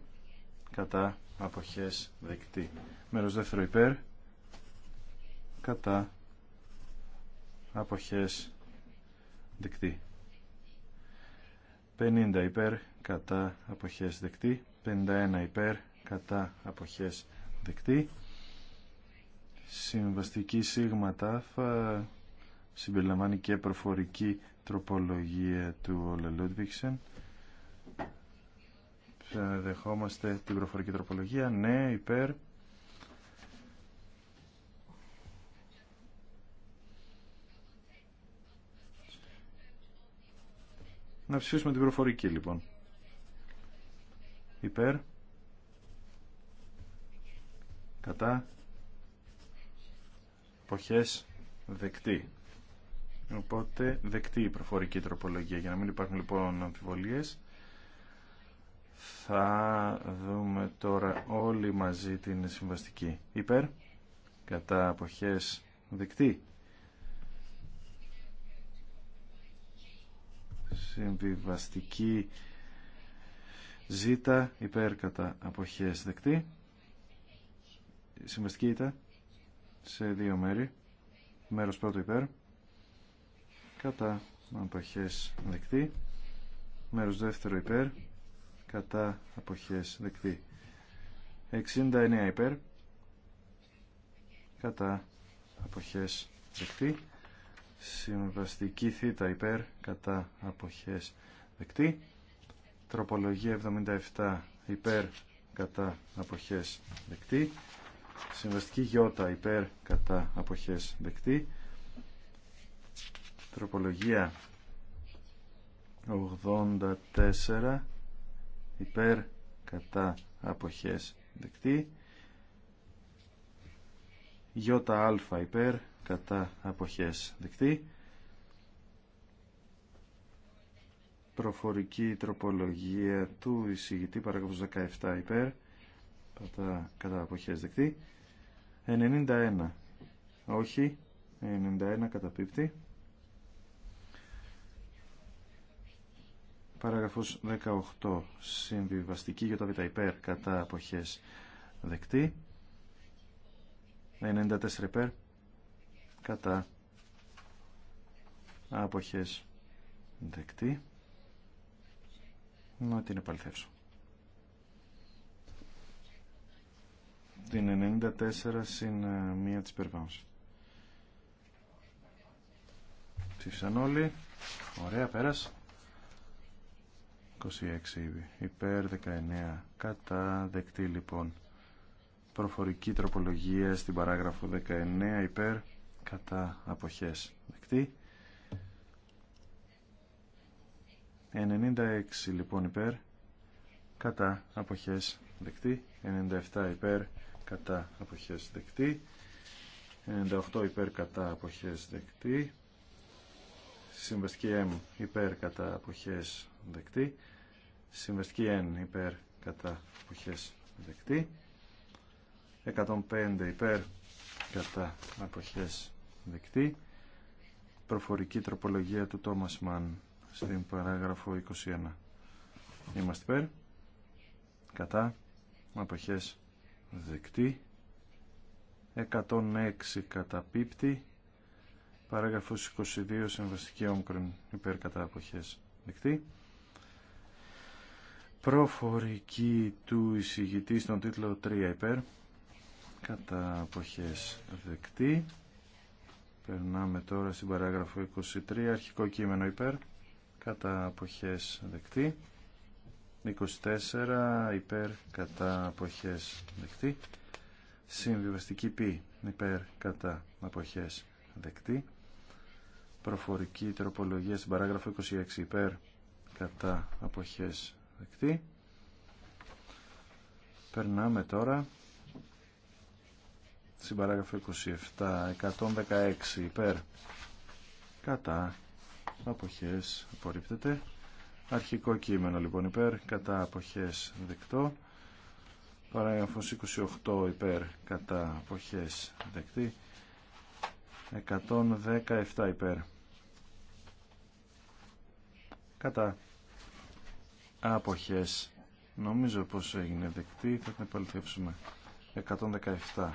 κατά αποχές δεκτή. Μέρος δεύτερο υπέρ κατά αποχές δεκτή 50 υπέρ κατά αποχές δεκτή 51 υπέρ κατά αποχές δεκτή συμβαστική σίγμα τάφα συμπεριλαμβάνει και προφορική τροπολογία του Όλε Λούντβιξεν δεχόμαστε την προφορική τροπολογία ναι υπέρ Να ψηφίσουμε την προφορική λοιπόν. Υπέρ. Κατά. Εποχές δεκτή. Οπότε δεκτή η προφορική τροπολογία. Για να μην υπάρχουν λοιπόν αμφιβολίες. Θα δούμε τώρα όλοι μαζί την συμβαστική. Υπέρ. Κατά αποχές δεκτή. Συμβιβαστική ζήτα υπέρ κατά αποχές δεκτή. Συμβαστική ήττα σε δύο μέρη. Μέρος πρώτο υπέρ κατά αποχές δεκτή. Μέρος δεύτερο υπέρ κατά αποχές δεκτή. 69 υπέρ κατά αποχές δεκτή. Συμβαστική θήτα υπέρ κατά αποχές δεκτή. Τροπολογία 77 υπέρ κατά αποχές δεκτή. Συμβαστική γιώτα υπέρ κατά αποχές δεκτή. Τροπολογία 84 υπέρ κατά αποχές δεκτή. Γιώτα υπέρ κατά αποχές δεκτή. Προφορική τροπολογία του εισηγητή παράγραφος 17 υπέρ κατά, κατά αποχές δεκτή. 91 όχι. 91 καταπίπτει. Παράγραφος 18. Συμβιβαστική για τα β' υπέρ κατά αποχές δεκτή. 94 υπέρ κατά αποχές δεκτή να την επαληθεύσω την 94 συν ε, μία της περβάμψης ψήφισαν όλοι ωραία πέρας 26 υπέρ 19 κατά δεκτή λοιπόν προφορική τροπολογία στην παράγραφο 19 υπέρ κατά αποχές δεκτή 96 λοιπόν υπέρ κατά αποχές δεκτή 97 υπέρ κατά αποχές δεκτή 98 υπέρ κατά αποχές δεκτή συμβαστική M υπέρ κατά αποχές δεκτή συμβαστική N υπέρ κατά αποχές δεκτή 105 υπέρ κατά αποχές δεκτή. Προφορική τροπολογία του Τόμας Μαν στην παράγραφο 21. Είμαστε υπέρ. Κατά. Αποχές δεκτή. 106 καταπίπτει. Παράγραφος 22 συμβαστική όμκρον υπέρ κατά αποχές δεκτή. Προφορική του εισηγητή στον τίτλο 3 υπέρ κατά αποχές δεκτή. Περνάμε τώρα στην παράγραφο 23, αρχικό κείμενο υπέρ, κατά αποχές δεκτή. 24 υπέρ κατά αποχές δεκτή. Συμβιβαστική π υπέρ κατά αποχές δεκτή. Προφορική τροπολογία στην παράγραφο 26 υπέρ κατά αποχές δεκτή. Περνάμε τώρα στην 27 116 υπέρ κατά αποχές απορρίπτεται αρχικό κείμενο λοιπόν υπέρ κατά αποχές δεκτό παράγραφος 28 υπέρ κατά αποχές δεκτή 117 υπέρ κατά αποχές νομίζω πως έγινε δεκτή θα την επαληθεύσουμε 117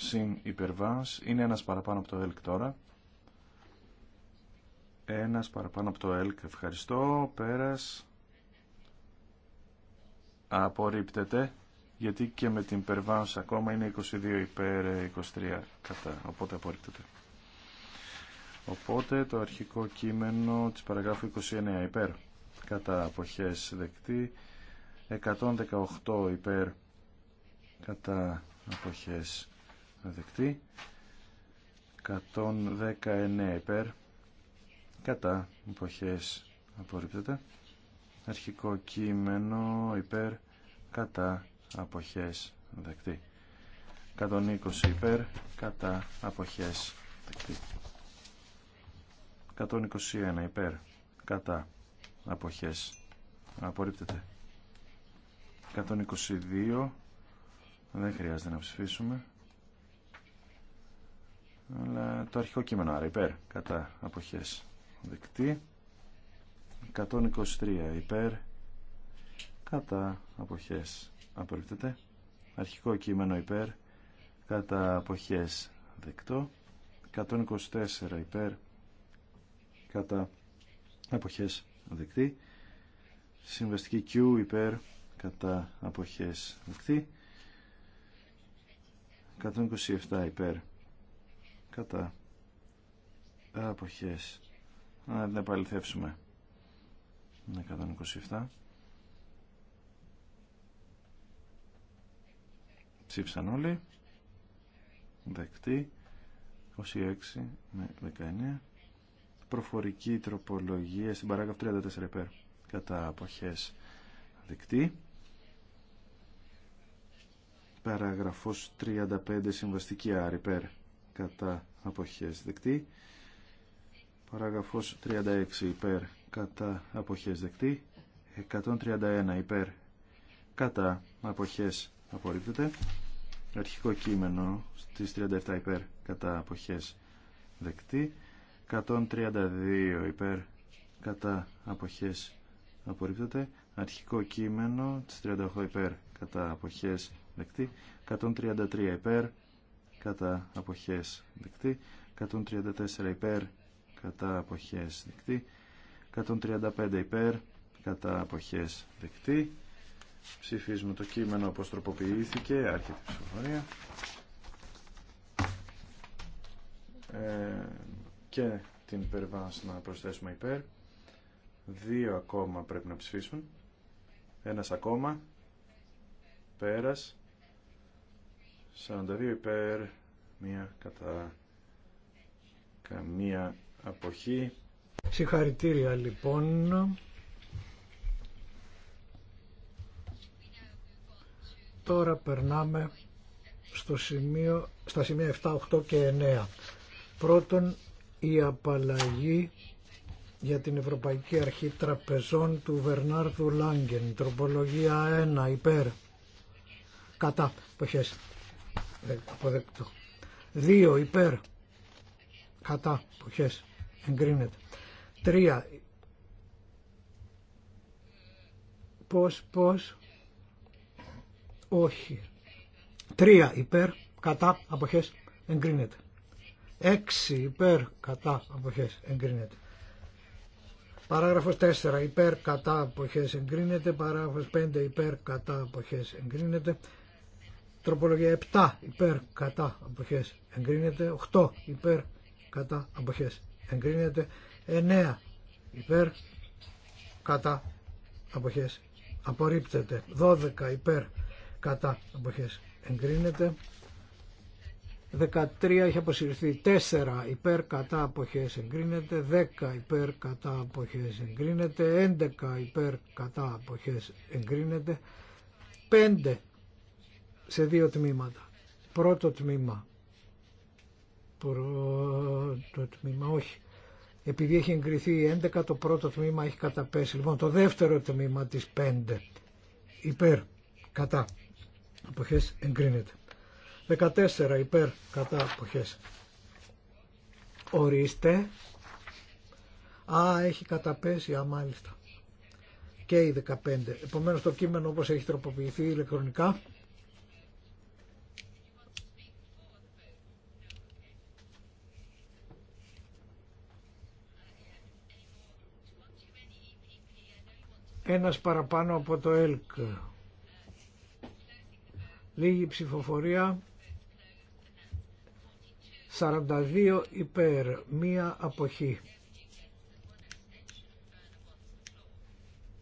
συν υπερβάς είναι ένας παραπάνω από το ΕΛΚ τώρα ένας παραπάνω από το ΕΛΚ ευχαριστώ πέρας απορρίπτεται γιατί και με την υπερβάς ακόμα είναι 22 υπέρ 23 κατά οπότε απορρίπτεται οπότε το αρχικό κείμενο της παραγράφου 29 υπέρ κατά αποχές δεκτή 118 υπέρ κατά αποχές δεκτή 119 υπέρ κατά εποχές απορρίπτεται αρχικό κείμενο υπέρ κατά αποχές δεκτή 120 υπέρ κατά αποχές δεκτή 121 υπέρ κατά αποχές απορρίπτεται 122 δεν χρειάζεται να ψηφίσουμε αλλά το αρχικό κείμενο άρα υπέρ κατά αποχές δεκτή 123 υπέρ κατά αποχές απορρίπτεται αρχικό κείμενο υπέρ κατά αποχές δεκτό 124 υπέρ κατά αποχές δεκτή συμβαστική Q υπέρ κατά αποχές δεκτή 127 υπέρ κατά αποχές να την επαληθεύσουμε 127 ψήφισαν όλοι δεκτή 26 με 19 προφορική τροπολογία στην παράγραφο 34 υπέρ κατά αποχές δεκτή παράγραφος 35 συμβαστική άρη υπέρ κατά αποχές δεκτή παράγραφος 36 υπέρ κατά αποχές δεκτή 131 υπέρ κατά αποχές απορρίπτεται αρχικό κείμενο στις 37 υπέρ κατά αποχές δεκτή 132 υπέρ κατά αποχές απορρίπτεται αρχικό κείμενο στις 38 υπέρ κατά αποχές δεκτή 133 υπέρ κατά αποχές δεκτή 134 υπέρ κατά αποχές δεκτή 135 υπέρ κατά αποχές δεκτή ψηφίζουμε το κείμενο όπως τροποποιήθηκε άρχεται η ψηφοφορία ε, και την περιβάση να προσθέσουμε υπέρ δύο ακόμα πρέπει να ψηφίσουν ένας ακόμα πέρας 42 υπέρ, μία κατά καμία αποχή. Συγχαρητήρια λοιπόν. Τώρα περνάμε στο σημείο, στα σημεία 7, 8 και 9. Πρώτον, η απαλλαγή για την Ευρωπαϊκή Αρχή Τραπεζών του Βερνάρδου Λάγκεν. Τροπολογία 1, υπέρ. Κατά, ποχές αποδεκτό. 2 υπέρ κατά αποχές εγκρίνεται. 3 πως πως όχι. Τρία, υπέρ κατά αποχές εγκρίνεται. 6 υπέρ κατά αποχές εγκρίνεται. Παράγραφος 4 υπέρ κατά αποχές εγκρίνεται. Παράγραφος 5 υπέρ κατά αποχές εγκρίνεται. Τροπολογία 7 υπέρ κατά αποχές εγκρίνεται. 8 υπέρ κατά αποχές εγκρίνεται. 9 υπέρ κατά αποχές απορρίπτεται. 12 υπέρ κατά αποχές εγκρίνεται. 13 έχει αποσυρθεί. 4 υπέρ κατά αποχές εγκρίνεται. 10 υπέρ κατά αποχές εγκρίνεται. 11 υπέρ κατά αποχές εγκρίνεται. 5 σε δύο τμήματα. Πρώτο τμήμα, πρώτο τμήμα, όχι. Επειδή έχει εγκριθεί η 11, το πρώτο τμήμα έχει καταπέσει. Λοιπόν, το δεύτερο τμήμα της 5, υπέρ, κατά, αποχές, εγκρίνεται. 14, υπέρ, κατά, αποχές. Ορίστε. Α, έχει καταπέσει, α, μάλιστα. Και η 15. Επομένως το κείμενο όπως έχει τροποποιηθεί ηλεκτρονικά Ένας παραπάνω από το ΕΛΚ. Λίγη ψηφοφορία. 42 υπέρ. Μία αποχή.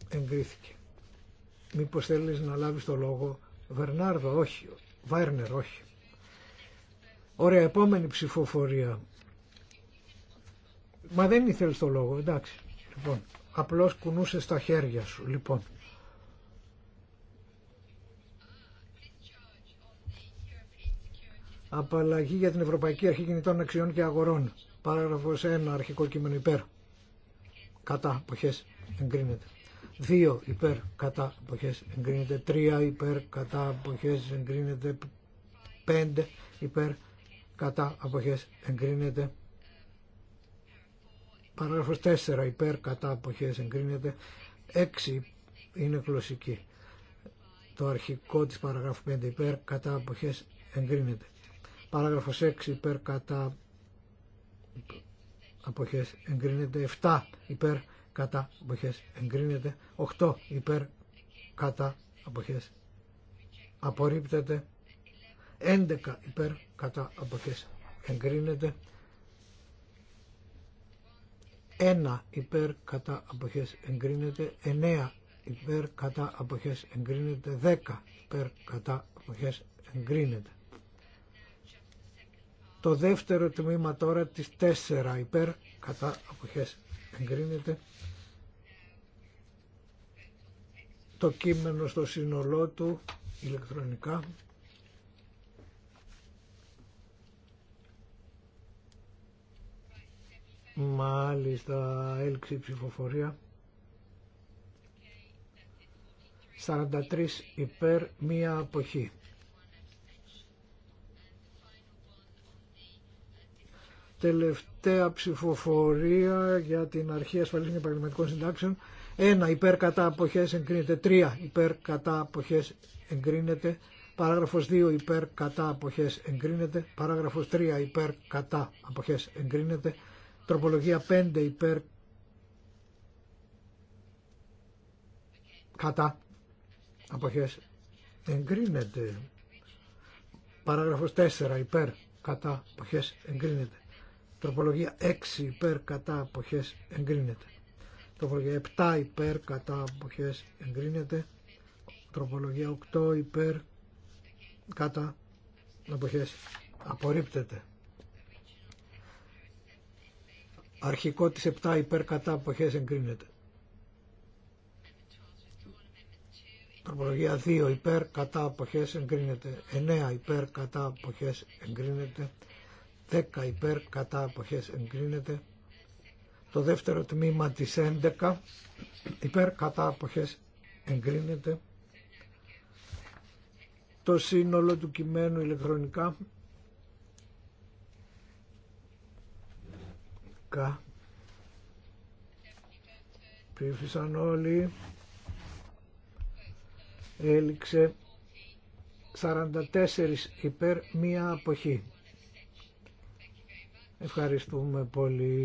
Εγκρίθηκε. Μήπως θέλεις να λάβεις το λόγο. Βερνάρδο, όχι. Βάρνερ. όχι. Ωραία, επόμενη ψηφοφορία. Μα δεν ήθελες το λόγο, εντάξει. Λοιπόν, απλώς κουνούσε στα χέρια σου. Λοιπόν, απαλλαγή για την Ευρωπαϊκή Αρχή Κινητών Αξιών και Αγορών. Παράγραφος 1, αρχικό κείμενο υπέρ. Κατά, αποχές, εγκρίνεται. 2 υπέρ κατά εποχές εγκρίνεται, 3 υπέρ κατά εποχές εγκρίνεται, 5 υπέρ κατά αποχές εγκρίνεται. Παράγραφος 4 υπέρ κατά αποχές εγκρίνεται. 6 είναι γλωσσική. Το αρχικό της παραγράφου 5 υπέρ κατά αποχές εγκρίνεται. Παράγραφος 6 υπέρ κατά αποχές εγκρίνεται. 7 υπέρ κατά αποχές εγκρίνεται. 8 υπέρ κατά αποχές απορρίπτεται. 11 υπέρ κατά αποχές εγκρίνεται ένα υπέρ κατά αποχές εγκρίνεται, 9 υπέρ κατά αποχές εγκρίνεται, 10 υπέρ κατά αποχές εγκρίνεται. Το δεύτερο τμήμα τώρα της 4 υπέρ κατά αποχές εγκρίνεται. Το κείμενο στο σύνολό του ηλεκτρονικά. Μάλιστα, έλξη ψηφοφορία. 43 υπέρ, μία αποχή. Τελευταία ψηφοφορία για την αρχή ασφαλής και επαγγελματικών συντάξεων. 1 υπέρ κατά αποχές εγκρίνεται. 3 υπέρ κατά αποχές εγκρίνεται. Παράγραφος 2 υπέρ κατά αποχές εγκρίνεται. Παράγραφος 3 υπέρ κατά αποχές εγκρίνεται. Τροπολογία 5 υπέρ κατά αποχές εγκρίνεται. Παράγραφος 4 υπέρ κατά αποχές εγκρίνεται. Τροπολογία 6 υπέρ κατά αποχές εγκρίνεται. Τροπολογία 7 υπέρ κατά αποχές εγκρίνεται. Τροπολογία 8 υπέρ κατά αποχές απορρίπτεται. Αρχικό της 7 υπέρ κατά αποχές εγκρίνεται. Τροπολογία 2 υπέρ κατά αποχές εγκρίνεται. 9 υπέρ κατά αποχές εγκρίνεται. 10 υπέρ κατά αποχές εγκρίνεται. Το δεύτερο τμήμα της 11 υπέρ κατά αποχές εγκρίνεται. Το σύνολο του κειμένου ηλεκτρονικά Κατά. Ψήφισαν όλοι. Έληξε 44 υπέρ μία αποχή. Ευχαριστούμε πολύ.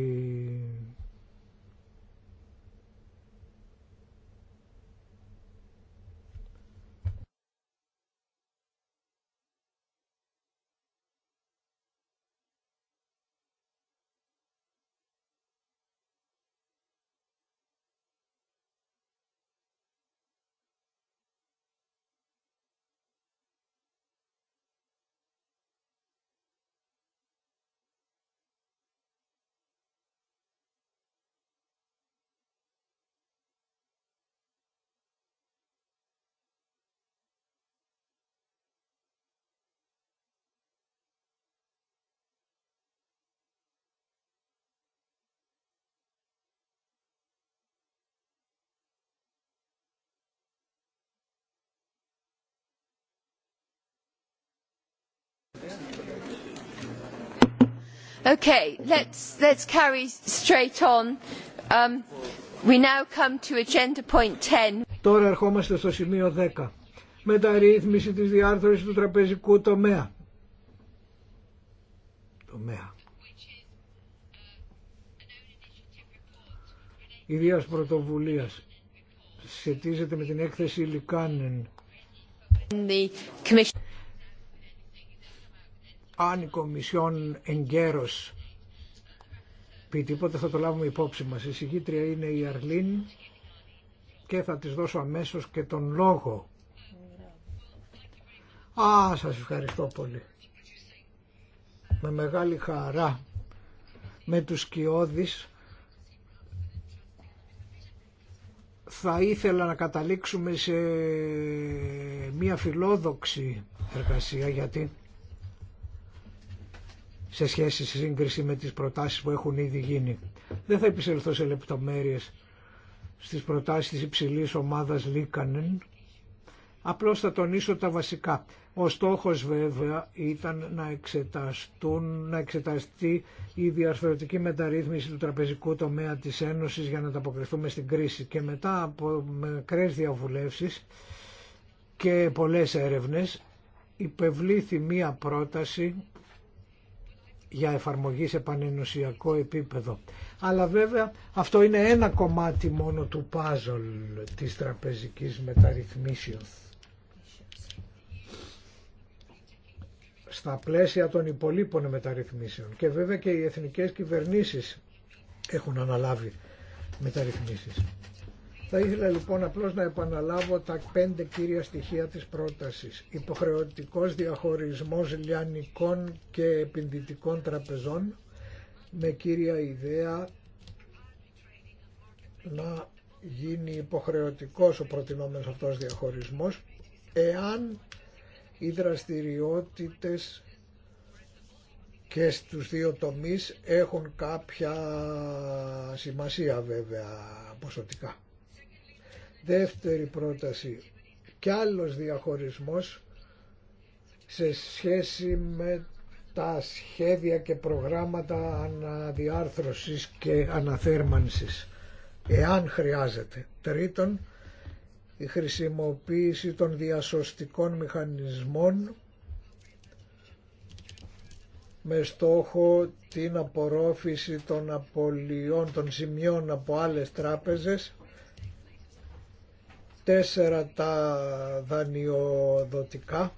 Τώρα ερχόμαστε στο σημείο 10. Μεταρρύθμιση της διάρθρωσης του τραπεζικού τομέα. Τομέα. Ιδίας πρωτοβουλίας. Σχετίζεται με την έκθεση Λικάνεν αν η Κομισιόν εγκαίρως πει τίποτα θα το λάβουμε υπόψη μας. Η συγκήτρια είναι η Αρλίν και θα της δώσω αμέσως και τον λόγο. Α, σας ευχαριστώ πολύ. Με μεγάλη χαρά με τους σκιώδεις θα ήθελα να καταλήξουμε σε μία φιλόδοξη εργασία γιατί σε σχέση σε σύγκριση με τις προτάσεις που έχουν ήδη γίνει. Δεν θα επισελθώ σε λεπτομέρειες στις προτάσεις της υψηλής ομάδας Λίκανεν, απλώς θα τονίσω τα βασικά. Ο στόχος βέβαια ήταν να, εξεταστούν, να εξεταστεί η διαρθρωτική μεταρρύθμιση του τραπεζικού τομέα της Ένωσης για να ανταποκριθούμε στην κρίση και μετά από μικρές διαβουλεύσεις και πολλές έρευνες υπευλήθη μία πρόταση για εφαρμογή σε πανενωσιακό επίπεδο. Αλλά βέβαια αυτό είναι ένα κομμάτι μόνο του παζλ της τραπεζικής μεταρρυθμίσεως. Στα πλαίσια των υπολείπων μεταρρυθμίσεων και βέβαια και οι εθνικές κυβερνήσεις έχουν αναλάβει μεταρρυθμίσεις. Θα ήθελα λοιπόν απλώς να επαναλάβω τα πέντε κύρια στοιχεία της πρότασης. Υποχρεωτικός διαχωρισμός λιανικών και επενδυτικών τραπεζών με κύρια ιδέα να γίνει υποχρεωτικός ο προτινόμενος αυτός διαχωρισμός εάν οι δραστηριότητες και στους δύο τομείς έχουν κάποια σημασία βέβαια ποσοτικά. Δεύτερη πρόταση, και άλλος διαχωρισμός σε σχέση με τα σχέδια και προγράμματα αναδιάρθρωσης και αναθέρμανσης, εάν χρειάζεται. Τρίτον, η χρησιμοποίηση των διασωστικών μηχανισμών με στόχο την απορρόφηση των απολειών των σημειών από άλλες τράπεζες τέσσερα τα δανειοδοτικά.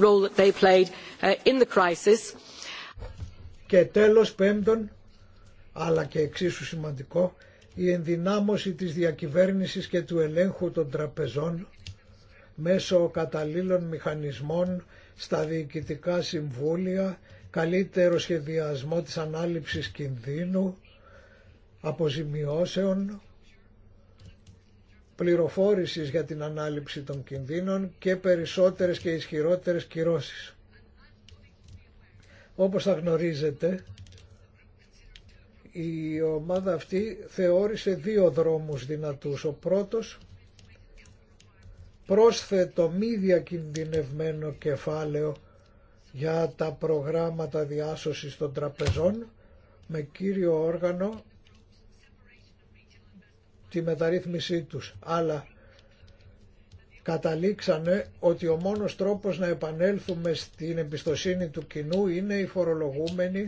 Uh, και τέλος πέμπτον, αλλά και εξίσου σημαντικό, η ενδυνάμωση της διακυβέρνησης και του ελέγχου των τραπεζών μέσω καταλήλων μηχανισμών στα διοικητικά συμβούλια, καλύτερο σχεδιασμό της ανάληψης κινδύνου, αποζημιώσεων πληροφόρησης για την ανάληψη των κινδύνων και περισσότερες και ισχυρότερες κυρώσεις. Όπως θα γνωρίζετε, η ομάδα αυτή θεώρησε δύο δρόμους δυνατούς. Ο πρώτος, πρόσθετο μη διακινδυνευμένο κεφάλαιο για τα προγράμματα διάσωσης των τραπεζών με κύριο όργανο τη μεταρρύθμισή τους, αλλά καταλήξανε ότι ο μόνος τρόπος να επανέλθουμε στην εμπιστοσύνη του κοινού είναι οι φορολογούμενοι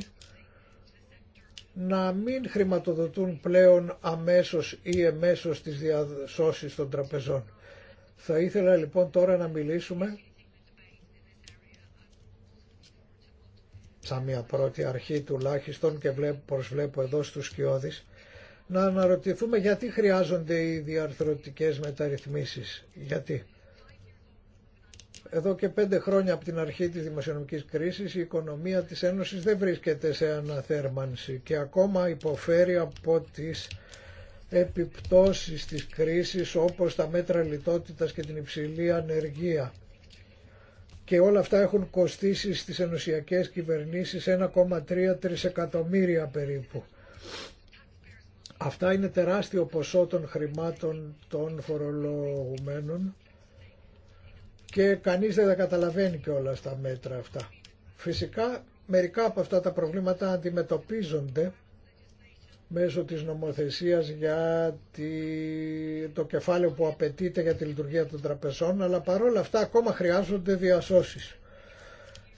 να μην χρηματοδοτούν πλέον αμέσως ή εμέσως τις διασώσεις των τραπεζών. Θα ήθελα λοιπόν τώρα να μιλήσουμε σαν μια πρώτη αρχή τουλάχιστον και βλέπω, προσβλέπω εδώ στους σκιώδεις να αναρωτηθούμε γιατί χρειάζονται οι διαρθρωτικές μεταρρυθμίσεις. Γιατί. Εδώ και πέντε χρόνια από την αρχή της δημοσιονομικής κρίσης η οικονομία της Ένωσης δεν βρίσκεται σε αναθέρμανση και ακόμα υποφέρει από τις επιπτώσεις της κρίσης όπως τα μέτρα λιτότητας και την υψηλή ανεργία. Και όλα αυτά έχουν κοστίσει στις ενωσιακές κυβερνήσεις 1,3 τρισεκατομμύρια περίπου. Αυτά είναι τεράστιο ποσό των χρημάτων των φορολογουμένων και κανείς δεν τα καταλαβαίνει και όλα στα μέτρα αυτά. Φυσικά μερικά από αυτά τα προβλήματα αντιμετωπίζονται μέσω της νομοθεσίας για το κεφάλαιο που απαιτείται για τη λειτουργία των τραπεζών, αλλά παρόλα αυτά ακόμα χρειάζονται διασώσεις.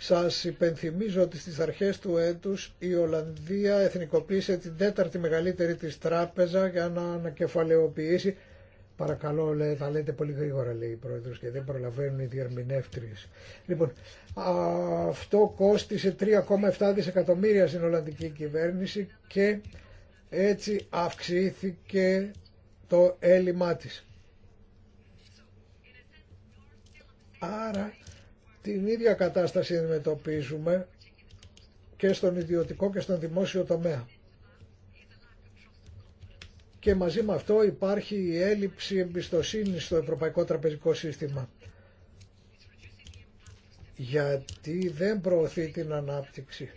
Σας υπενθυμίζω ότι στις αρχές του έτους η Ολλανδία εθνικοποίησε την τέταρτη μεγαλύτερη της τράπεζα για να ανακεφαλαιοποιήσει Παρακαλώ, λέει, θα λέτε πολύ γρήγορα, λέει η πρόεδρο, και δεν προλαβαίνουν οι διερμηνεύτριε. Λοιπόν, αυτό κόστησε 3,7 δισεκατομμύρια στην Ολλανδική κυβέρνηση και έτσι αυξήθηκε το έλλειμμά της. Άρα την ίδια κατάσταση αντιμετωπίζουμε και στον ιδιωτικό και στον δημόσιο τομέα. Και μαζί με αυτό υπάρχει η έλλειψη εμπιστοσύνης στο Ευρωπαϊκό Τραπεζικό Σύστημα. Γιατί δεν προωθεί την ανάπτυξη.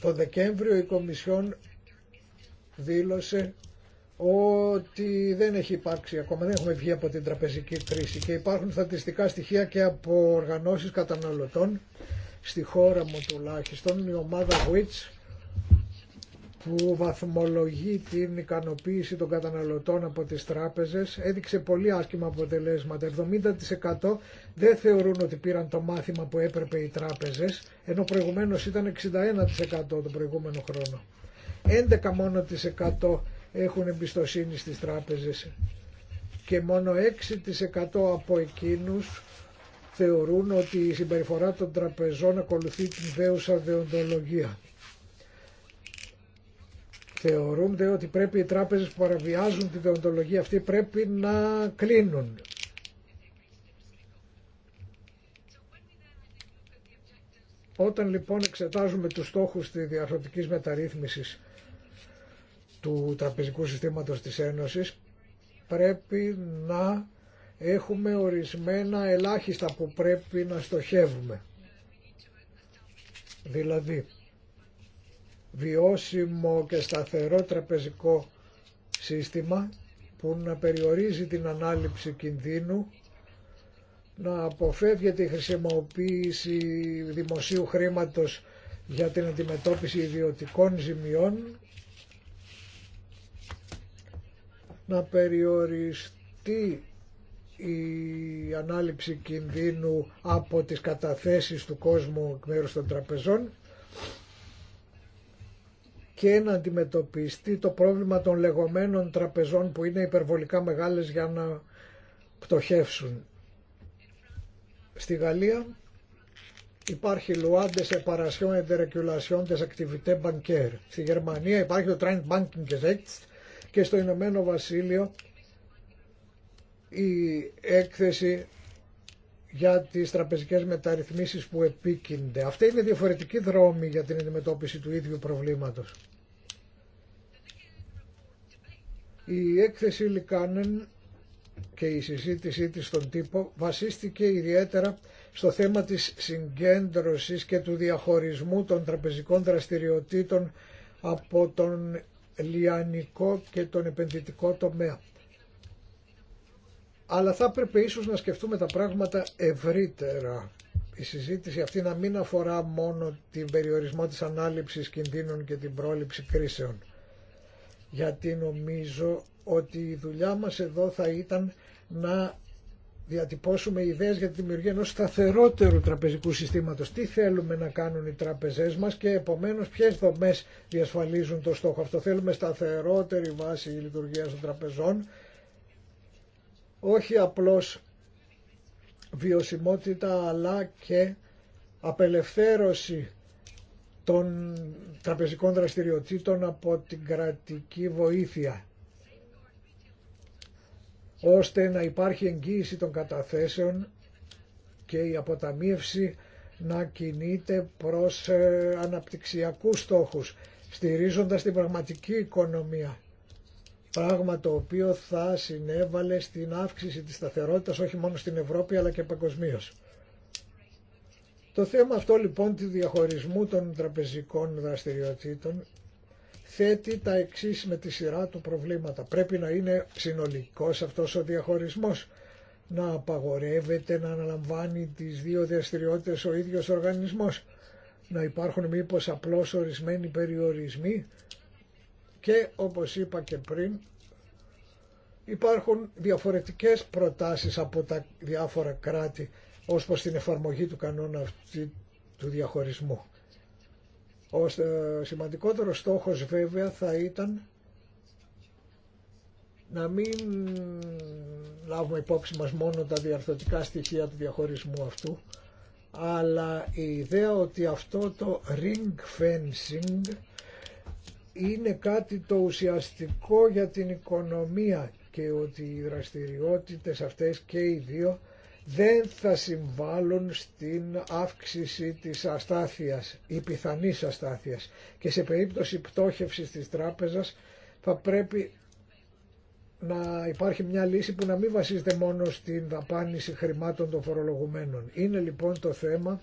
Το Δεκέμβριο η Κομισιόν δήλωσε ότι δεν έχει υπάρξει ακόμα, δεν έχουμε βγει από την τραπεζική κρίση και υπάρχουν στατιστικά στοιχεία και από οργανώσεις καταναλωτών στη χώρα μου τουλάχιστον η ομάδα WITS που βαθμολογεί την ικανοποίηση των καταναλωτών από τις τράπεζες έδειξε πολύ άσχημα αποτελέσματα. 70% δεν θεωρούν ότι πήραν το μάθημα που έπρεπε οι τράπεζες, ενώ προηγουμένως ήταν 61% τον προηγούμενο χρόνο. 11% μόνο έχουν εμπιστοσύνη στις τράπεζες και μόνο 6% από εκείνους θεωρούν ότι η συμπεριφορά των τραπεζών ακολουθεί την δέουσα δεοντολογία. Θεωρούν δε ότι πρέπει οι τράπεζες που παραβιάζουν τη δεοντολογία αυτή πρέπει να κλείνουν. Όταν λοιπόν εξετάζουμε τους στόχους της διαρθρωτικής μεταρρύθμισης του τραπεζικού συστήματος της Ένωσης πρέπει να έχουμε ορισμένα ελάχιστα που πρέπει να στοχεύουμε. Δηλαδή, βιώσιμο και σταθερό τραπεζικό σύστημα που να περιορίζει την ανάληψη κινδύνου, να αποφεύγεται η χρησιμοποίηση δημοσίου χρήματος για την αντιμετώπιση ιδιωτικών ζημιών να περιοριστεί η ανάληψη κινδύνου από τις καταθέσεις του κόσμου εκ μέρους των τραπεζών και να αντιμετωπιστεί το πρόβλημα των λεγόμενων τραπεζών που είναι υπερβολικά μεγάλες για να πτωχεύσουν. Στη Γαλλία υπάρχει Λουάντε σε παρασιόν εντερεκιουλασιόν des activités bancaires. Στη Γερμανία υπάρχει το Trend Banking Gesetz και στο Ηνωμένο Βασίλειο η έκθεση για τις τραπεζικές μεταρρυθμίσεις που επίκυνται. Αυτή είναι διαφορετική δρόμη για την αντιμετώπιση του ίδιου προβλήματος. Η έκθεση Λικάνεν και η συζήτησή της στον τύπο βασίστηκε ιδιαίτερα στο θέμα της συγκέντρωσης και του διαχωρισμού των τραπεζικών δραστηριοτήτων από τον λιανικό και τον επενδυτικό τομέα. Αλλά θα έπρεπε ίσως να σκεφτούμε τα πράγματα ευρύτερα. Η συζήτηση αυτή να μην αφορά μόνο την περιορισμό της ανάληψης κινδύνων και την πρόληψη κρίσεων. Γιατί νομίζω ότι η δουλειά μας εδώ θα ήταν να διατυπώσουμε ιδέες για τη δημιουργία ενό σταθερότερου τραπεζικού συστήματος. Τι θέλουμε να κάνουν οι τραπεζέ μας και επομένως ποιε δομές διασφαλίζουν το στόχο αυτό. Θέλουμε σταθερότερη βάση λειτουργία των τραπεζών, όχι απλώς βιωσιμότητα αλλά και απελευθέρωση των τραπεζικών δραστηριοτήτων από την κρατική βοήθεια ώστε να υπάρχει εγγύηση των καταθέσεων και η αποταμίευση να κινείται προς ε, αναπτυξιακούς στόχους, στηρίζοντας την πραγματική οικονομία. Πράγμα το οποίο θα συνέβαλε στην αύξηση της σταθερότητας όχι μόνο στην Ευρώπη αλλά και παγκοσμίω. Το θέμα αυτό λοιπόν του διαχωρισμού των τραπεζικών δραστηριοτήτων θέτει τα εξή με τη σειρά του προβλήματα. Πρέπει να είναι συνολικός αυτός ο διαχωρισμός, να απαγορεύεται να αναλαμβάνει τις δύο διαστηριότητες ο ίδιος οργανισμός, να υπάρχουν μήπως απλώς ορισμένοι περιορισμοί και όπως είπα και πριν υπάρχουν διαφορετικές προτάσεις από τα διάφορα κράτη ως προς την εφαρμογή του κανόνα αυτή του διαχωρισμού. Ο σημαντικότερος στόχος βέβαια θα ήταν να μην λάβουμε υπόψη μας μόνο τα διαρθωτικά στοιχεία του διαχωρισμού αυτού, αλλά η ιδέα ότι αυτό το ring fencing είναι κάτι το ουσιαστικό για την οικονομία και ότι οι δραστηριότητες αυτές και οι δύο δεν θα συμβάλλουν στην αύξηση της αστάθειας ή πιθανής αστάθειας και σε περίπτωση πτώχευσης της τράπεζας θα πρέπει να υπάρχει μια λύση που να μην βασίζεται μόνο στην δαπάνηση χρημάτων των φορολογουμένων. Είναι λοιπόν το θέμα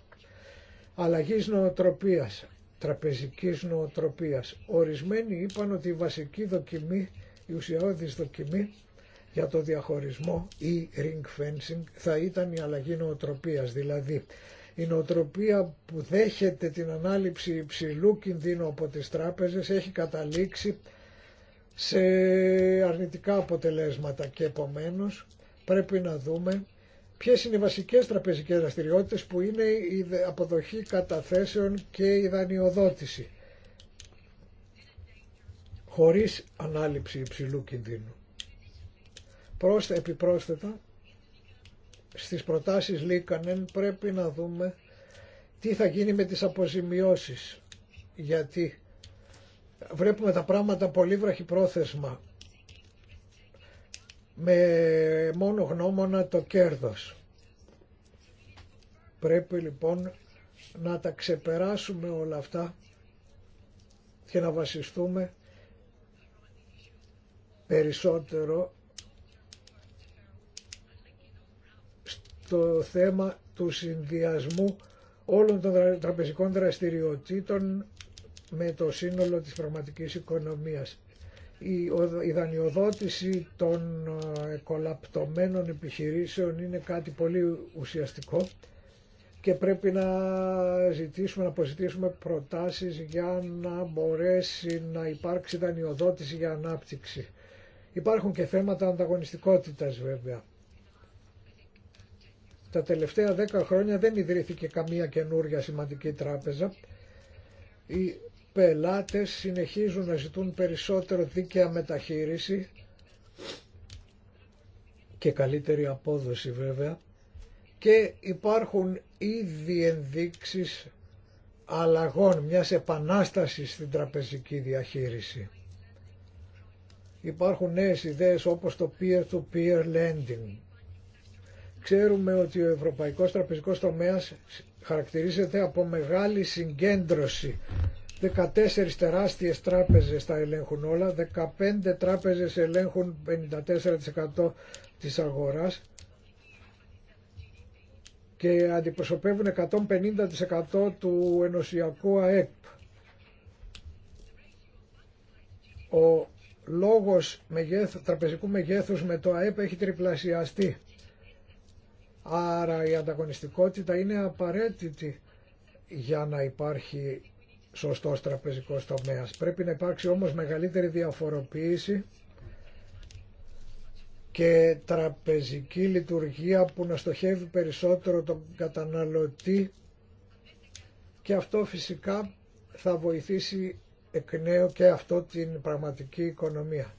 αλλαγής νοοτροπίας, τραπεζικής νοοτροπίας. Ορισμένοι είπαν ότι η βασική δοκιμή, η ουσιαώδης δοκιμή για το διαχωρισμό ή ring fencing θα ήταν η αλλαγή νοοτροπίας. Δηλαδή η νοοτροπία που δέχεται την ανάληψη υψηλού κινδύνου από τις τράπεζες έχει καταλήξει σε αρνητικά αποτελέσματα και επομένω πρέπει να δούμε ποιες είναι οι βασικές τραπεζικές δραστηριότητες που είναι η αποδοχή καταθέσεων και η δανειοδότηση χωρίς ανάληψη υψηλού κινδύνου. Πρόσθε, επιπρόσθετα, στις προτάσεις Λίκανεν πρέπει να δούμε τι θα γίνει με τις αποζημιώσεις. Γιατί βρέπουμε τα πράγματα πολύ βραχυπρόθεσμα με μόνο γνώμονα το κέρδος. Πρέπει λοιπόν να τα ξεπεράσουμε όλα αυτά και να βασιστούμε περισσότερο το θέμα του συνδυασμού όλων των τραπεζικών δραστηριοτήτων με το σύνολο της πραγματικής οικονομίας. Η δανειοδότηση των ε, κολαπτωμένων επιχειρήσεων είναι κάτι πολύ ουσιαστικό και πρέπει να ζητήσουμε, να αποζητήσουμε προτάσεις για να μπορέσει να υπάρξει δανειοδότηση για ανάπτυξη. Υπάρχουν και θέματα ανταγωνιστικότητας βέβαια. Τα τελευταία δέκα χρόνια δεν ιδρύθηκε καμία καινούρια σημαντική τράπεζα. Οι πελάτες συνεχίζουν να ζητούν περισσότερο δίκαια μεταχείριση και καλύτερη απόδοση βέβαια και υπάρχουν ήδη ενδείξεις αλλαγών, μιας επανάστασης στην τραπεζική διαχείριση. Υπάρχουν νέες ιδέες όπως το peer-to-peer -peer lending Ξέρουμε ότι ο ευρωπαϊκός τραπεζικός τομέας χαρακτηρίζεται από μεγάλη συγκέντρωση. 14 τεράστιες τράπεζες τα ελέγχουν όλα, 15 τράπεζες ελέγχουν 54% της αγοράς και αντιπροσωπεύουν 150% του ενωσιακού ΑΕΠ. Ο λόγος τραπεζικού μεγέθους με το ΑΕΠ έχει τριπλασιαστεί Άρα η ανταγωνιστικότητα είναι απαραίτητη για να υπάρχει σωστός τραπεζικός τομέας. Πρέπει να υπάρξει όμως μεγαλύτερη διαφοροποίηση και τραπεζική λειτουργία που να στοχεύει περισσότερο τον καταναλωτή και αυτό φυσικά θα βοηθήσει εκ νέου και αυτό την πραγματική οικονομία.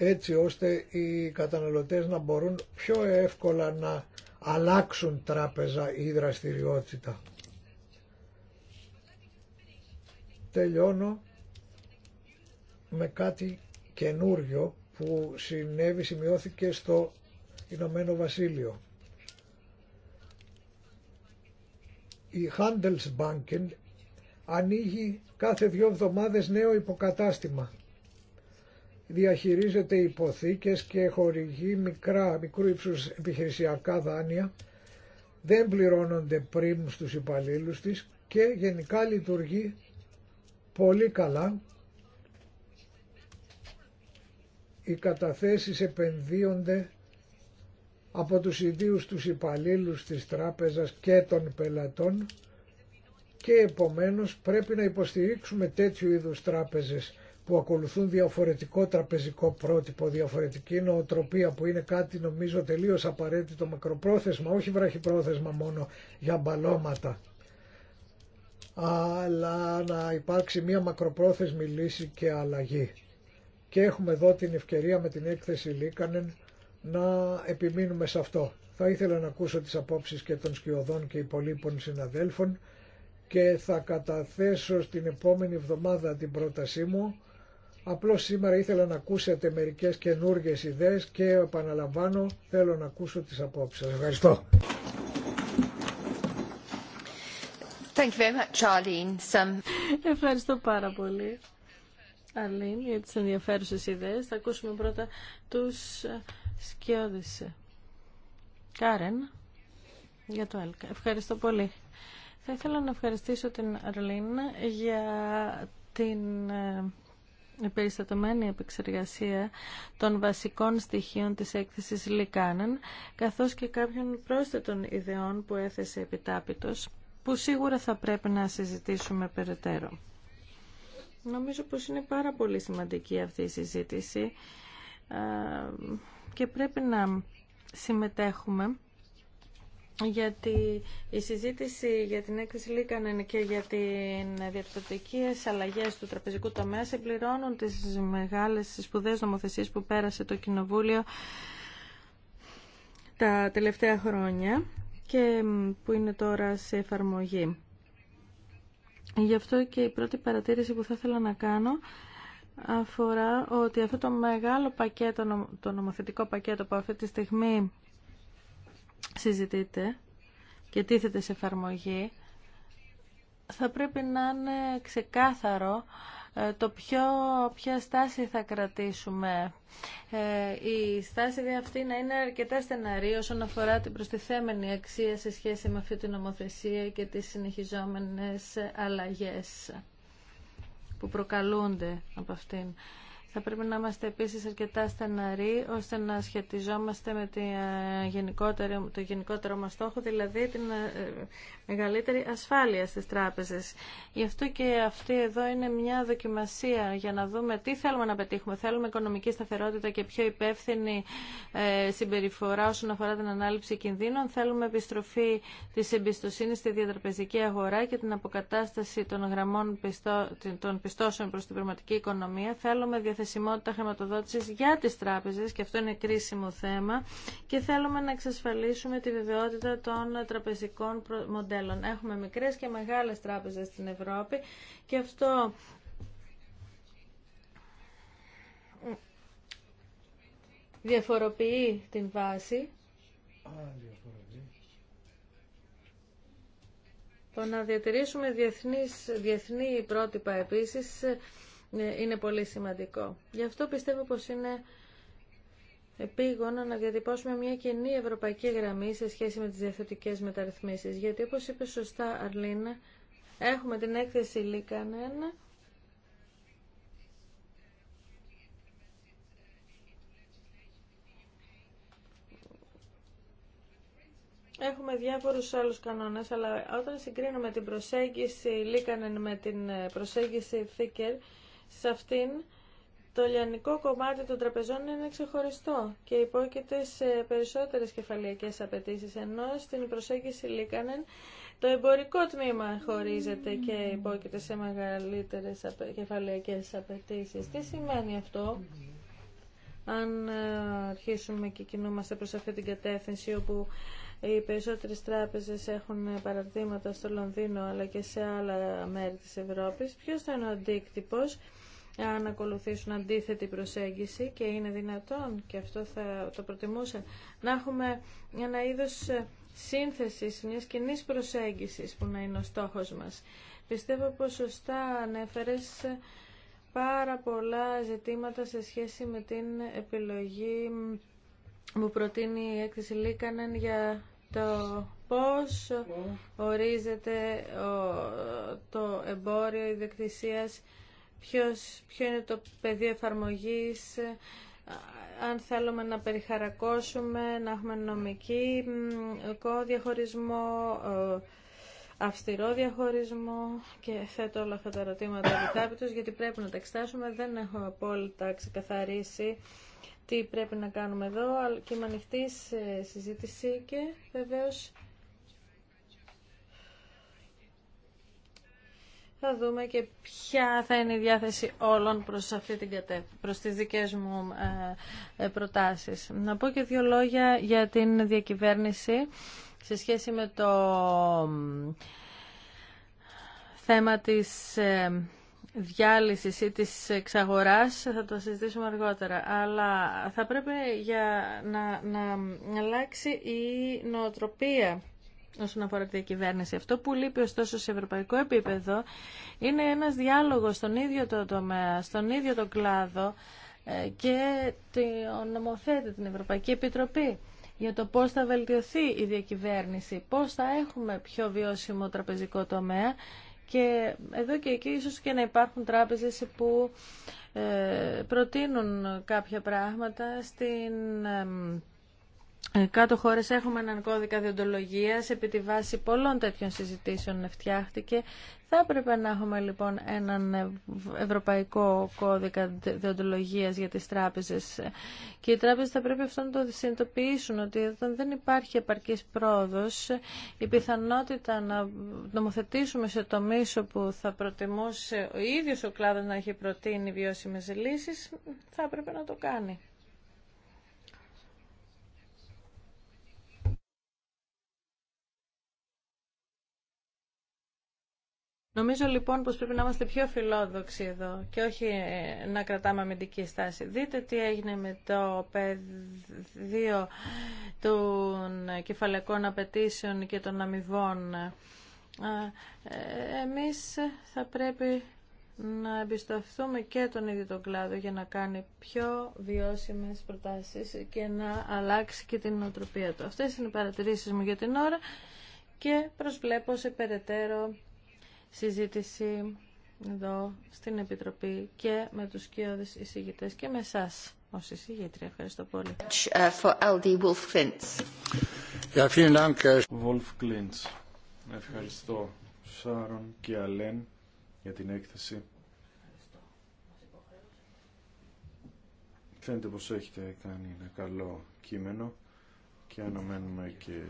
έτσι ώστε οι καταναλωτές να μπορούν πιο εύκολα να αλλάξουν τράπεζα ή δραστηριότητα. Τελειώνω με κάτι καινούριο που συνέβη, σημειώθηκε στο Ηνωμένο Βασίλειο. Η Handelsbanken ανοίγει κάθε δύο εβδομάδες νέο υποκατάστημα διαχειρίζεται υποθήκες και χορηγεί μικρά, μικρού επιχειρησιακά δάνεια, δεν πληρώνονται πριν στους υπαλλήλους της και γενικά λειτουργεί πολύ καλά. Οι καταθέσεις επενδύονται από τους ιδίους τους υπαλλήλους της τράπεζας και των πελατών και επομένως πρέπει να υποστηρίξουμε τέτοιου είδους τράπεζες που ακολουθούν διαφορετικό τραπεζικό πρότυπο, διαφορετική νοοτροπία που είναι κάτι νομίζω τελείως απαραίτητο μακροπρόθεσμα, όχι βραχυπρόθεσμα μόνο για μπαλώματα αλλά να υπάρξει μια μακροπρόθεσμη λύση και αλλαγή. Και έχουμε εδώ την ευκαιρία με την έκθεση Λίκανεν να επιμείνουμε σε αυτό. Θα ήθελα να ακούσω τις απόψεις και των σκιωδών και υπολείπων συναδέλφων και θα καταθέσω στην επόμενη εβδομάδα την πρότασή μου Απλώς σήμερα ήθελα να ακούσετε μερικές καινούργιες ιδέες και επαναλαμβάνω θέλω να ακούσω τις απόψεις σας. Ευχαριστώ. Thank you very much, Ευχαριστώ πάρα πολύ, Αρλίν, για τις ενδιαφέρουσες ιδέες. Θα ακούσουμε πρώτα τους Σκιώδης Κάρεν, για το ΕΛΚΑ. Ευχαριστώ πολύ. Θα ήθελα να ευχαριστήσω την Αρλίν για την ε, η περιστατωμένη επεξεργασία των βασικών στοιχείων της έκθεσης Λικάνεν, καθώς και κάποιων πρόσθετων ιδεών που έθεσε επιτάπητος, που σίγουρα θα πρέπει να συζητήσουμε περαιτέρω. Νομίζω πως είναι πάρα πολύ σημαντική αυτή η συζήτηση και πρέπει να συμμετέχουμε γιατί η συζήτηση για την έκθεση Λίκανεν και για την διαπτωτικές αλλαγές του τραπεζικού τομέα συμπληρώνουν τις μεγάλες τις σπουδές νομοθεσίες που πέρασε το Κοινοβούλιο τα τελευταία χρόνια και που είναι τώρα σε εφαρμογή. Γι' αυτό και η πρώτη παρατήρηση που θα ήθελα να κάνω αφορά ότι αυτό το μεγάλο πακέτο, το νομοθετικό πακέτο που αυτή τη στιγμή συζητείται και τίθεται σε εφαρμογή, θα πρέπει να είναι ξεκάθαρο ε, το ποιο, ποια στάση θα κρατήσουμε. Ε, η στάση αυτή να είναι αρκετά στεναρή όσον αφορά την προστιθέμενη αξία σε σχέση με αυτή την νομοθεσία και τις συνεχιζόμενες αλλαγές που προκαλούνται από αυτήν. Θα πρέπει να είμαστε επίσης αρκετά στεναροί ώστε να σχετιζόμαστε με τη ε, το γενικότερο μας στόχο, δηλαδή την ε, μεγαλύτερη ασφάλεια στις τράπεζες. Γι' αυτό και αυτή εδώ είναι μια δοκιμασία για να δούμε τι θέλουμε να πετύχουμε. Θέλουμε οικονομική σταθερότητα και πιο υπεύθυνη ε, συμπεριφορά όσον αφορά την ανάληψη κινδύνων. Θέλουμε επιστροφή της εμπιστοσύνης στη διατραπεζική αγορά και την αποκατάσταση των γραμμών των πιστώσεων προς την πραγματική οικονομία. Θέλουμε διαθεσιμότητα χρηματοδότησης για τις τράπεζες και αυτό είναι κρίσιμο θέμα και θέλουμε να εξασφαλίσουμε τη βεβαιότητα των τραπεζικών μοντέλων. Έχουμε μικρές και μεγάλες τράπεζες στην Ευρώπη και αυτό διαφοροποιεί την βάση. Το να διατηρήσουμε διεθνή πρότυπα επίσης ναι, είναι πολύ σημαντικό. Γι' αυτό πιστεύω πως είναι επίγονο να διατυπώσουμε μια κοινή ευρωπαϊκή γραμμή σε σχέση με τις διαθετικές μεταρρυθμίσεις. Γιατί όπως είπε σωστά Αρλίνα, έχουμε την έκθεση Λίκανεν, Έχουμε διάφορους άλλους κανόνες, αλλά όταν συγκρίνουμε την προσέγγιση Λίκανεν με την ε, προσέγγιση Φίκερ, σε αυτήν το λιανικό κομμάτι των τραπεζών είναι ξεχωριστό και υπόκειται σε περισσότερες κεφαλιακές απαιτήσεις, ενώ στην προσέγγιση Λίκανεν το εμπορικό τμήμα χωρίζεται και υπόκειται σε μεγαλύτερες κεφαλαϊκές απαιτήσεις. Τι σημαίνει αυτό, αν ε, αρχίσουμε και κινούμαστε προς αυτή την κατεύθυνση όπου οι περισσότερες τράπεζες έχουν παραδείγματα στο Λονδίνο αλλά και σε άλλα μέρη της Ευρώπης, ποιος θα είναι ο αντίκτυπος αν ακολουθήσουν αντίθετη προσέγγιση και είναι δυνατόν και αυτό θα το προτιμούσαν να έχουμε ένα είδος ε, σύνθεσης μιας κοινή προσέγγισης που να είναι ο στόχος μας. Πιστεύω πως σωστά ανέφερες ε, πάρα πολλά ζητήματα σε σχέση με την επιλογή που προτείνει η έκθεση Λίκανεν για το πώς ναι. ορίζεται το εμπόριο ιδιοκτησίας ποιος, ποιο είναι το πεδίο εφαρμογής, αν θέλουμε να περιχαρακώσουμε, να έχουμε νομική διαχωρισμό, ε, αυστηρό διαχωρισμό και θέτω όλα αυτά τα ερωτήματα επιτάπητος γιατί πρέπει να τα εξετάσουμε. Δεν έχω απόλυτα ξεκαθαρίσει τι πρέπει να κάνουμε εδώ, αλλά και είμαι ανοιχτή συζήτηση και βεβαίως θα δούμε και ποια θα είναι η διάθεση όλων προς, αυτή την κατέ, προς τις δικές μου ε, ε, προτάσεις. Να πω και δύο λόγια για την διακυβέρνηση σε σχέση με το θέμα της ε, διάλυσης ή της εξαγοράς θα το συζητήσουμε αργότερα αλλά θα πρέπει για να, να αλλάξει η νοοτροπία όσον αφορά τη διακυβέρνηση. Αυτό που λείπει ωστόσο σε ευρωπαϊκό επίπεδο είναι ένας διάλογος στον ίδιο το τομέα, στον ίδιο το κλάδο ε, και ο νομοθέτη, την Ευρωπαϊκή Επιτροπή για το πώς θα βελτιωθεί η διακυβέρνηση, πώς θα έχουμε πιο βιώσιμο τραπεζικό τομέα και εδώ και εκεί ίσως και να υπάρχουν τράπεζες που ε, προτείνουν κάποια πράγματα στην ε, κάτω χώρες έχουμε έναν κώδικα διοντολογία. επί τη βάση πολλών τέτοιων συζητήσεων φτιάχτηκε. Θα έπρεπε να έχουμε λοιπόν έναν ευρωπαϊκό κώδικα διοντολογία για τις τράπεζες και οι τράπεζες θα πρέπει αυτό να το συνειδητοποιήσουν ότι όταν δεν υπάρχει επαρκής πρόοδο, η πιθανότητα να νομοθετήσουμε σε τομεί όπου θα προτιμούσε ο ίδιο ο κλάδο να έχει προτείνει βιώσιμε λύσει, θα έπρεπε να το κάνει. Νομίζω λοιπόν πως πρέπει να είμαστε πιο φιλόδοξοι εδώ και όχι ε, να κρατάμε αμυντική στάση. Δείτε τι έγινε με το πεδίο των κεφαλαικών απαιτήσεων και των αμοιβών. Ε, εμείς θα πρέπει να εμπιστευτούμε και τον ίδιο τον κλάδο για να κάνει πιο βιώσιμες προτάσεις και να αλλάξει και την νοοτροπία του. Αυτές είναι οι παρατηρήσεις μου για την ώρα και προσβλέπω σε περαιτέρω συζήτηση εδώ στην Επιτροπή και με τους κοιόδες εισηγητές και με εσά ως εισηγήτρια. Ευχαριστώ πολύ. Äh, Ευχαριστώ Σάρων και Αλέν για την έκθεση. Φαίνεται πως έχετε κάνει ένα καλό κείμενο και αναμένουμε και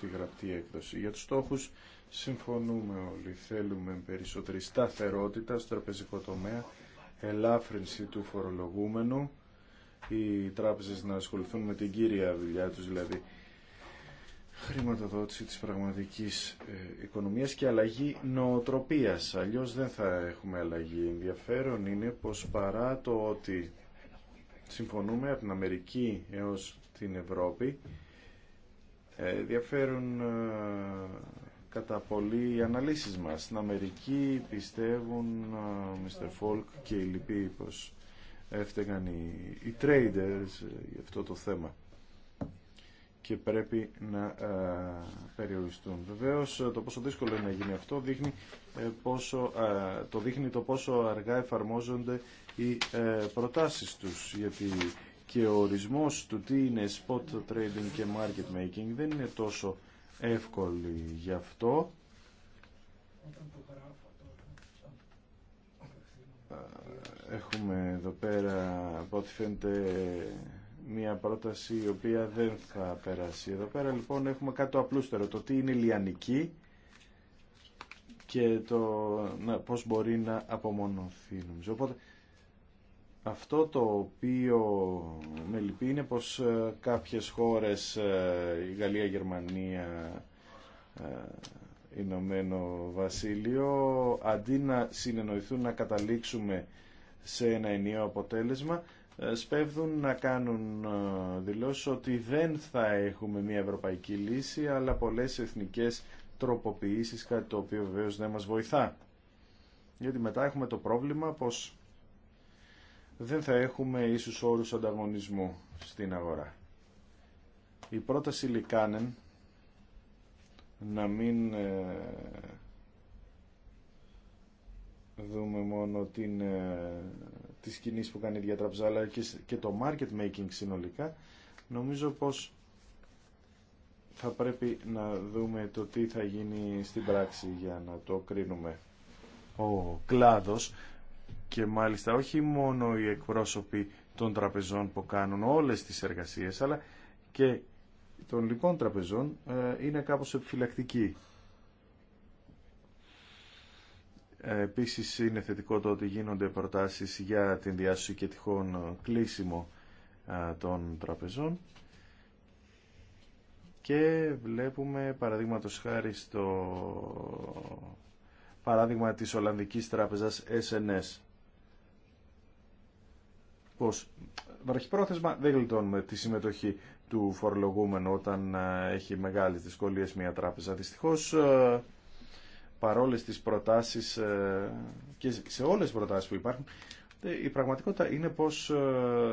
τη γραπτή έκδοση. Για τους στόχους συμφωνούμε όλοι. Θέλουμε περισσότερη σταθερότητα στο τραπεζικό τομέα, ελάφρυνση του φορολογούμενου, οι τράπεζες να ασχοληθούν με την κύρια δουλειά τους, δηλαδή χρηματοδότηση της πραγματικής ε, οικονομίας και αλλαγή νοοτροπίας. Αλλιώς δεν θα έχουμε αλλαγή. Ενδιαφέρον είναι πως παρά το ότι συμφωνούμε από την Αμερική έως την Ευρώπη, ε, ενδιαφέρουν ε, κατά πολύ οι αναλύσεις μας. Στην Αμερική πιστεύουν, Mr. Φόλκ και οι λοιποί, πως έφταιγαν οι, traders ε, για αυτό το θέμα και πρέπει να περιοριστούν. Βεβαίως ε, το πόσο δύσκολο είναι να γίνει αυτό δείχνει, ε, πόσο, το δείχνει το πόσο αργά εφαρμόζονται οι προτάσεις τους γιατί και ο ορισμός του τι είναι spot trading και market making δεν είναι τόσο εύκολη. Γι' αυτό έχουμε εδώ πέρα από ό,τι φαίνεται μια πρόταση η οποία δεν θα περάσει. Εδώ πέρα λοιπόν έχουμε κάτι το απλούστερο, το τι είναι λιανική και το να, πώς μπορεί να απομονωθεί Οπότε αυτό το οποίο με λυπεί είναι πως ε, κάποιες χώρες, ε, η Γαλλία, η Γερμανία, ε, Ηνωμένο Βασίλειο, αντί να συνεννοηθούν να καταλήξουμε σε ένα ενιαίο αποτέλεσμα, σπέβδουν να κάνουν δηλώσεις ότι δεν θα έχουμε μια ευρωπαϊκή λύση, αλλά πολλές εθνικές τροποποιήσεις, κάτι το οποίο βεβαίως δεν μας βοηθά. Γιατί μετά έχουμε το πρόβλημα πως δεν θα έχουμε ίσους όρους ανταγωνισμού στην αγορά. Η πρόταση Λικάνεν να μην ε, δούμε μόνο την, ε, τις κινήσεις που κάνει η διατραψά και, το market making συνολικά νομίζω πως θα πρέπει να δούμε το τι θα γίνει στην πράξη για να το κρίνουμε ο κλάδος και μάλιστα όχι μόνο οι εκπρόσωποι των τραπεζών που κάνουν όλες τις εργασίες αλλά και των λοιπών τραπεζών ε, είναι κάπως επιφυλακτικοί. Ε, επίσης είναι θετικό το ότι γίνονται προτάσεις για την διάσωση και τυχόν κλείσιμο ε, των τραπεζών και βλέπουμε παραδείγματος χάρη στο παράδειγμα της Ολλανδικής Τράπεζας SNS. Πώς βραχυπρόθεσμα δεν γλιτώνουμε τη συμμετοχή του φορολογούμενου όταν ε, έχει μεγάλες δυσκολίες μια τράπεζα. Δυστυχώς ε, παρόλες τις προτάσεις ε, και σε όλες τις προτάσεις που υπάρχουν η πραγματικότητα είναι πως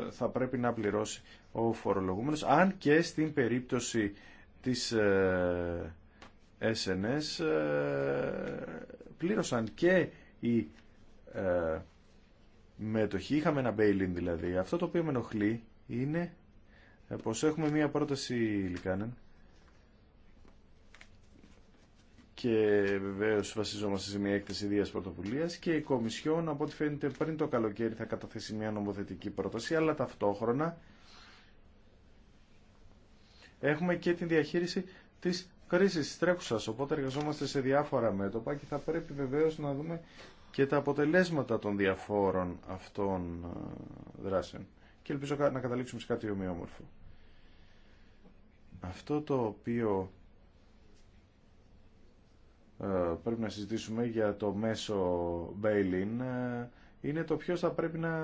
θα πρέπει να πληρώσει ο φορολογούμενος αν και στην περίπτωση της SNS ε, πλήρωσαν και οι ε, μετοχοί. Είχαμε ένα bail-in δηλαδή. Αυτό το οποίο με ενοχλεί είναι ε, πως έχουμε μία πρόταση Λικάνεν και βεβαίω βασιζόμαστε σε μια έκθεση ιδέα πρωτοβουλία και η Κομισιόν, από ό,τι φαίνεται, πριν το καλοκαίρι θα καταθέσει μια νομοθετική πρόταση, αλλά ταυτόχρονα έχουμε και την διαχείριση της κρίση τρέχουσα. Οπότε εργαζόμαστε σε διάφορα μέτωπα και θα πρέπει βεβαίω να δούμε και τα αποτελέσματα των διαφόρων αυτών ε, δράσεων. Και ελπίζω να καταλήξουμε σε κάτι ομοιόμορφο. Αυτό το οποίο ε, πρέπει να συζητήσουμε για το μέσο Μπέιλιν ε, είναι το ποιος θα πρέπει να,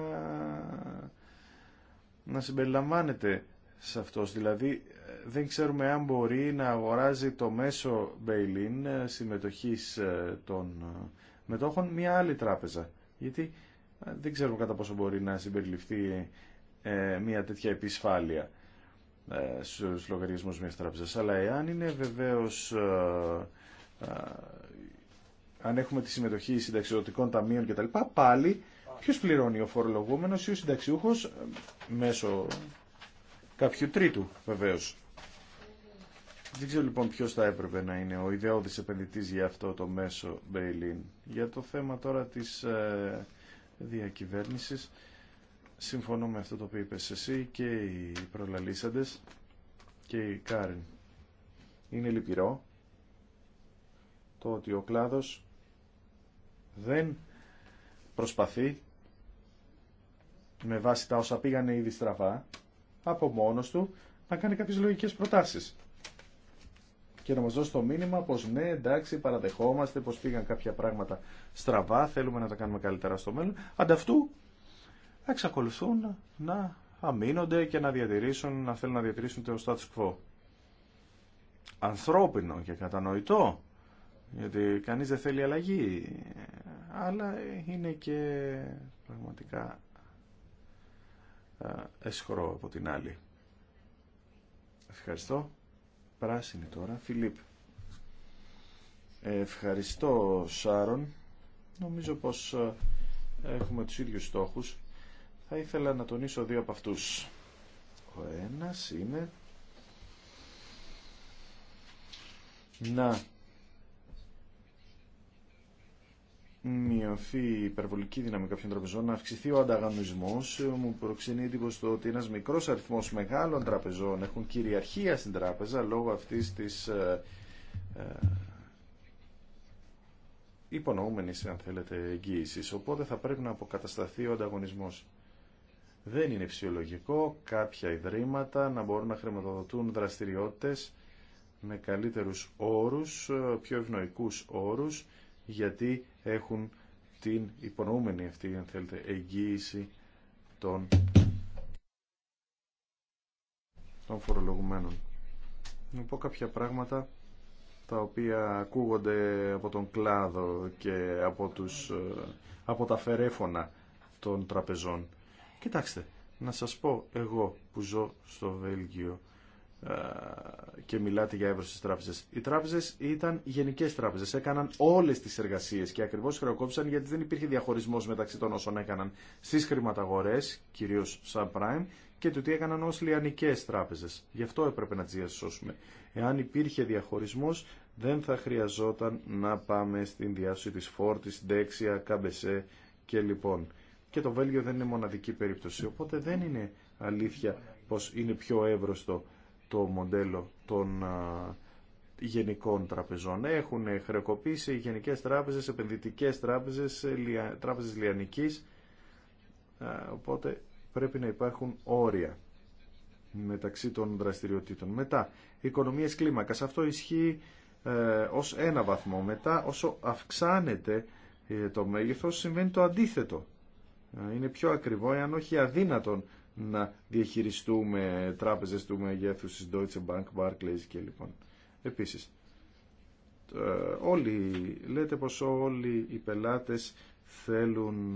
να συμπεριλαμβάνεται σε αυτός. Δηλαδή δεν ξέρουμε αν μπορεί να αγοράζει το μέσο Μπέιλιν ε, συμμετοχής ε, των ε, μετόχων μια άλλη τράπεζα. Γιατί δεν ξέρουμε κατά πόσο μπορεί να συμπεριληφθεί μια τέτοια επισφάλεια στους λογαριασμούς μιας τράπεζας. Αλλά εάν είναι βεβαίως αν έχουμε τη συμμετοχή συνταξιδοτικών ταμείων κτλ. πάλι ποιος πληρώνει ο φορολογούμενος ή ο συνταξιούχος μέσω κάποιου τρίτου βεβαίως. Δεν ξέρω λοιπόν ποιος θα έπρεπε να είναι ο ιδεώδης επενδυτής για αυτό το μέσο Μπέιλιν. Για το θέμα τώρα της ε, διακυβέρνησης, συμφωνώ με αυτό το οποίο είπες εσύ και οι προλαλήσαντες και η Κάριν. Είναι λυπηρό το ότι ο κλάδος δεν προσπαθεί με βάση τα όσα πήγανε ήδη στραβά από μόνος του να κάνει κάποιες λογικές προτάσεις και να μας δώσει το μήνυμα πως ναι εντάξει παραδεχόμαστε πως πήγαν κάποια πράγματα στραβά, θέλουμε να τα κάνουμε καλύτερα στο μέλλον. Ανταυτού εξακολουθούν να αμήνονται και να διατηρήσουν, να θέλουν να διατηρήσουν το status quo. Ανθρώπινο και κατανοητό, γιατί κανείς δεν θέλει αλλαγή, αλλά είναι και πραγματικά ε, εσχρό από την άλλη. Ευχαριστώ πράσινη τώρα, Φιλίπ. Ευχαριστώ Σάρον. Νομίζω πως ε, έχουμε τους ίδιους στόχους. Θα ήθελα να τονίσω δύο από αυτούς. Ο ένας είναι να μειωθεί η υπερβολική δύναμη κάποιων τραπεζών, να αυξηθεί ο ανταγωνισμός. Μου προξενεί εντύπωση το ότι ένα μικρός αριθμό μεγάλων τραπεζών έχουν κυριαρχία στην τράπεζα λόγω αυτής της ε, ε, υπονοούμενης, αν θέλετε, εγγύησης. Οπότε θα πρέπει να αποκατασταθεί ο ανταγωνισμός. Δεν είναι φυσιολογικό κάποια ιδρύματα να μπορούν να χρηματοδοτούν δραστηριότητε με καλύτερους όρους, πιο ευνοϊκούς όρους, γιατί έχουν την υπονοούμενη αυτή, αν θέλετε, εγγύηση των, των φορολογουμένων. Να πω κάποια πράγματα τα οποία ακούγονται από τον κλάδο και από, τους, ε, από τα φερέφωνα των τραπεζών. Κοιτάξτε, να σας πω εγώ που ζω στο Βέλγιο και μιλάτε για στις τράπεζες. Οι τράπεζες ήταν γενικές τράπεζες, έκαναν όλες τις εργασίες και ακριβώς χρεοκόπησαν γιατί δεν υπήρχε διαχωρισμός μεταξύ των όσων έκαναν στις χρηματαγορές, κυρίως subprime, και του τι έκαναν ως λιανικές τράπεζες. Γι' αυτό έπρεπε να τις διασώσουμε. Εάν υπήρχε διαχωρισμός, δεν θα χρειαζόταν να πάμε στην διάσωση της Φόρτης, Δέξια, Καμπεσέ και λοιπόν. Και το Βέλγιο δεν είναι μοναδική περίπτωση, οπότε δεν είναι αλήθεια πως είναι πιο εύρωστο το μοντέλο των γενικών τραπεζών. Έχουν χρεοκοπήσει γενικές τράπεζες, επενδυτικές τράπεζες, τράπεζες λιανικής, οπότε πρέπει να υπάρχουν όρια μεταξύ των δραστηριοτήτων. Μετά, οικονομίες κλίμακας. Αυτό ισχύει ε, ως ένα βαθμό. Μετά, όσο αυξάνεται ε, το μέγεθος, συμβαίνει το αντίθετο. Ε, είναι πιο ακριβό, εάν όχι αδύνατον, να διαχειριστούμε τράπεζες του μεγέθου της Deutsche Bank, Barclays και λοιπόν. Επίσης, ε, όλοι, λέτε πως όλοι οι πελάτες θέλουν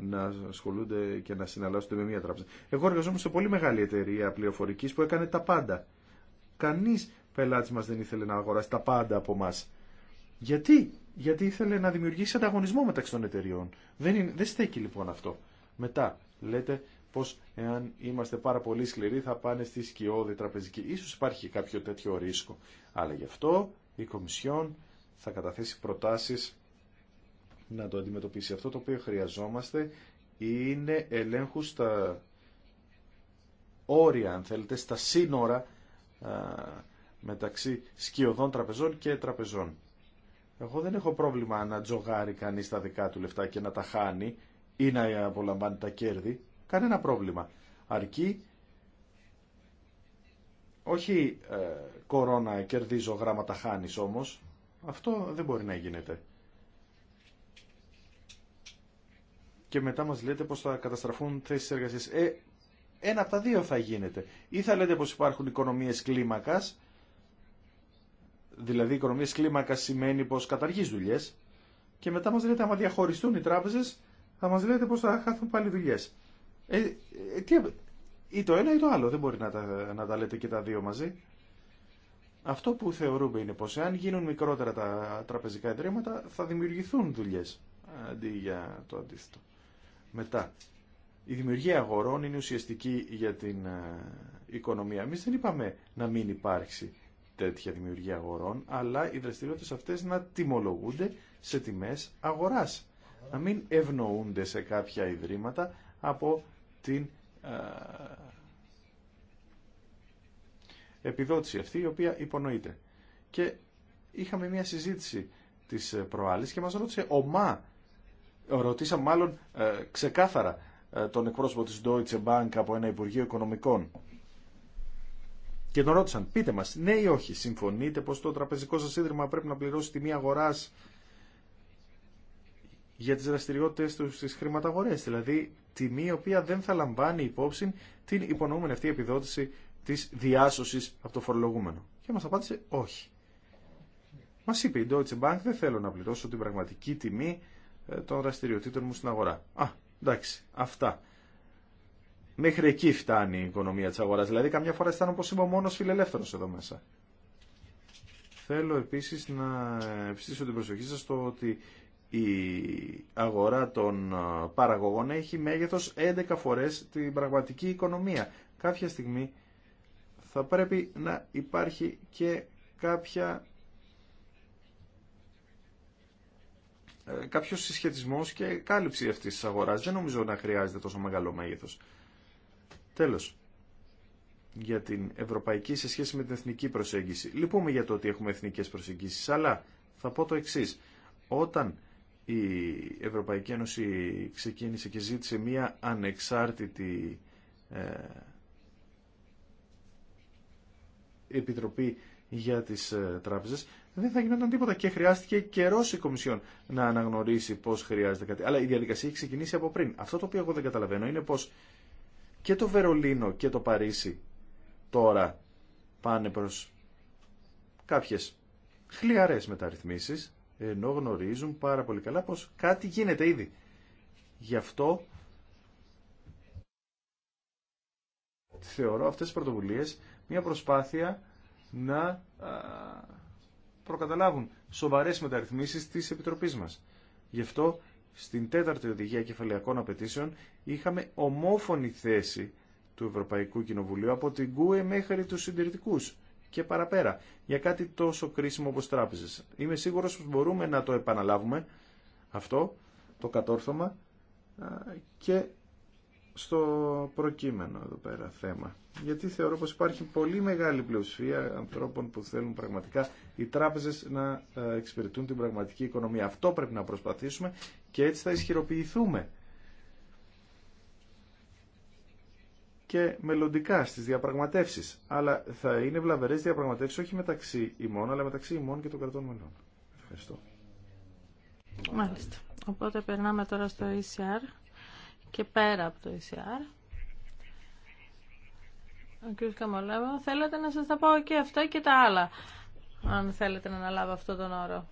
ε, να ασχολούνται και να συναλλάσσονται με μία τράπεζα. Εγώ εργαζόμουν σε πολύ μεγάλη εταιρεία πληροφορικής που έκανε τα πάντα. Κανείς πελάτης μας δεν ήθελε να αγοράσει τα πάντα από μας. Γιατί? Γιατί ήθελε να δημιουργήσει ανταγωνισμό μεταξύ των εταιριών. Δεν, δεν στέκει λοιπόν αυτό. Μετά λέτε Πώ εάν είμαστε πάρα πολύ σκληροί θα πάνε στη σκιώδη τραπεζική. Ίσως υπάρχει κάποιο τέτοιο ρίσκο. Αλλά γι' αυτό η Κομισιόν θα καταθέσει προτάσεις να το αντιμετωπίσει. Αυτό το οποίο χρειαζόμαστε είναι ελέγχου στα όρια, αν θέλετε, στα σύνορα μεταξύ σκιωδών τραπεζών και τραπεζών. Εγώ δεν έχω πρόβλημα να τζογάρει κανείς τα δικά του λεφτά και να τα χάνει ή να απολαμβάνει τα κέρδη. Κανένα πρόβλημα. Αρκεί όχι ε, κορώνα κερδίζω γράμματα χάνεις όμως. Αυτό δεν μπορεί να γίνεται. Και μετά μας λέτε πως θα καταστραφούν θέσεις εργασίας. Ε, ένα από τα δύο θα γίνεται. Ή θα λέτε πως υπάρχουν οικονομίες κλίμακας. Δηλαδή οικονομίες κλίμακας σημαίνει πως καταργείς δουλειέ. Και μετά μας λέτε άμα διαχωριστούν οι τράπεζες θα μας λέτε πως θα χάθουν πάλι δουλειές. Ε, ε, τι, ή το ένα ή το άλλο. Δεν μπορεί να τα, να τα λέτε και τα δύο μαζί. Αυτό που θεωρούμε είναι πως εάν γίνουν μικρότερα τα τραπεζικά ιδρύματα θα δημιουργηθούν δουλειές αντί για το αντίθετο. Μετά, η δημιουργία αγορών είναι ουσιαστική για την ε, οικονομία. Εμεί δεν είπαμε να μην υπάρξει τέτοια δημιουργία αγορών, αλλά οι δραστηριότητες αυτές να τιμολογούνται σε τιμές αγοράς. Να μην ευνοούνται σε κάποια ιδρύματα από την ε, επιδότηση αυτή η οποία υπονοείται. Και είχαμε μια συζήτηση της ε, προάλλης και μας ρώτησε ο ΜΑ. ρωτήσα μάλλον ε, ξεκάθαρα τον εκπρόσωπο της Deutsche Bank από ένα Υπουργείο Οικονομικών και τον ρώτησαν, πείτε μας, ναι ή όχι, συμφωνείτε πως το τραπεζικό σας ίδρυμα πρέπει να πληρώσει τιμή αγοράς για τις δραστηριότητες του στις χρηματαγορές, δηλαδή τιμή η οποία δεν θα λαμβάνει υπόψη την υπονοούμενη αυτή επιδότηση της διάσωσης από το φορολογούμενο. Και μας απάντησε όχι. Μας είπε η Deutsche Bank δεν θέλω να πληρώσω την πραγματική τιμή ε, των δραστηριοτήτων μου στην αγορά. Α, εντάξει, αυτά. Μέχρι εκεί φτάνει η οικονομία της αγοράς. Δηλαδή καμιά φορά αισθάνομαι πως είμαι ο μόνος φιλελεύθερος εδώ μέσα. Θέλω επίσης να επιστήσω την προσοχή σας στο ότι η αγορά των ε, παραγωγών έχει μέγεθος 11 φορές την πραγματική οικονομία. Κάποια στιγμή θα πρέπει να υπάρχει και κάποια ε, κάποιος συσχετισμός και κάλυψη αυτής της αγοράς. Δεν νομίζω να χρειάζεται τόσο μεγάλο μέγεθος. Τέλος, για την ευρωπαϊκή σε σχέση με την εθνική προσέγγιση. Λυπούμε για το ότι έχουμε εθνικές προσεγγίσεις, αλλά θα πω το εξής. Όταν η Ευρωπαϊκή Ένωση ξεκίνησε και ζήτησε μία ανεξάρτητη ε, επιτροπή για τις ε, τράπεζες, δεν θα γινόταν τίποτα και χρειάστηκε καιρό η Κομισιόν να αναγνωρίσει πώς χρειάζεται κάτι. Αλλά η διαδικασία έχει ξεκινήσει από πριν. Αυτό το οποίο εγώ δεν καταλαβαίνω είναι πως και το Βερολίνο και το Παρίσι τώρα πάνε προς κάποιες χλιαρές μεταρρυθμίσεις ενώ γνωρίζουν πάρα πολύ καλά πως κάτι γίνεται ήδη. Γι' αυτό θεωρώ αυτές τις πρωτοβουλίες μια προσπάθεια να προκαταλάβουν σοβαρές μεταρρυθμίσεις της Επιτροπής μας. Γι' αυτό στην τέταρτη οδηγία κεφαλαιακών απαιτήσεων είχαμε ομόφωνη θέση του Ευρωπαϊκού Κοινοβουλίου από την ΚΟΕ μέχρι τους συντηρητικούς και παραπέρα για κάτι τόσο κρίσιμο όπως τράπεζες. Είμαι σίγουρος ότι μπορούμε να το επαναλάβουμε αυτό το κατόρθωμα και στο προκείμενο εδώ πέρα θέμα. Γιατί θεωρώ πως υπάρχει πολύ μεγάλη πλειοψηφία ανθρώπων που θέλουν πραγματικά οι τράπεζες να εξυπηρετούν την πραγματική οικονομία. Αυτό πρέπει να προσπαθήσουμε και έτσι θα ισχυροποιηθούμε και μελλοντικά στι διαπραγματεύσει. Αλλά θα είναι βλαβερέ διαπραγματεύσει όχι μεταξύ ημών, αλλά μεταξύ ημών και των κρατών μελών. Ευχαριστώ. Μάλιστα. Οπότε περνάμε τώρα στο ECR και πέρα από το ECR. Ο κ. Καμολέβα, θέλετε να σας τα πω και αυτά και τα άλλα, αν θέλετε να αναλάβω αυτό τον όρο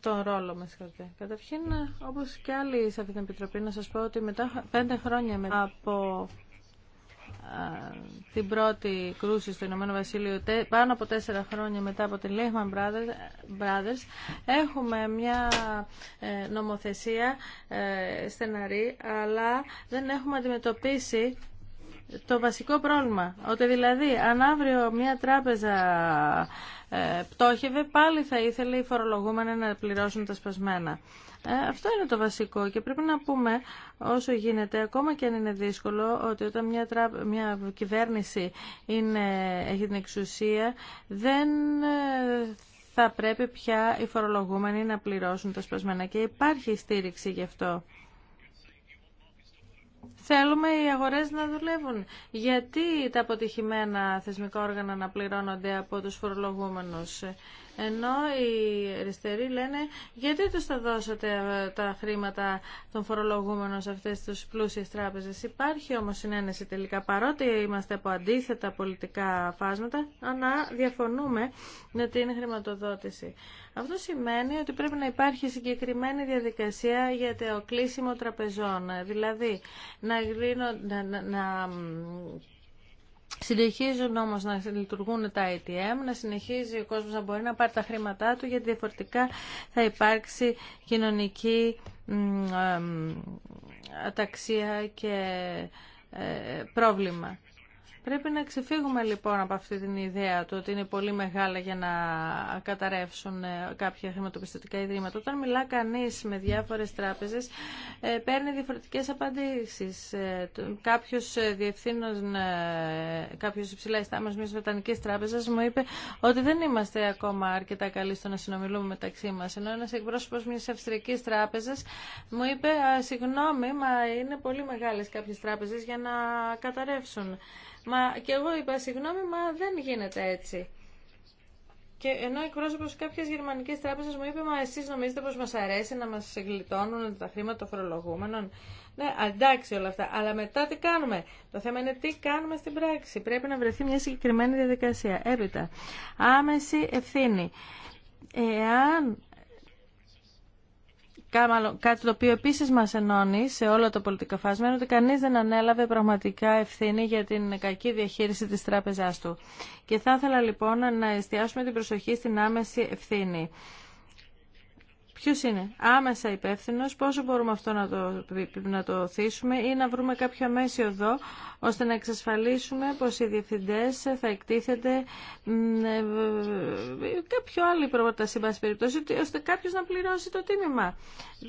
τον ρόλο με συγχωρείτε. Καταρχήν, όπως και άλλοι σε αυτή την επιτροπή, να σας πω ότι μετά πέντε χρόνια από την πρώτη κρούση στο Ηνωμένο Βασίλειο πάνω από τέσσερα χρόνια μετά από την Lehman Brothers έχουμε μια ε, νομοθεσία ε, στεναρή αλλά δεν έχουμε αντιμετωπίσει το βασικό πρόβλημα ότι δηλαδή αν αύριο μια τράπεζα ε, πτώχευε πάλι θα ήθελε οι φορολογούμενοι να πληρώσουν τα σπασμένα. Ε, αυτό είναι το βασικό και πρέπει να πούμε όσο γίνεται, ακόμα και αν είναι δύσκολο, ότι όταν μια, τρα... μια κυβέρνηση έχει την εξουσία, δεν ε, θα πρέπει πια οι φορολογούμενοι να πληρώσουν τα σπασμένα και υπάρχει στήριξη γι' αυτό. Θέλουμε οι αγορές να δουλεύουν. Γιατί τα αποτυχημένα θεσμικά όργανα να πληρώνονται από τους φορολογούμενους. Ενώ οι αριστεροί λένε γιατί τους θα δώσετε ε, τα χρήματα των φορολογούμενων σε αυτές τις πλούσιες τράπεζες. Υπάρχει όμως συνένεση τελικά παρότι είμαστε από αντίθετα πολιτικά φάσματα να διαφωνούμε με την χρηματοδότηση. Αυτό σημαίνει ότι πρέπει να υπάρχει συγκεκριμένη διαδικασία για το κλείσιμο τραπεζών. Δηλαδή να, να, να, Συνεχίζουν όμως να λειτουργούν τα ATM, να συνεχίζει ο κόσμος να μπορεί να πάρει τα χρήματά του, γιατί διαφορετικά θα υπάρξει κοινωνική ε, αταξία και ε, πρόβλημα. Πρέπει να ξεφύγουμε λοιπόν από αυτή την ιδέα του ότι είναι πολύ μεγάλα για να καταρρεύσουν ε, κάποια χρηματοπιστωτικά ιδρύματα. Όταν μιλά κανεί με διάφορε τράπεζε, ε, παίρνει διαφορετικέ απαντήσει. Ε, κάποιο διευθύνων, κάποιο υψηλά ιστάμενο μια Βρετανική Τράπεζα, μου είπε ότι δεν είμαστε ακόμα αρκετά καλοί στο να συνομιλούμε μεταξύ μα. Ενώ ένα εκπρόσωπο μια Αυστρικής Τράπεζα, μου είπε «Συγγνώμη, μα είναι πολύ μεγάλε κάποιε τράπεζε για να καταρρεύσουν». Μα και εγώ είπα συγγνώμη, μα δεν γίνεται έτσι. Και ενώ εκπρόσωπο κάποιες γερμανική τράπεζα μου είπε, Μα εσεί νομίζετε πω μα αρέσει να μα εγκλητώνουν τα χρήματα των φορολογούμενων. Ναι, εντάξει όλα αυτά. Αλλά μετά τι κάνουμε. Το θέμα είναι τι κάνουμε στην πράξη. Πρέπει να βρεθεί μια συγκεκριμένη διαδικασία. Έπειτα, άμεση ευθύνη. Εάν κάτι το οποίο επίσης μας ενώνει σε όλο το πολιτικό φάσμα είναι ότι κανείς δεν ανέλαβε πραγματικά ευθύνη για την κακή διαχείριση της τράπεζάς του. Και θα ήθελα λοιπόν να εστιάσουμε την προσοχή στην άμεση ευθύνη. Ποιο είναι άμεσα υπεύθυνο, πόσο μπορούμε αυτό να το, να το οθήσουμε ή να βρούμε κάποιο μέση εδώ ώστε να εξασφαλίσουμε πως οι διευθυντέ θα εκτίθεται ε, κάποιο άλλη πρόταση, εν περιπτώσει, ώστε κάποιο να πληρώσει το τίμημα.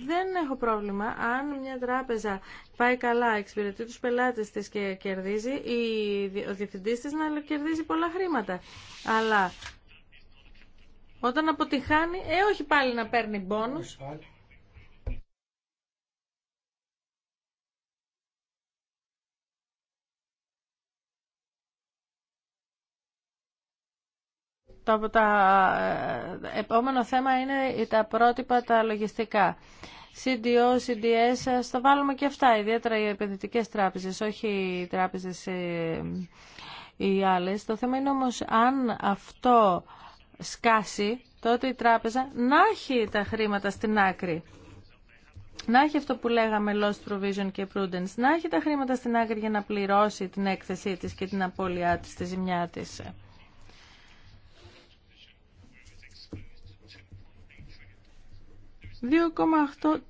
Δεν έχω πρόβλημα αν μια τράπεζα πάει καλά, εξυπηρετεί τους πελάτες της και κερδίζει, ο διευθυντή τη να κερδίζει πολλά χρήματα. Αλλά όταν αποτυχάνει, ε όχι πάλι να παίρνει μπόνους. Το ε, επόμενο θέμα είναι τα πρότυπα τα λογιστικά. CDO, CDS, θα βάλουμε και αυτά, ιδιαίτερα οι επενδυτικές τράπεζες, όχι οι τράπεζες ε, οι άλλες. Το θέμα είναι όμως αν αυτό σκάσει, τότε η τράπεζα να έχει τα χρήματα στην άκρη. Να έχει αυτό που λέγαμε lost provision και prudence. Να έχει τα χρήματα στην άκρη για να πληρώσει την έκθεσή της και την απώλειά της, τη ζημιά της.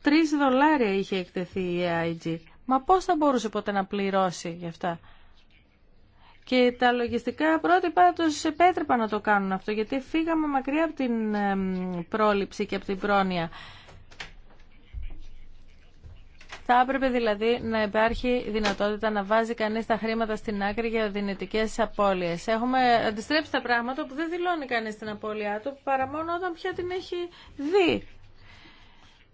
Τρει δολάρια είχε εκτεθεί η AIG. Ε Μα πώς θα μπορούσε ποτέ να πληρώσει γι' αυτά. Και τα λογιστικά πρότυπα του επέτρεπαν να το κάνουν αυτό, γιατί φύγαμε μακριά από την πρόληψη και από την πρόνοια. Θα έπρεπε δηλαδή να υπάρχει δυνατότητα να βάζει κανεί τα χρήματα στην άκρη για δυνητικέ απώλειε. Έχουμε αντιστρέψει τα πράγματα που δεν δηλώνει κανεί την απώλειά του παρά μόνο όταν πια την έχει δει.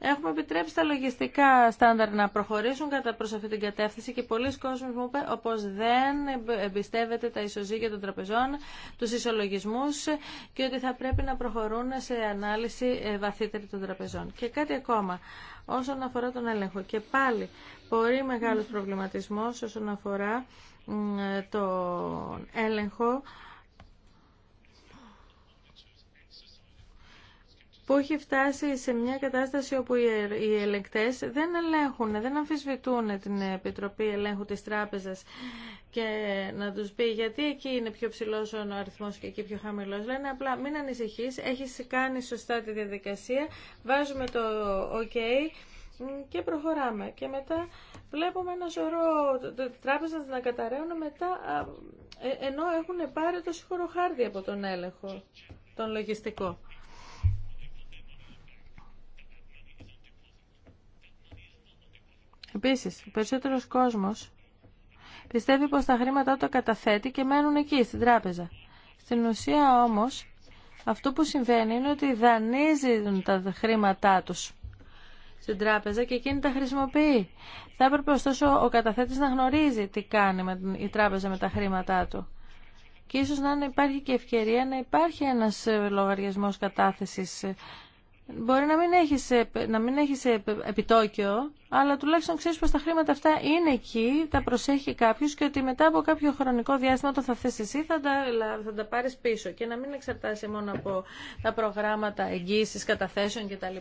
Έχουμε επιτρέψει τα λογιστικά στάνταρ να προχωρήσουν κατά προς αυτή την κατεύθυνση και πολλοί κόσμοι μου είπαν, όπως δεν εμπιστεύεται τα ισοζύγια των τραπεζών, τους ισολογισμούς και ότι θα πρέπει να προχωρούν σε ανάλυση ε, βαθύτερη των τραπεζών. Και κάτι ακόμα όσον αφορά τον έλεγχο. Και πάλι πολύ μεγάλος προβληματισμό όσον αφορά ε, τον έλεγχο που έχει φτάσει σε μια κατάσταση όπου οι ελεγκτές δεν ελέγχουν, δεν αμφισβητούν την Επιτροπή Ελέγχου της Τράπεζας και να τους πει γιατί εκεί είναι πιο ψηλός ο αριθμός και εκεί πιο χαμηλός. Λένε απλά μην ανησυχείς, έχεις κάνει σωστά τη διαδικασία, βάζουμε το OK και προχωράμε. Και μετά βλέπουμε ένα σωρό τράπεζες να καταραίουν μετά, ε, ενώ έχουν πάρει το σιχωροχάρδι από τον έλεγχο, τον λογιστικό. Επίσης, ο περισσότερος κόσμος πιστεύει πως τα χρήματα το καταθέτει και μένουν εκεί, στην τράπεζα. Στην ουσία όμως, αυτό που συμβαίνει είναι ότι δανείζουν τα χρήματά τους στην τράπεζα και εκείνη τα χρησιμοποιεί. Θα έπρεπε ωστόσο ο καταθέτης να γνωρίζει τι κάνει με την, η τράπεζα με τα χρήματά του. Και ίσως να υπάρχει και ευκαιρία να υπάρχει ένας ε, λογαριασμός κατάθεσης ε, Μπορεί να μην έχεις, ε, να μην έχεις ε, επιτόκιο, αλλά τουλάχιστον ξέρεις πως τα χρήματα αυτά είναι εκεί, τα προσέχει κάποιος και ότι μετά από κάποιο χρονικό διάστημα το θα θες εσύ θα τα, θα τα πάρεις πίσω και να μην εξαρτάσει μόνο από τα προγράμματα εγγύησης, καταθέσεων κτλ.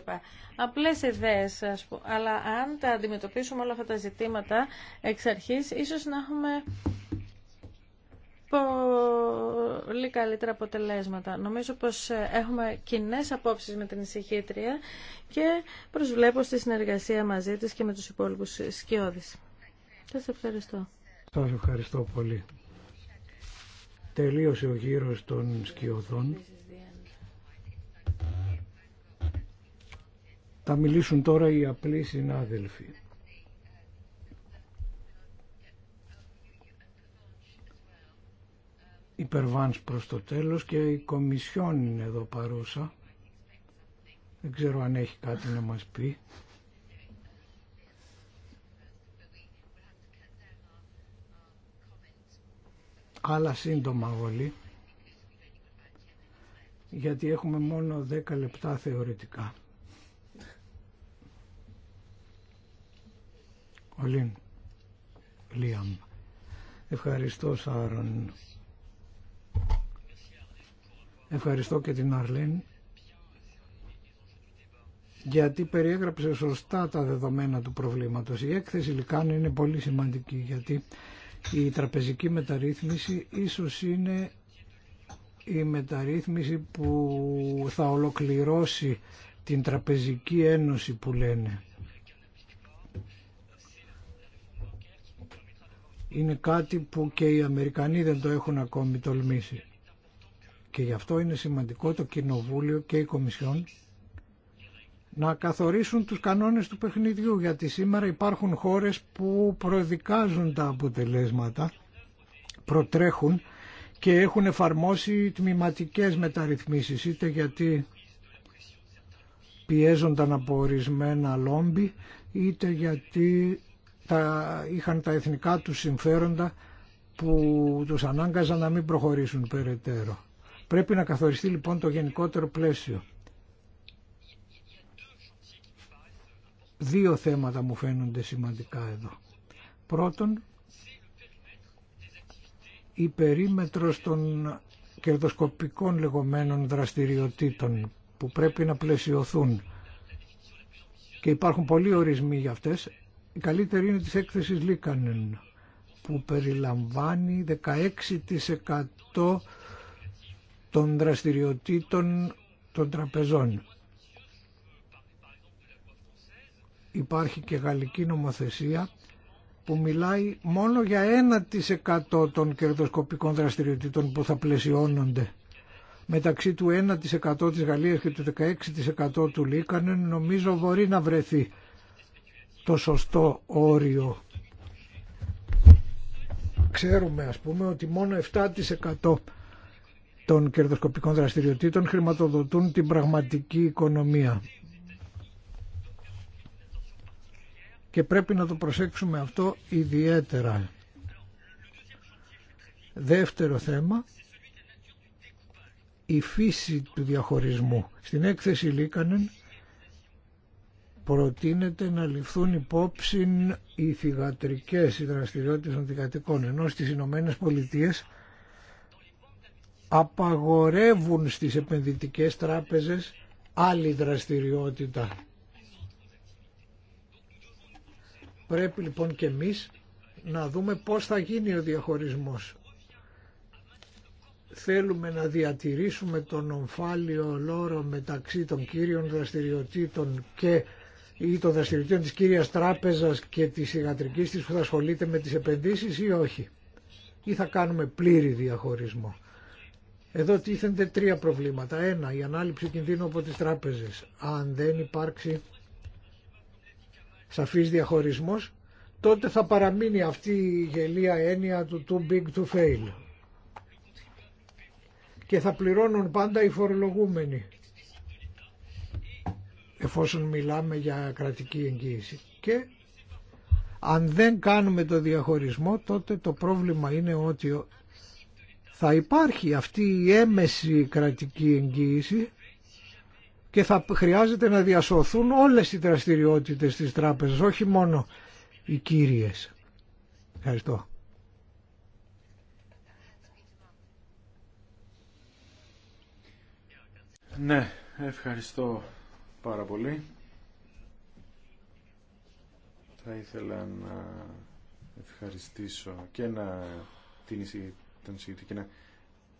Απλές ιδέες, ας πούμε. αλλά αν τα αντιμετωπίσουμε όλα αυτά τα ζητήματα εξ αρχής, ίσως να έχουμε πολύ καλύτερα αποτελέσματα. Νομίζω πως ε, έχουμε κοινέ απόψεις με την ησυχήτρια και προσβλέπω στη συνεργασία μαζί της και με τους υπόλοιπους σκιώδης. Σας ευχαριστώ. Σας ευχαριστώ πολύ. Τελείωσε ο γύρος των σκιωδών. Θα μιλήσουν τώρα οι απλοί συνάδελφοι. υπερβάνς προς το τέλος και η Κομισιόν είναι εδώ παρούσα. Δεν ξέρω αν έχει κάτι να μας πει. Άλλα σύντομα όλοι, γιατί έχουμε μόνο 10 λεπτά θεωρητικά. Ολύν, Λίαμ. Ευχαριστώ Σάρον. Ευχαριστώ και την Αρλέν γιατί περιέγραψε σωστά τα δεδομένα του προβλήματος. Η έκθεση Λικάν είναι πολύ σημαντική γιατί η τραπεζική μεταρρύθμιση ίσως είναι η μεταρρύθμιση που θα ολοκληρώσει την τραπεζική ένωση που λένε. Είναι κάτι που και οι Αμερικανοί δεν το έχουν ακόμη τολμήσει. Και γι' αυτό είναι σημαντικό το Κοινοβούλιο και η Κομισιόν να καθορίσουν τους κανόνες του παιχνιδιού, γιατί σήμερα υπάρχουν χώρες που προδικάζουν τα αποτελέσματα, προτρέχουν και έχουν εφαρμόσει τμηματικές μεταρρυθμίσεις, είτε γιατί πιέζονταν από ορισμένα λόμπι, είτε γιατί τα, είχαν τα εθνικά τους συμφέροντα που τους ανάγκαζαν να μην προχωρήσουν περαιτέρω. Πρέπει να καθοριστεί λοιπόν το γενικότερο πλαίσιο. Δύο θέματα μου φαίνονται σημαντικά εδώ. Πρώτον, η περίμετρος των κερδοσκοπικών λεγόμενων δραστηριοτήτων που πρέπει να πλαισιωθούν και υπάρχουν πολλοί ορισμοί για αυτές. Η καλύτερη είναι της έκθεσης Λίκανεν που περιλαμβάνει 16% των δραστηριοτήτων των τραπεζών. Υπάρχει και γαλλική νομοθεσία που μιλάει μόνο για 1% των κερδοσκοπικών δραστηριοτήτων που θα πλαισιώνονται. Μεταξύ του 1% της Γαλλίας και του 16% του Λίκανεν νομίζω μπορεί να βρεθεί το σωστό όριο. Ξέρουμε ας πούμε ότι μόνο 7% των κερδοσκοπικών δραστηριοτήτων χρηματοδοτούν την πραγματική οικονομία. Και πρέπει να το προσέξουμε αυτό ιδιαίτερα. Δεύτερο θέμα, η φύση του διαχωρισμού. Στην έκθεση Λίκανεν προτείνεται να ληφθούν υπόψη οι θυγατρικές, οι δραστηριότητες των θυγατρικών, ενώ στις Ηνωμένες Πολιτείες απαγορεύουν στις επενδυτικές τράπεζες άλλη δραστηριότητα. Πρέπει λοιπόν και εμείς να δούμε πώς θα γίνει ο διαχωρισμός. Θέλουμε να διατηρήσουμε τον ομφάλιο λόρο μεταξύ των κύριων δραστηριοτήτων και ή των δραστηριοτήτων της κύριας τράπεζας και της ιατρικής της που θα ασχολείται με τις επενδύσεις ή όχι. Ή θα κάνουμε πλήρη διαχωρισμό. Εδώ τίθενται τρία προβλήματα. Ένα, η ανάληψη κινδύνου από τις τράπεζες. Αν δεν υπάρξει σαφής διαχωρισμός, τότε θα παραμείνει αυτή η γελία έννοια του too big to fail. Και θα πληρώνουν πάντα οι φορολογούμενοι, εφόσον μιλάμε για κρατική εγγύηση. Και αν δεν κάνουμε το διαχωρισμό, τότε το πρόβλημα είναι ότι θα υπάρχει αυτή η έμεση κρατική εγγύηση και θα χρειάζεται να διασωθούν όλες οι δραστηριότητες της τράπεζας, όχι μόνο οι κύριες. Ευχαριστώ. Ναι, ευχαριστώ πάρα πολύ. Θα ήθελα να ευχαριστήσω και να την και να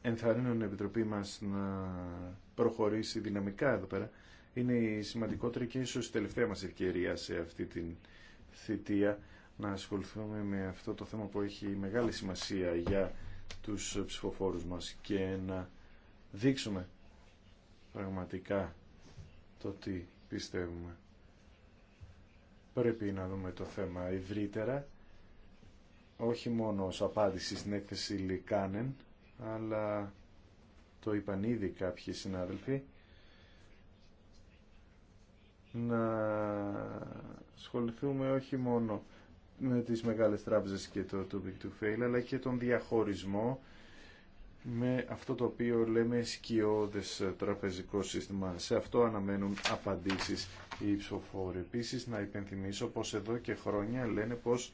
ενθαρρύνουν την Επιτροπή μας να προχωρήσει δυναμικά εδώ πέρα είναι η σημαντικότερη και ίσως η τελευταία μας ευκαιρία σε αυτή την θητεία να ασχοληθούμε με αυτό το θέμα που έχει μεγάλη σημασία για τους ψηφοφόρους μας και να δείξουμε πραγματικά το τι πιστεύουμε. Πρέπει να δούμε το θέμα ευρύτερα όχι μόνο ως απάντηση στην έκθεση Λικάνεν, αλλά το είπαν ήδη κάποιοι συνάδελφοι, να ασχοληθούμε όχι μόνο με τις μεγάλες τράπεζες και το too big to fail, αλλά και τον διαχωρισμό με αυτό το οποίο λέμε σκιώδες τραπεζικό σύστημα. Σε αυτό αναμένουν απαντήσεις οι ψηφοφόροι. Επίσης, να υπενθυμίσω πως εδώ και χρόνια λένε πως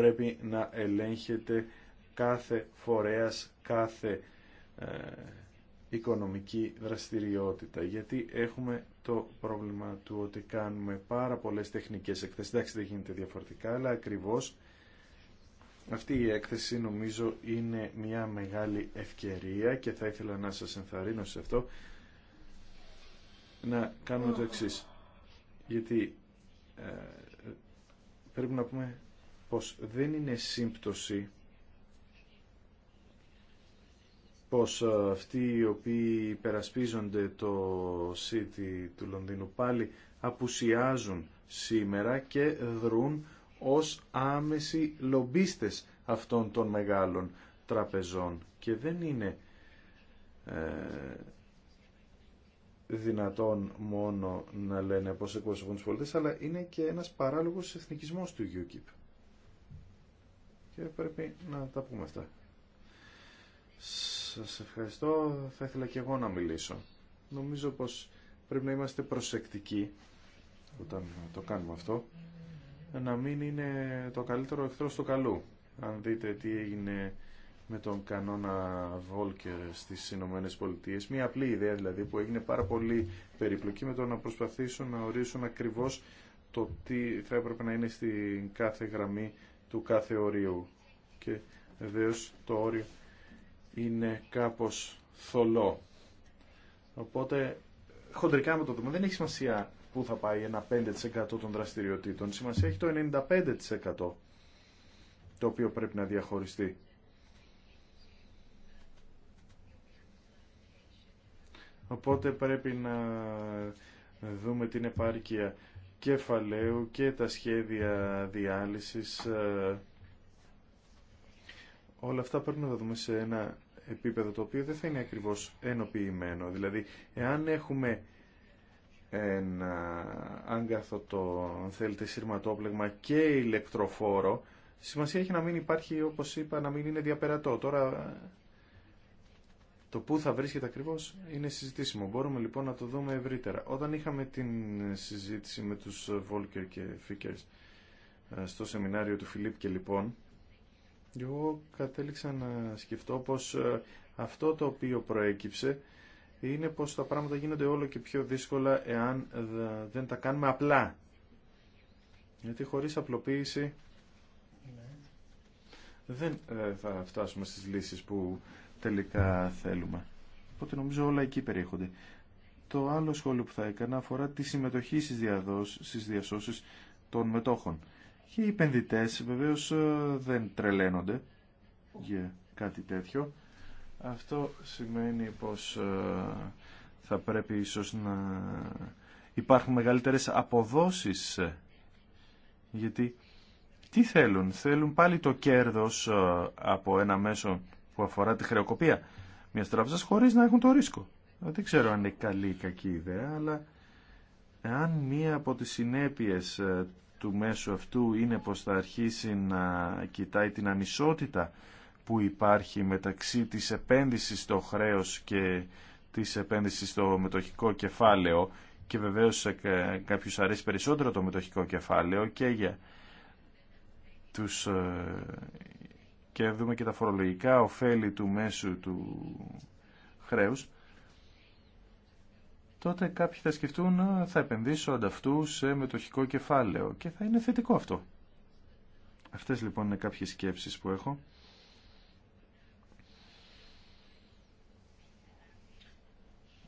πρέπει να ελέγχεται κάθε φορέας, κάθε ε, οικονομική δραστηριότητα. Γιατί έχουμε το πρόβλημα του ότι κάνουμε πάρα πολλές τεχνικές εκθέσεις. Εντάξει δεν γίνεται διαφορετικά, αλλά ακριβώς αυτή η έκθεση νομίζω είναι μια μεγάλη ευκαιρία και θα ήθελα να σας ενθαρρύνω σε αυτό να κάνουμε το εξής. Γιατί ε, πρέπει να πούμε πως δεν είναι σύμπτωση πως ε, αυτοί οι οποίοι υπερασπίζονται το City του Λονδίνου πάλι απουσιάζουν σήμερα και δρούν ως άμεση λομπίστες αυτών των μεγάλων τραπεζών και δεν είναι ε, δυνατόν μόνο να λένε πως εκπροσωπούν τους πολίτες αλλά είναι και ένας παράλογος εθνικισμός του UKIP και πρέπει να τα πούμε αυτά. Σας ευχαριστώ. Θα ήθελα και εγώ να μιλήσω. Νομίζω πως πρέπει να είμαστε προσεκτικοί όταν το κάνουμε αυτό να μην είναι το καλύτερο εχθρός του καλού. Αν δείτε τι έγινε με τον κανόνα Βόλκερ στις Ηνωμένε Πολιτείε. Μια απλή ιδέα δηλαδή που έγινε πάρα πολύ περιπλοκή με το να προσπαθήσουν να ορίσουν ακριβώς το τι θα έπρεπε να είναι στην κάθε γραμμή του κάθε ορίου. Και βεβαίω το όριο είναι κάπως θολό. Οπότε χοντρικά με το δούμε δεν έχει σημασία που θα πάει ένα 5% των δραστηριοτήτων. Σημασία έχει το 95% το οποίο πρέπει να διαχωριστεί. Οπότε πρέπει να δούμε την επάρκεια κεφαλαίου και τα σχέδια διάλυσης. Ε, όλα αυτά πρέπει να τα δούμε σε ένα επίπεδο το οποίο δεν θα είναι ακριβώς ενοποιημένο. Δηλαδή, εάν έχουμε ένα το αν θέλετε, σειρματόπλεγμα και ηλεκτροφόρο, σημασία έχει να μην υπάρχει, όπως είπα, να μην είναι διαπερατό. Τώρα το πού θα βρίσκεται ακριβώ είναι συζητήσιμο. Μπορούμε λοιπόν να το δούμε ευρύτερα. Όταν είχαμε την συζήτηση με τους Βόλκερ και Φίκερ ε, στο σεμινάριο του Φιλίπ και λοιπόν, εγώ κατέληξα να σκεφτώ πως ε, αυτό το οποίο προέκυψε είναι πως τα πράγματα γίνονται όλο και πιο δύσκολα εάν δεν τα κάνουμε απλά. Γιατί χωρίς απλοποίηση ναι. δεν ε, θα φτάσουμε στις λύσεις που τελικά θέλουμε. Οπότε νομίζω όλα εκεί περιέχονται. Το άλλο σχόλιο που θα έκανα αφορά τη συμμετοχή στις, διαδόσ, διασώσεις των μετόχων. Και οι επενδυτέ βεβαίως ε, δεν τρελαίνονται για κάτι τέτοιο. Αυτό σημαίνει πως ε, θα πρέπει ίσως να υπάρχουν μεγαλύτερες αποδόσεις ε, γιατί τι θέλουν, θέλουν πάλι το κέρδος από ένα μέσο που αφορά τη χρεοκοπία μια τράπεζα χωρί να έχουν το ρίσκο. Δεν ξέρω αν είναι καλή ή κακή ιδέα, αλλά αν μία από τις συνέπειες ε, του μέσου αυτού είναι πως θα αρχίσει να κοιτάει την ανισότητα που υπάρχει μεταξύ της επένδυσης στο χρέος και της επένδυσης στο μετοχικό κεφάλαιο και βεβαίως σε κάποιους αρέσει περισσότερο το μετοχικό κεφάλαιο και για τους ε, και δούμε και τα φορολογικά ωφέλη του μέσου του χρέους, τότε κάποιοι θα σκεφτούν θα επενδύσω ανταυτού σε μετοχικό κεφάλαιο και θα είναι θετικό αυτό. Αυτές λοιπόν είναι κάποιες σκέψεις που έχω.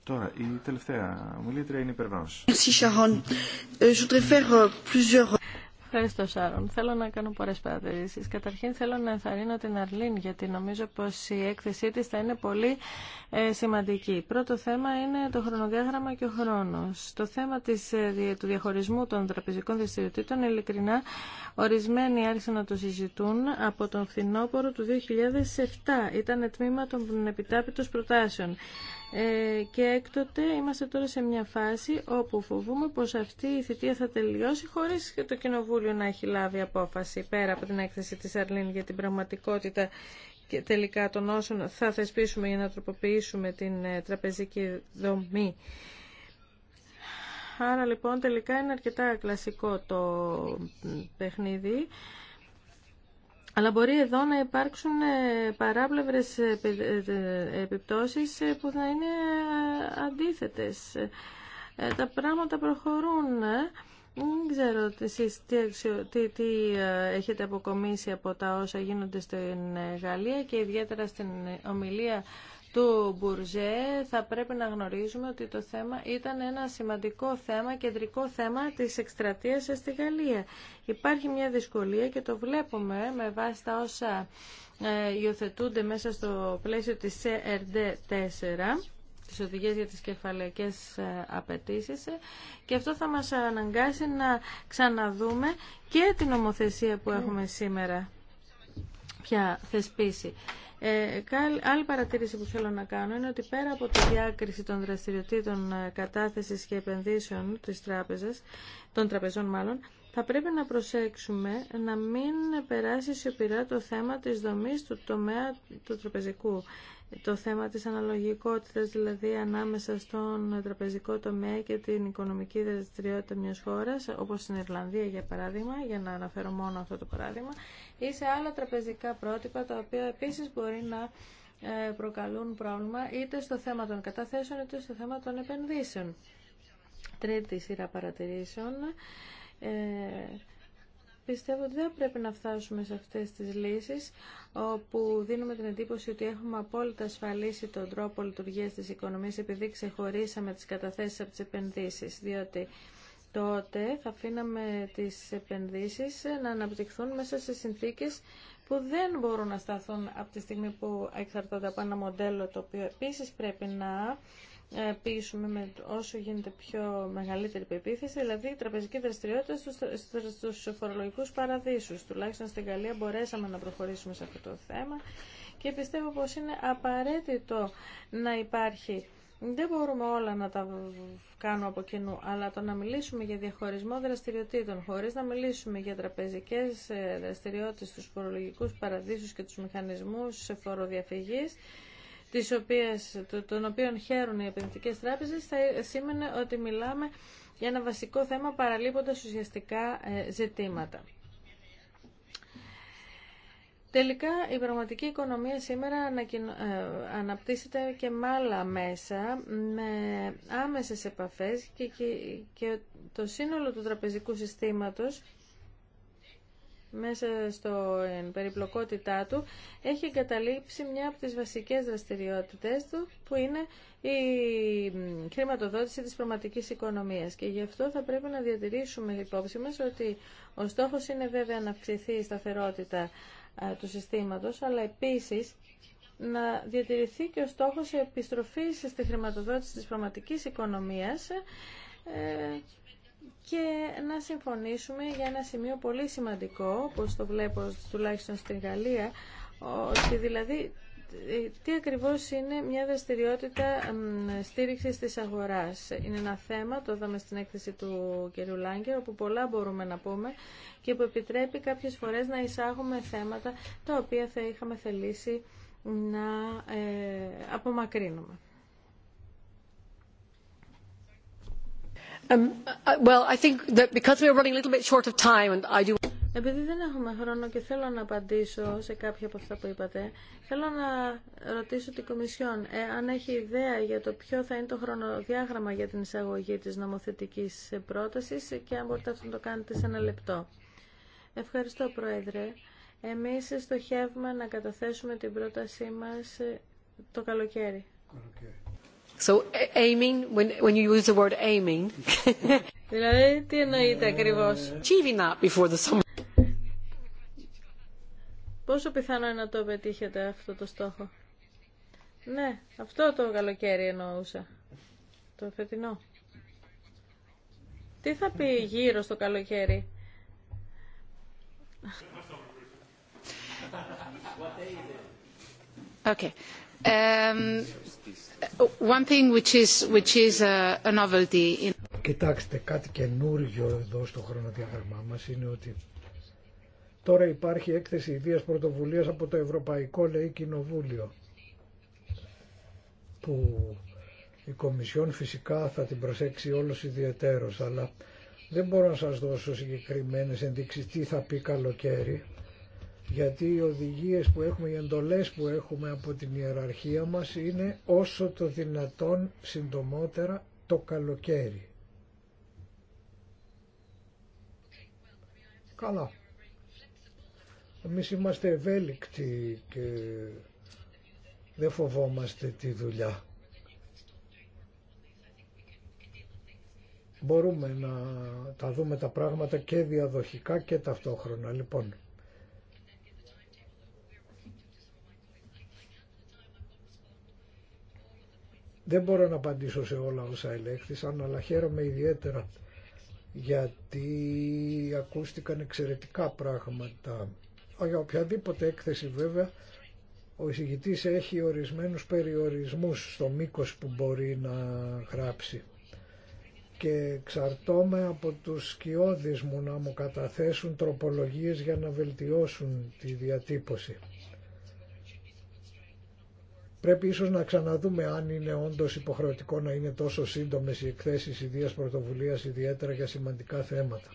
Τώρα, η τελευταία μιλήτρια είναι η Περβάνος. Ευχαριστώ, Σάρων. Θέλω να κάνω πολλέ παρατηρήσει. Καταρχήν, θέλω να ενθαρρύνω την Αρλίν, γιατί νομίζω πω η έκθεσή τη θα είναι πολύ ε, σημαντική. Πρώτο θέμα είναι το χρονοδιάγραμμα και ο χρόνο. Το θέμα της, ε, του διαχωρισμού των τραπεζικών δραστηριοτήτων, ειλικρινά, ορισμένοι άρχισαν να το συζητούν από τον Φθινόπορο του 2007. Ήταν τμήμα των επιτάπητων προτάσεων. Ε, και έκτοτε είμαστε τώρα σε μια φάση όπου φοβούμε πως αυτή η θητεία θα τελειώσει χωρίς το Κοινοβούλιο να έχει λάβει απόφαση πέρα από την έκθεση της Αρλίν για την πραγματικότητα και τελικά των όσων θα θεσπίσουμε για να τροποποιήσουμε την ε, τραπεζική δομή. Άρα λοιπόν τελικά είναι αρκετά κλασικό το παιχνίδι αλλά μπορεί εδώ να υπάρξουν ε, παράπλευρες ε, ε, επιπτώσεις που θα είναι αντίθετες. Τα πράγματα προχωρούν. Δεν ξέρω εσείς τι, τι, τι έχετε αποκομίσει από τα όσα γίνονται στην Γαλλία και ιδιαίτερα στην ομιλία του Μπουρζέ θα πρέπει να γνωρίζουμε ότι το θέμα ήταν ένα σημαντικό θέμα, κεντρικό θέμα της εκστρατείας στη Γαλλία. Υπάρχει μια δυσκολία και το βλέπουμε με βάση τα όσα ε, υιοθετούνται μέσα στο πλαίσιο της CRD4 τις οδηγίες για τις κεφαλαϊκές ε, απαιτήσει ε, και αυτό θα μας αναγκάσει να ξαναδούμε και την ομοθεσία που ναι. έχουμε σήμερα πια θεσπίσει. Ε, άλλη παρατήρηση που θέλω να κάνω είναι ότι πέρα από τη διάκριση των δραστηριοτήτων ε, κατάθεσης και επενδύσεων της τράπεζας, των τραπεζών μάλλον, θα πρέπει να προσέξουμε να μην περάσει σιωπηρά το θέμα της δομής του τομέα του τραπεζικού το θέμα της αναλογικότητας, δηλαδή ανάμεσα στον τραπεζικό τομέα και την οικονομική δραστηριότητα μιας χώρας, όπως στην Ιρλανδία για παράδειγμα, για να αναφέρω μόνο αυτό το παράδειγμα, ή σε άλλα τραπεζικά πρότυπα, τα οποία επίσης μπορεί να ε, προκαλούν πρόβλημα είτε στο θέμα των καταθέσεων είτε στο θέμα των επενδύσεων. Τρίτη σειρά παρατηρήσεων. Ε, Πιστεύω ότι δεν πρέπει να φτάσουμε σε αυτές τις λύσεις όπου δίνουμε την εντύπωση ότι έχουμε απόλυτα ασφαλίσει τον τρόπο λειτουργίας της οικονομίας επειδή ξεχωρίσαμε τις καταθέσεις από τις επενδύσεις, διότι τότε θα αφήναμε τις επενδύσεις να αναπτυχθούν μέσα σε συνθήκες που δεν μπορούν να σταθούν από τη στιγμή που εξαρτάται από ένα μοντέλο το οποίο επίσης πρέπει να ε, πείσουμε με όσο γίνεται πιο μεγαλύτερη πεποίθηση, δηλαδή η τραπεζική δραστηριότητα στους φορολογικούς παραδείσους. Τουλάχιστον στην Γαλλία μπορέσαμε να προχωρήσουμε σε αυτό το θέμα και πιστεύω πως είναι απαραίτητο να υπάρχει δεν μπορούμε όλα να τα κάνουμε από κοινού, αλλά το να μιλήσουμε για διαχωρισμό δραστηριοτήτων χωρίς να μιλήσουμε για τραπεζικές ε, δραστηριότητες, στους φορολογικούς παραδείσους και τους μηχανισμούς φοροδιαφυγής, τις οποίες, των οποίων χαίρουν οι επενδυτικές τράπεζες θα σήμαινε ότι μιλάμε για ένα βασικό θέμα παραλείποντας ουσιαστικά ε, ζητήματα. Τελικά η πραγματική οικονομία σήμερα ε, αναπτύσσεται και με μέσα, με άμεσες επαφές και, και, και το σύνολο του τραπεζικού συστήματος μέσα στην περιπλοκότητά του έχει εγκαταλείψει μια από τις βασικές δραστηριότητες του που είναι η χρηματοδότηση της πραγματικής οικονομίας και γι' αυτό θα πρέπει να διατηρήσουμε υπόψη μας ότι ο στόχος είναι βέβαια να αυξηθεί η σταθερότητα του συστήματος αλλά επίσης να διατηρηθεί και ο στόχος επιστροφή στη χρηματοδότηση της πραγματικής οικονομίας ε, και να συμφωνήσουμε για ένα σημείο πολύ σημαντικό, όπως το βλέπω τουλάχιστον στην Γαλλία, ότι δηλαδή τι ακριβώς είναι μια δραστηριότητα στήριξης της αγοράς. Είναι ένα θέμα, το είδαμε στην έκθεση του κ. Λάγκερ, όπου πολλά μπορούμε να πούμε και που επιτρέπει κάποιες φορές να εισάγουμε θέματα τα οποία θα είχαμε θελήσει να ε, απομακρύνουμε. Επειδή δεν έχουμε χρόνο και θέλω να απαντήσω σε κάποια από αυτά που είπατε, θέλω να ρωτήσω την Κομισιόν ε, αν έχει ιδέα για το ποιο θα είναι το χρονοδιάγραμμα για την εισαγωγή της νομοθετικής πρότασης και αν μπορείτε αυτό να το κάνετε σε ένα λεπτό. Ευχαριστώ, Πρόεδρε. Εμείς στοχεύουμε να καταθέσουμε την πρότασή μας ε, το καλοκαίρι. So, aiming, when, when you use the word aiming. δηλαδή, τι εννοείται ακριβώς. Achieving that before the summer. Πόσο πιθανό είναι να το πετύχετε αυτό το στόχο. Ναι, αυτό το καλοκαίρι εννοούσα. Το φετινό. Τι θα πει γύρω στο καλοκαίρι. Okay. Κοιτάξτε, κάτι καινούργιο εδώ στο χρονοδιάγραμμά μας είναι ότι τώρα υπάρχει έκθεση ιδίας πρωτοβουλίας από το Ευρωπαϊκό λέει, Κοινοβούλιο που η Κομισιόν φυσικά θα την προσέξει όλος ιδιαιτέρως αλλά δεν μπορώ να σας δώσω συγκεκριμένες ενδείξεις τι θα πει καλοκαίρι γιατί οι οδηγίες που έχουμε, οι εντολές που έχουμε από την ιεραρχία μας είναι όσο το δυνατόν συντομότερα το καλοκαίρι. Καλά. Εμεί είμαστε ευέλικτοι και δεν φοβόμαστε τη δουλειά. Μπορούμε να τα δούμε τα πράγματα και διαδοχικά και ταυτόχρονα. Λοιπόν, Δεν μπορώ να απαντήσω σε όλα όσα ελέγχθησαν, αλλά χαίρομαι ιδιαίτερα γιατί ακούστηκαν εξαιρετικά πράγματα. Για οποιαδήποτε έκθεση βέβαια, ο εισηγητής έχει ορισμένους περιορισμούς στο μήκος που μπορεί να γράψει και εξαρτώμαι από τους σκιώδεις μου να μου καταθέσουν τροπολογίες για να βελτιώσουν τη διατύπωση. Πρέπει ίσως να ξαναδούμε αν είναι όντως υποχρεωτικό να είναι τόσο σύντομες οι εκθέσεις ιδίας πρωτοβουλίας ιδιαίτερα για σημαντικά θέματα.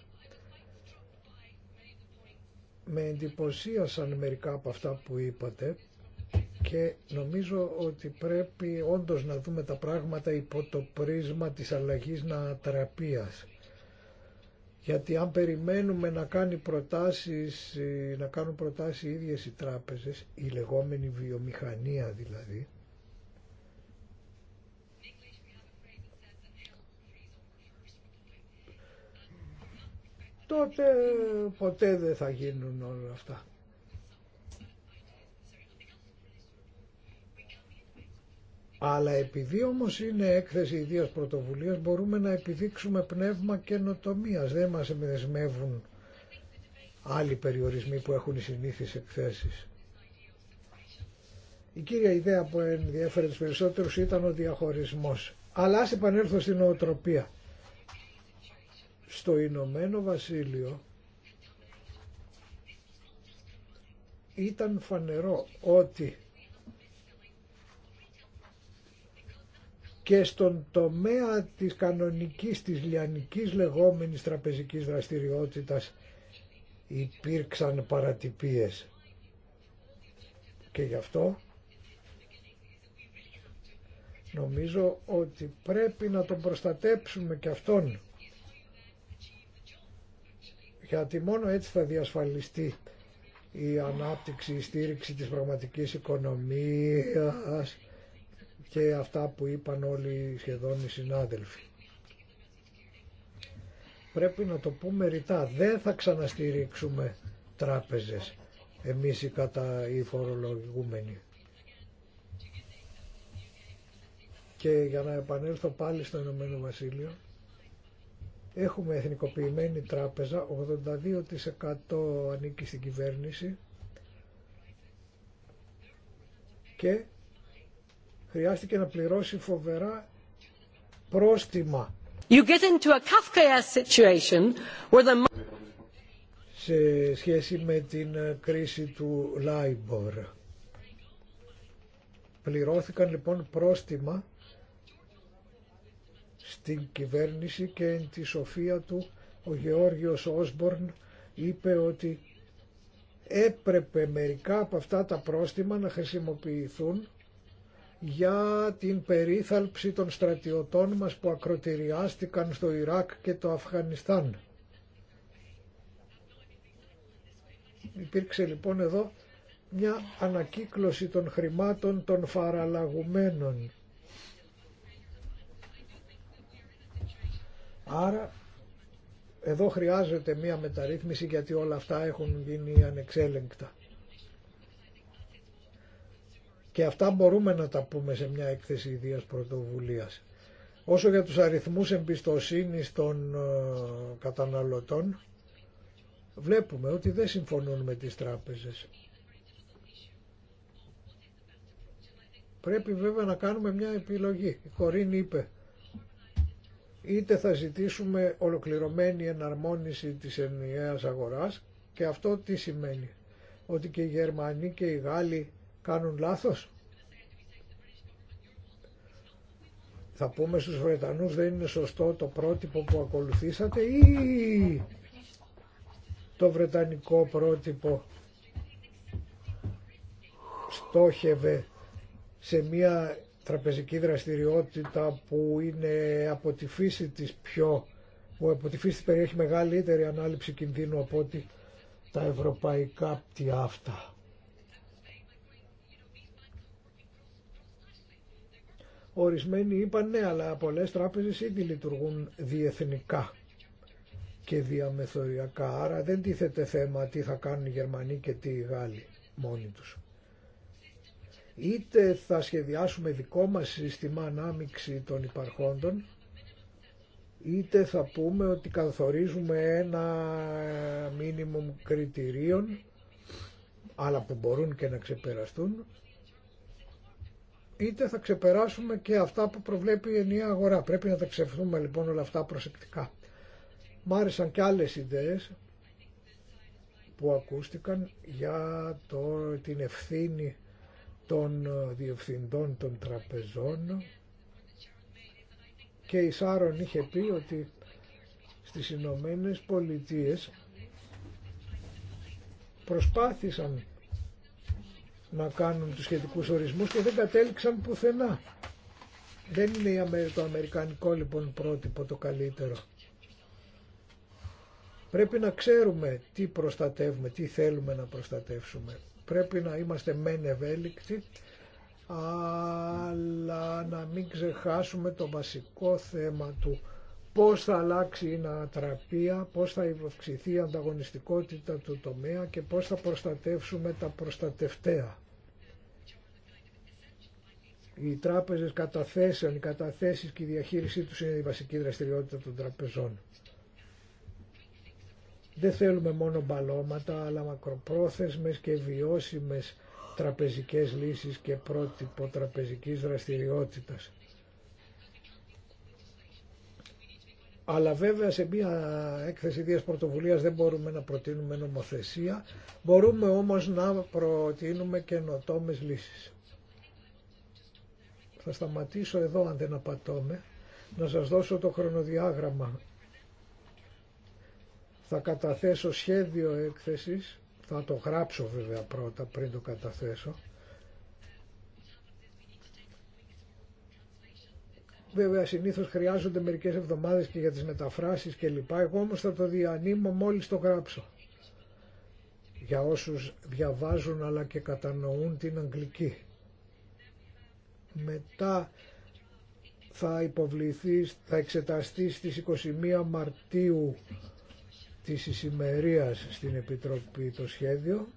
Με εντυπωσίασαν μερικά από αυτά που είπατε και νομίζω ότι πρέπει όντως να δούμε τα πράγματα υπό το πρίσμα της αλλαγής νατραπίας γιατί αν περιμένουμε να, κάνει προτάσεις, ε, να κάνουν προτάσεις οι ίδιες οι τράπεζες, η λεγόμενη βιομηχανία δηλαδή, τότε ποτέ δεν θα γίνουν όλα αυτά. Αλλά επειδή όμως είναι έκθεση ιδίας πρωτοβουλίας μπορούμε να επιδείξουμε πνεύμα καινοτομία. Δεν μας εμπνευσμεύουν άλλοι περιορισμοί που έχουν οι συνήθεις εκθέσεις. Η κύρια ιδέα που ενδιέφερε τους περισσότερους ήταν ο διαχωρισμός. Αλλά ας επανέλθω στην νοοτροπία. Στο Ηνωμένο Βασίλειο ήταν φανερό ότι και στον τομέα της κανονικής, της λιανικής λεγόμενης τραπεζικής δραστηριότητας υπήρξαν παρατυπίες. Και γι' αυτό νομίζω ότι πρέπει να τον προστατέψουμε και αυτόν γιατί μόνο έτσι θα διασφαλιστεί η ανάπτυξη, η στήριξη της πραγματικής οικονομίας και αυτά που είπαν όλοι σχεδόν οι συνάδελφοι. Πρέπει να το πούμε ρητά, δεν θα ξαναστηρίξουμε τράπεζες εμείς οι, κατα... οι Και για να επανέλθω πάλι στο Ηνωμένο Βασίλειο, έχουμε εθνικοποιημένη τράπεζα, 82% ανήκει στην κυβέρνηση και χρειάστηκε να πληρώσει φοβερά πρόστιμα. You get into σε σχέση με την ε, κρίση του Λάιμπορ. Πληρώθηκαν λοιπόν πρόστιμα στην κυβέρνηση και εν τη σοφία του ο Γεώργιος Όσμπορν είπε ότι έπρεπε μερικά από αυτά τα πρόστιμα να χρησιμοποιηθούν για την περίθαλψη των στρατιωτών μας που ακροτηριάστηκαν στο Ιράκ και το Αφγανιστάν. Υπήρξε λοιπόν εδώ μια ανακύκλωση των χρημάτων των φαραλαγουμένων. Άρα εδώ χρειάζεται μια μεταρρύθμιση γιατί όλα αυτά έχουν γίνει ανεξέλεγκτα. Και αυτά μπορούμε να τα πούμε σε μια έκθεση ιδίας πρωτοβουλίας. Όσο για τους αριθμούς εμπιστοσύνης των ε, καταναλωτών, βλέπουμε ότι δεν συμφωνούν με τις τράπεζες. Πρέπει βέβαια να κάνουμε μια επιλογή. Η Κορίνη είπε, είτε θα ζητήσουμε ολοκληρωμένη εναρμόνιση της ενιαίας αγοράς και αυτό τι σημαίνει. Ότι και οι Γερμανοί και οι Γάλλοι Κάνουν λάθος. Θα πούμε στους Βρετανούς δεν είναι σωστό το πρότυπο που ακολουθήσατε ή το βρετανικό πρότυπο στόχευε σε μια τραπεζική δραστηριότητα που είναι από τη φύση της πιο που από τη φύση περιέχει μεγαλύτερη ανάληψη κινδύνου από ότι τα ευρωπαϊκά πτυά αυτά. Ορισμένοι είπαν ναι, αλλά πολλές τράπεζες ήδη λειτουργούν διεθνικά και διαμεθοριακά, άρα δεν τίθεται θέμα τι θα κάνουν οι Γερμανοί και τι οι Γάλλοι μόνοι τους. Είτε θα σχεδιάσουμε δικό μας σύστημα ανάμειξη των υπαρχόντων, είτε θα πούμε ότι καθορίζουμε ένα μίνιμουμ κριτηρίων, αλλά που μπορούν και να ξεπεραστούν, είτε θα ξεπεράσουμε και αυτά που προβλέπει η ενιαία αγορά. Πρέπει να τα ξεφθούμε λοιπόν όλα αυτά προσεκτικά. Μ' άρεσαν και άλλες ιδέες που ακούστηκαν για το, την ευθύνη των διευθυντών των τραπεζών και η Σάρον είχε πει ότι στις Ηνωμένε Πολιτείες προσπάθησαν να κάνουν τους σχετικούς ορισμούς και δεν κατέληξαν πουθενά. Δεν είναι το αμερικανικό λοιπόν πρότυπο το καλύτερο. Πρέπει να ξέρουμε τι προστατεύουμε, τι θέλουμε να προστατεύσουμε. Πρέπει να είμαστε μεν ευέλικτοι, αλλά να μην ξεχάσουμε το βασικό θέμα του πώς θα αλλάξει η ανατραπία, πώς θα αυξηθεί η ανταγωνιστικότητα του τομέα και πώς θα προστατεύσουμε τα προστατευτέα. Οι τράπεζες καταθέσεων, οι καταθέσεις και η διαχείρισή τους είναι η βασική δραστηριότητα των τραπεζών. Δεν θέλουμε μόνο μπαλώματα, αλλά μακροπρόθεσμες και βιώσιμες τραπεζικές λύσεις και πρότυπο τραπεζικής δραστηριότητας. Αλλά βέβαια σε μια έκθεση ιδίας πρωτοβουλίας δεν μπορούμε να προτείνουμε νομοθεσία, μπορούμε όμως να προτείνουμε καινοτόμες λύσεις. Θα σταματήσω εδώ αν δεν απατώμε. Να σας δώσω το χρονοδιάγραμμα. Θα καταθέσω σχέδιο έκθεσης. Θα το γράψω βέβαια πρώτα πριν το καταθέσω. Βέβαια συνήθως χρειάζονται μερικές εβδομάδες και για τις μεταφράσεις και λοιπά. Εγώ όμως θα το διανύμω μόλις το γράψω. Για όσους διαβάζουν αλλά και κατανοούν την αγγλική μετά θα υποβληθεί, θα εξεταστεί στις 21 Μαρτίου της εισημερίας στην Επιτροπή το σχέδιο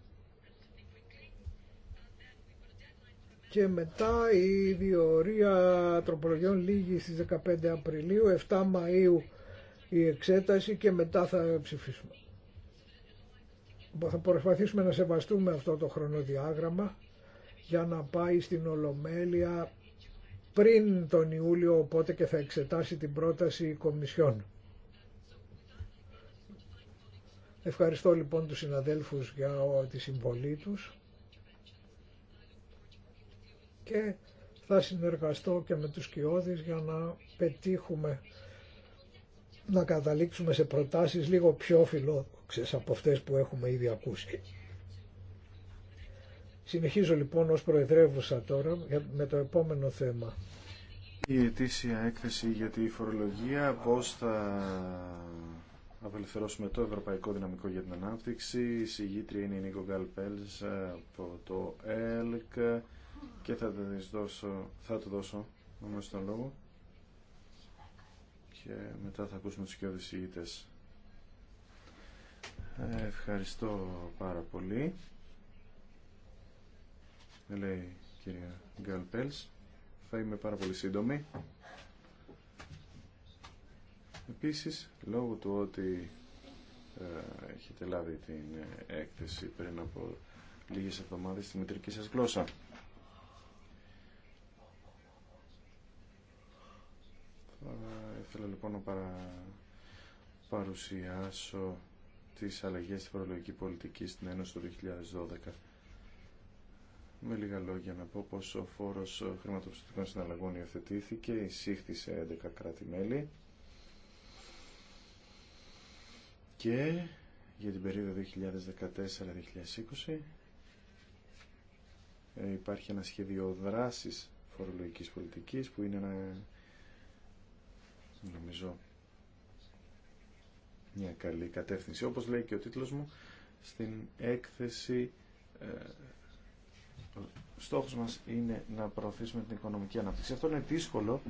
και μετά η διορία τροπολογιών λίγη στις 15 Απριλίου, 7 Μαΐου η εξέταση και μετά θα ψηφίσουμε. Θα προσπαθήσουμε να σεβαστούμε αυτό το χρονοδιάγραμμα για να πάει στην Ολομέλεια πριν τον Ιούλιο οπότε και θα εξετάσει την πρόταση η Κομισιόν. Ευχαριστώ λοιπόν τους συναδέλφους για τη συμβολή τους και θα συνεργαστώ και με τους κοιόδης για να πετύχουμε να καταλήξουμε σε προτάσεις λίγο πιο φιλόδοξες από αυτές που έχουμε ήδη ακούσει. Συνεχίζω λοιπόν ως προεδρεύουσα τώρα με το επόμενο θέμα. Η ετήσια έκθεση για τη φορολογία, πώς θα απελευθερώσουμε το ευρωπαϊκό δυναμικό για την ανάπτυξη. Η συγγήτρια είναι η Νίκο Γκαλπέλς από το ΕΛΚ και θα, το δώσω, θα το δώσω όμως τον λόγο και μετά θα ακούσουμε τους και συγγήτες. Ε, ευχαριστώ πάρα πολύ λέει η κυρία Πέλς, Θα είμαι πάρα πολύ σύντομη. Επίσης, λόγω του ότι ε, έχετε λάβει την έκθεση πριν από λίγες εβδομάδες στη μητρική σας γλώσσα. Θα ήθελα λοιπόν να παρα... παρουσιάσω τις αλλαγές στη φορολογική πολιτική στην Ένωση του 2012 με λίγα λόγια να πω πως ο φόρος χρηματοπιστωτικών συναλλαγών υιοθετήθηκε, εισήχθη σε 11 κράτη-μέλη και για την περίοδο 2014-2020 ε, υπάρχει ένα σχέδιο δράσης φορολογικής πολιτικής που είναι ένα νομίζω μια καλή κατεύθυνση όπως λέει και ο τίτλος μου στην έκθεση ε, στόχος μας είναι να προωθήσουμε την οικονομική ανάπτυξη. Αυτό είναι δύσκολο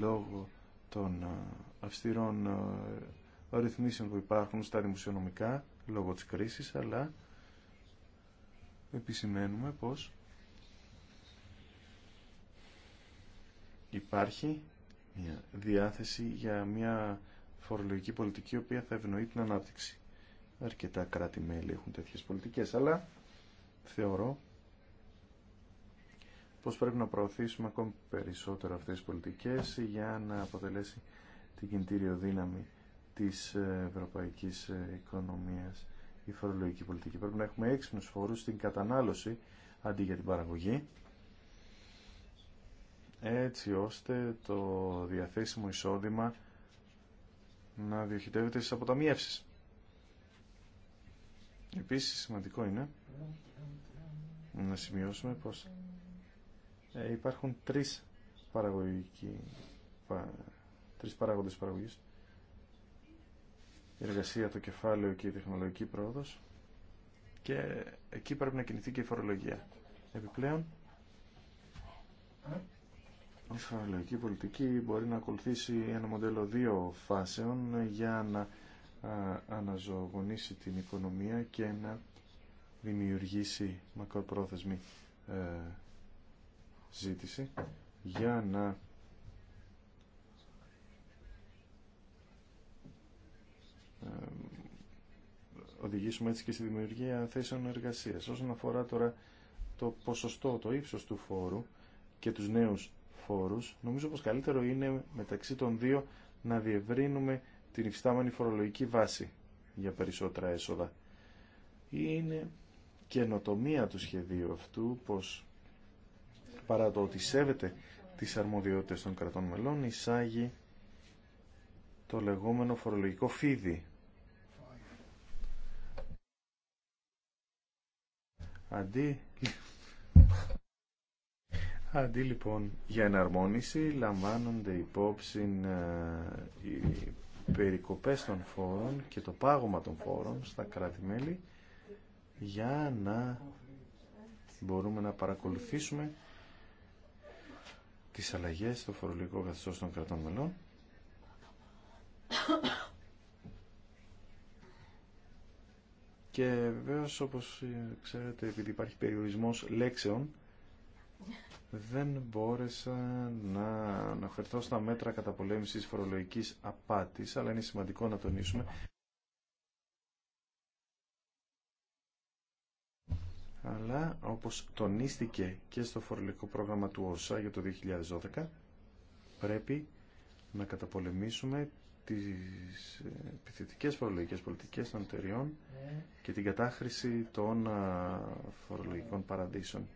λόγω των ε, αυστηρών ε, ρυθμίσεων που υπάρχουν στα δημοσιονομικά λόγω της κρίσης, αλλά επισημαίνουμε πως υπάρχει μια διάθεση για μια φορολογική πολιτική η οποία θα ευνοεί την ανάπτυξη. Αρκετά κράτη-μέλη έχουν τέτοιες πολιτικές, αλλά θεωρώ πως πρέπει να προωθήσουμε ακόμη περισσότερο αυτές τις πολιτικές για να αποτελέσει την κινητήριο δύναμη της ευρωπαϊκής οικονομίας η φορολογική πολιτική. Πρέπει να έχουμε έξυπνους φόρους στην κατανάλωση αντί για την παραγωγή έτσι ώστε το διαθέσιμο εισόδημα να διοχετεύεται στις αποταμιεύσεις. Επίσης σημαντικό είναι να σημειώσουμε πως ε, υπάρχουν τρεις παραγωγικοί τρεις παράγοντες παραγωγής η εργασία, το κεφάλαιο και η τεχνολογική πρόοδος και εκεί πρέπει να κινηθεί και η φορολογία επιπλέον η φορολογική πολιτική μπορεί να ακολουθήσει ένα μοντέλο δύο φάσεων για να αναζωογονήσει την οικονομία και να δημιουργήσει μακροπρόθεσμη ε, ζήτηση για να οδηγήσουμε έτσι και στη δημιουργία θέσεων εργασίας. Όσον αφορά τώρα το ποσοστό, το ύψος του φόρου και τους νέους φόρους, νομίζω πως καλύτερο είναι μεταξύ των δύο να διευρύνουμε την υφιστάμενη φορολογική βάση για περισσότερα έσοδα. Είναι καινοτομία του σχεδίου αυτού πως παρά το ότι σέβεται τις αρμοδιότητες των κρατών μελών, εισάγει το λεγόμενο φορολογικό φίδι. Αντί... Αντί λοιπόν για εναρμόνιση λαμβάνονται υπόψη ε, οι περικοπές των φόρων και το πάγωμα των φόρων στα κράτη-μέλη για να μπορούμε να παρακολουθήσουμε τις αλλαγές στο φορολογικό καθεστώς των κρατών μελών και βεβαίω, όπως ξέρετε επειδή υπάρχει περιορισμός λέξεων δεν μπόρεσα να αναφερθώ στα μέτρα καταπολέμησης φορολογικής απάτης αλλά είναι σημαντικό να τονίσουμε αλλά όπως τονίστηκε και στο φορολογικό πρόγραμμα του ΩΣΑ για το 2012 πρέπει να καταπολεμήσουμε τις ε, επιθετικές φορολογικές πολιτικές των εταιριών και την κατάχρηση των ε, φορολογικών παραδείσων.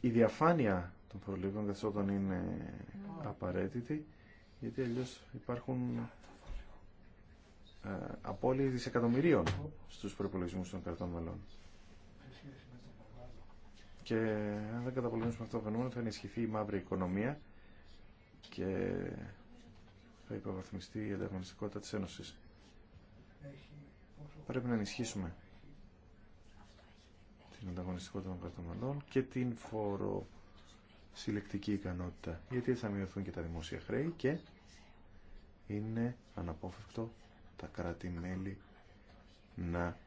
Η διαφάνεια των φορολογικών καθιστώτων είναι απαραίτητη γιατί αλλιώς υπάρχουν ε, απώλειες δισεκατομμυρίων στους προπολογισμού των κρατών μελών. Και αν δεν καταπολεμήσουμε αυτό το φαινόμενο θα ενισχυθεί η μαύρη οικονομία και θα υποβαθμιστεί η ανταγωνιστικότητα της Ένωσης. Πρέπει να ενισχύσουμε την ανταγωνιστικότητα των κρατών μελών και την φορο συλλεκτική ικανότητα γιατί θα μειωθούν και τα δημόσια χρέη και είναι αναπόφευκτο τα κράτη-μέλη να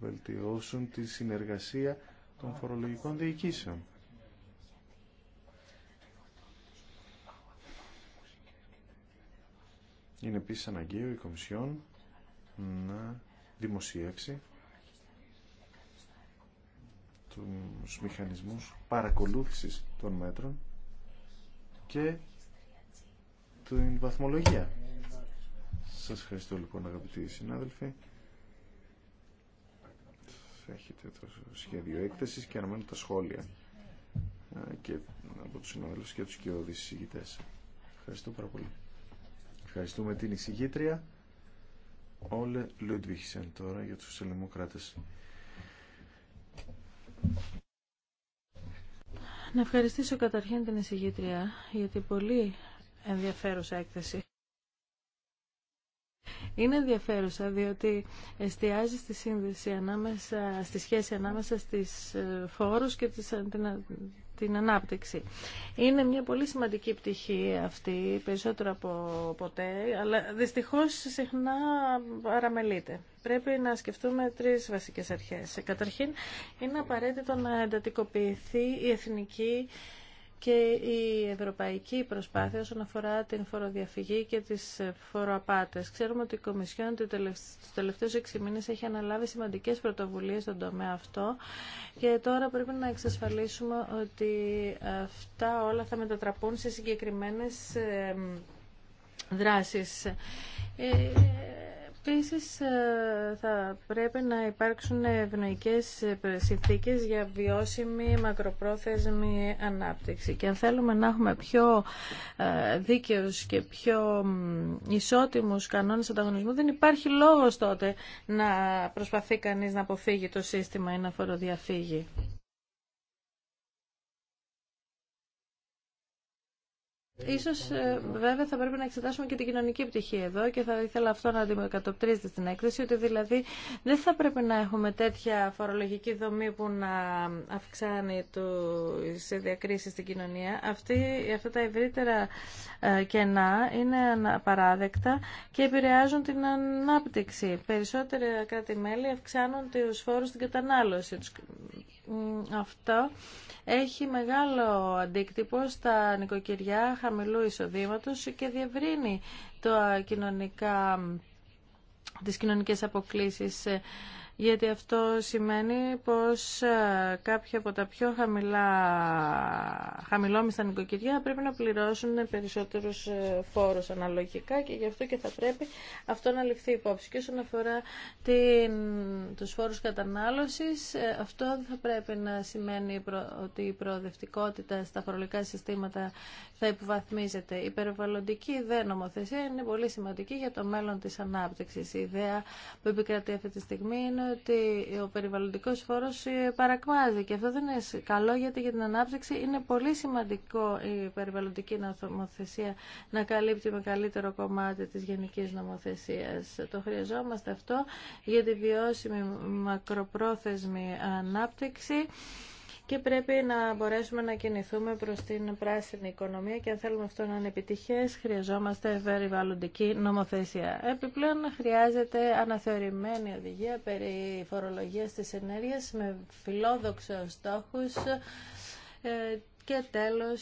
βελτιώσουν τη συνεργασία των φορολογικών διοικήσεων. Είναι επίσης αναγκαίο η Κομισιόν να δημοσιεύσει τους μηχανισμούς παρακολούθησης των μέτρων και την βαθμολογία σας ευχαριστώ λοιπόν αγαπητοί συνάδελφοι. Έχετε το σχέδιο έκθεσης και αναμένω τα σχόλια ε, και από τους συνάδελφους και τους κοιόδης εισηγητές. Ευχαριστώ πάρα πολύ. Ευχαριστούμε την εισηγήτρια Όλε Λουντβίχισεν τώρα για τους σοσιαλδημοκράτες. Να ευχαριστήσω καταρχήν την εισηγήτρια για την πολύ ενδιαφέρουσα έκθεση είναι ενδιαφέρουσα διότι εστιάζει στη σύνδεση ανάμεσα, στη σχέση ανάμεσα στις ε, φόρους και τις, την ανάπτυξη. Είναι μια πολύ σημαντική πτυχή αυτή, περισσότερο από ποτέ, αλλά δυστυχώς συχνά παραμελείται. Πρέπει να σκεφτούμε τρεις βασικές αρχές. Καταρχήν, είναι απαραίτητο να εντατικοποιηθεί η εθνική και η ευρωπαϊκή προσπάθεια όσον αφορά την φοροδιαφυγή και τις φοροαπάτες. Ξέρουμε ότι η Κομισιόν του τελευταίους έξι μήνες έχει αναλάβει σημαντικές πρωτοβουλίες στον τομέα αυτό και τώρα πρέπει να εξασφαλίσουμε ότι αυτά όλα θα μετατραπούν σε συγκεκριμένες δράσεις. Ε, Επίσης ε, θα πρέπει να υπάρξουν ευνοϊκές ε, συνθήκες για βιώσιμη μακροπρόθεσμη ανάπτυξη και αν θέλουμε να έχουμε πιο ε, δίκαιους και πιο ισότιμους κανόνες ανταγωνισμού δεν υπάρχει λόγος τότε να προσπαθεί κανείς να αποφύγει το σύστημα ή να φοροδιαφύγει. Ίσως ε, βέβαια θα πρέπει να εξετάσουμε και την κοινωνική πτυχή εδώ και θα ήθελα αυτό να αντιμετωπίζεται στην έκθεση ότι δηλαδή δεν θα πρέπει να έχουμε τέτοια φορολογική δομή που να αυξάνει το σε διακρίσεις στην κοινωνία. Αυτή, αυτά τα ευρύτερα ε, κενά είναι απαράδεκτα και επηρεάζουν την ανάπτυξη. Περισσότερα κράτη-μέλη αυξάνουν τους φόρους στην κατανάλωση αυτό έχει μεγάλο αντίκτυπο στα νοικοκυριά χαμηλού εισοδήματος και διευρύνει το κοινωνικά τις κοινωνικές αποκλήσεις. Ε, γιατί αυτό σημαίνει πως ε, κάποια από τα πιο χαμηλά, χαμηλόμιστα νοικοκυριά πρέπει να πληρώσουν περισσότερους ε, φόρους αναλογικά και γι' αυτό και θα πρέπει αυτό να ληφθεί υπόψη. Και όσον αφορά την, τους φόρους κατανάλωσης, ε, αυτό δεν θα πρέπει να σημαίνει ότι η προοδευτικότητα στα φορολογικά συστήματα θα υποβαθμίζεται. Η περιβαλλοντική ιδέα νομοθεσία είναι πολύ σημαντική για το μέλλον της ανάπτυξης. Η ιδέα που επικρατεί αυτή τη στιγμή είναι ότι ο περιβαλλοντικός φόρος ε, παρακμάζει και αυτό δεν είναι καλό γιατί για την ανάπτυξη είναι πολύ σημαντικό η περιβαλλοντική νομοθεσία να καλύπτει με καλύτερο κομμάτι της γενικής νομοθεσίας. Το χρειαζόμαστε αυτό για τη βιώσιμη μακροπρόθεσμη ανάπτυξη και πρέπει να μπορέσουμε να κινηθούμε προς την πράσινη οικονομία και αν θέλουμε αυτό να είναι επιτυχές χρειαζόμαστε περιβαλλοντική νομοθεσία. Επιπλέον χρειάζεται αναθεωρημένη οδηγία περί φορολογίας της ενέργειας με φιλόδοξους στόχους ε, και τέλος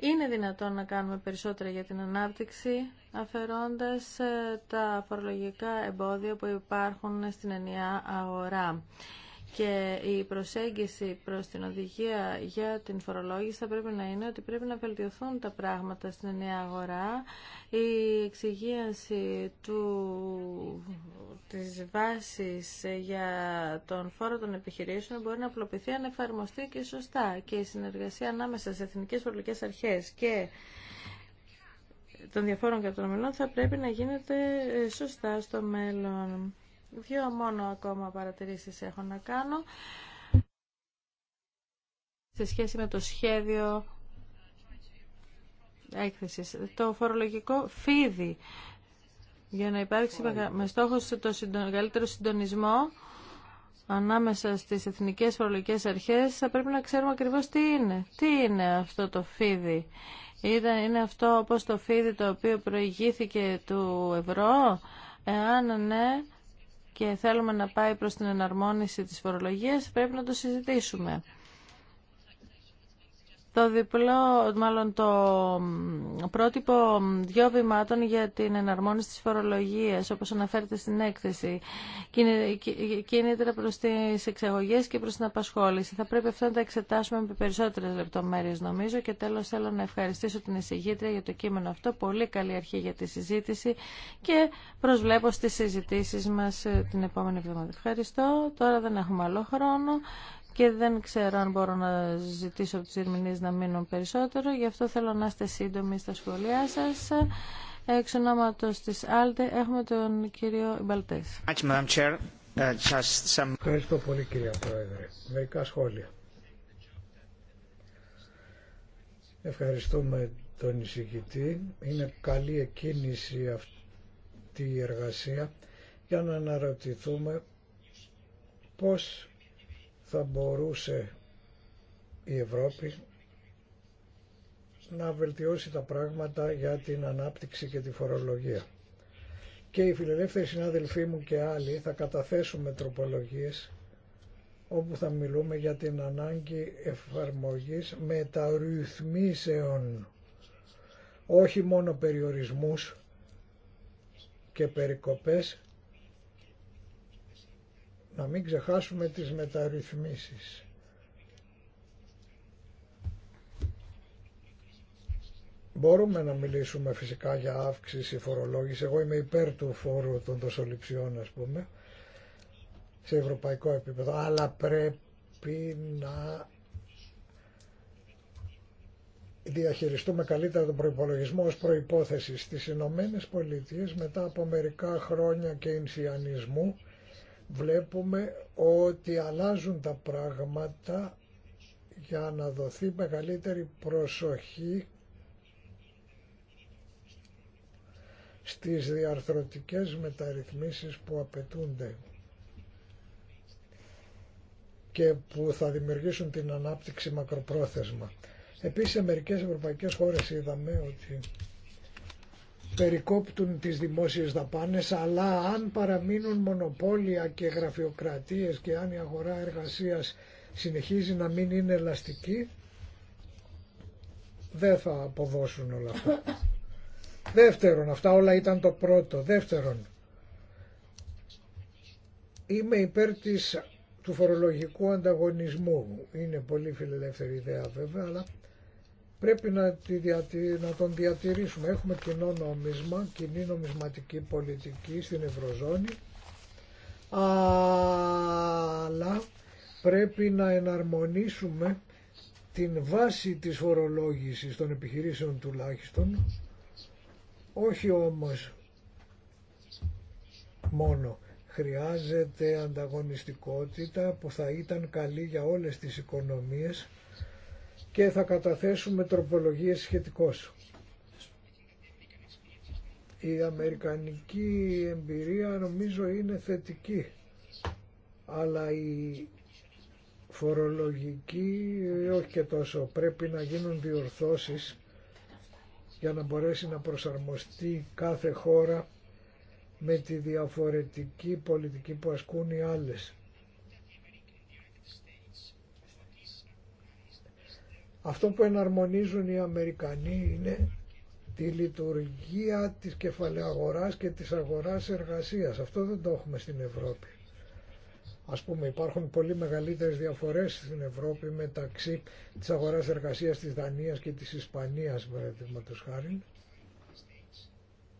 είναι δυνατόν να κάνουμε περισσότερα για την ανάπτυξη αφαιρώντας ε, τα φορολογικά εμπόδια που υπάρχουν στην ενιαία αγορά και η προσέγγιση προς την οδηγία για την φορολόγηση θα πρέπει να είναι ότι πρέπει να βελτιωθούν τα πράγματα στην νέα αγορά. Η εξυγίανση του, της βάσης για τον φόρο των επιχειρήσεων μπορεί να απλοποιηθεί αν εφαρμοστεί και σωστά και η συνεργασία ανάμεσα στις εθνικές φορολογικές αρχές και των διαφόρων κατανομιλών θα πρέπει να γίνεται σωστά στο μέλλον. Δύο μόνο ακόμα παρατηρήσεις έχω να κάνω σε σχέση με το σχέδιο έκθεσης. Το φορολογικό φίδι για να υπάρξει με στόχο το καλύτερο συντονισμό ανάμεσα στις εθνικές φορολογικές αρχές θα πρέπει να ξέρουμε ακριβώς τι είναι. Τι είναι αυτό το φίδι. Ήταν, είναι αυτό όπως το φίδι το οποίο προηγήθηκε του ευρώ. Εάν ναι, και θέλουμε να πάει προς την εναρμόνιση της φορολογίας, πρέπει να το συζητήσουμε. Το διπλό, μάλλον το πρότυπο δυο βημάτων για την εναρμόνιση της φορολογίας, όπως αναφέρεται στην έκθεση, κίνητρα προς τις εξαγωγές και προς την απασχόληση. Θα πρέπει αυτό να τα εξετάσουμε με περισσότερες λεπτομέρειες, νομίζω. Και τέλος θέλω να ευχαριστήσω την εισηγήτρια για το κείμενο αυτό. Πολύ καλή αρχή για τη συζήτηση και προσβλέπω στις συζητήσεις μας ε, την επόμενη εβδομάδα. Ευχαριστώ. Τώρα δεν έχουμε άλλο χρόνο και δεν ξέρω αν μπορώ να ζητήσω από τους ερμηνείς να μείνουν περισσότερο. Γι' αυτό θέλω να είστε σύντομοι στα σχολεία σας. Εξ ονόματος της ΑΛΤΕ έχουμε τον κύριο Μπαλτέ. Uh, Ευχαριστώ πολύ κυρία Πρόεδρε. Μερικά σχόλια. Ευχαριστούμε τον εισηγητή. Είναι καλή εκκίνηση αυτή η εργασία για να αναρωτηθούμε πώς θα μπορούσε η Ευρώπη να βελτιώσει τα πράγματα για την ανάπτυξη και τη φορολογία. Και οι φιλελεύθεροι συνάδελφοί μου και άλλοι θα καταθέσουμε τροπολογίες όπου θα μιλούμε για την ανάγκη εφαρμογής μεταρρυθμίσεων, όχι μόνο περιορισμούς και περικοπές, να μην ξεχάσουμε τις μεταρρυθμίσεις. Μπορούμε να μιλήσουμε φυσικά για αύξηση φορολόγηση. Εγώ είμαι υπέρ του φόρου των δοσοληψιών, ας πούμε, σε ευρωπαϊκό επίπεδο. Αλλά πρέπει να διαχειριστούμε καλύτερα τον προϋπολογισμό ως προϋπόθεση. Στις Ηνωμένε Πολιτείες μετά από μερικά χρόνια και ενσιανισμού βλέπουμε ότι αλλάζουν τα πράγματα για να δοθεί μεγαλύτερη προσοχή στις διαρθρωτικές μεταρρυθμίσεις που απαιτούνται και που θα δημιουργήσουν την ανάπτυξη μακροπρόθεσμα. Επίσης, σε μερικές ευρωπαϊκές χώρες είδαμε ότι περικόπτουν τις δημόσιες δαπάνες αλλά αν παραμείνουν μονοπόλια και γραφειοκρατίες και αν η αγορά εργασίας συνεχίζει να μην είναι ελαστική δεν θα αποδώσουν όλα αυτά. Δεύτερον, αυτά όλα ήταν το πρώτο. Δεύτερον, είμαι υπέρ της, του φορολογικού ανταγωνισμού. Είναι πολύ φιλελεύθερη ιδέα βέβαια, αλλά πρέπει να, τον διατηρήσουμε. Έχουμε κοινό νόμισμα, κοινή νομισματική πολιτική στην Ευρωζώνη, αλλά πρέπει να εναρμονίσουμε την βάση της φορολόγησης των επιχειρήσεων τουλάχιστον, όχι όμως μόνο. Χρειάζεται ανταγωνιστικότητα που θα ήταν καλή για όλες τις οικονομίες και θα καταθέσουμε τροπολογίες σχετικώς. Η αμερικανική εμπειρία νομίζω είναι θετική, αλλά η φορολογική ε, όχι και τόσο. Πρέπει να γίνουν διορθώσεις για να μπορέσει να προσαρμοστεί κάθε χώρα με τη διαφορετική πολιτική που ασκούν οι άλλες. Αυτό που εναρμονίζουν οι Αμερικανοί είναι τη λειτουργία της κεφαλαιαγοράς και της αγοράς εργασίας. Αυτό δεν το έχουμε στην Ευρώπη. Ας πούμε υπάρχουν πολύ μεγαλύτερες διαφορές στην Ευρώπη μεταξύ της αγοράς εργασίας της Δανίας και της Ισπανίας, παραδείγματος χάρη.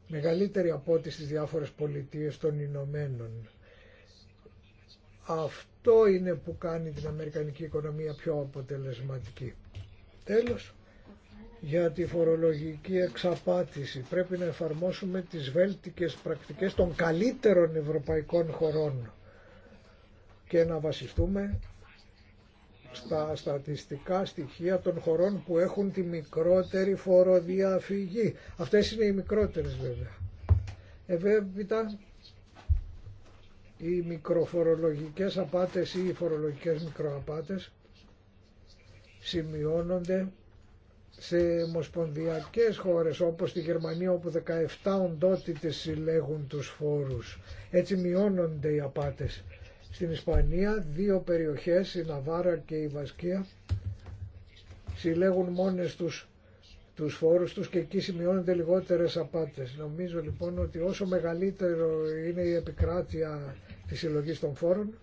Μεγαλύτερη από ό,τι στις διάφορες πολιτείες των Ηνωμένων. Αυτό είναι που κάνει την Αμερικανική οικονομία πιο αποτελεσματική. Τέλος, για τη φορολογική εξαπάτηση πρέπει να εφαρμόσουμε τις βέλτικες πρακτικές των καλύτερων ευρωπαϊκών χωρών και να βασιστούμε στα στατιστικά στοιχεία των χωρών που έχουν τη μικρότερη φοροδιαφυγή. Αυτές είναι οι μικρότερες βέβαια. Ευέβητα οι μικροφορολογικές απάτες ή οι φορολογικές μικροαπάτες σημειώνονται σε μοσπονδιακές χώρες όπως τη Γερμανία όπου 17 οντότητες συλλέγουν τους φόρους. Έτσι μειώνονται οι απάτες. Στην Ισπανία δύο περιοχές, η Ναβάρα και η Βασκία, συλλέγουν μόνες τους τους φόρους τους και εκεί σημειώνονται λιγότερες απάτες. Νομίζω λοιπόν ότι όσο μεγαλύτερο είναι η επικράτεια της συλλογή των φόρων,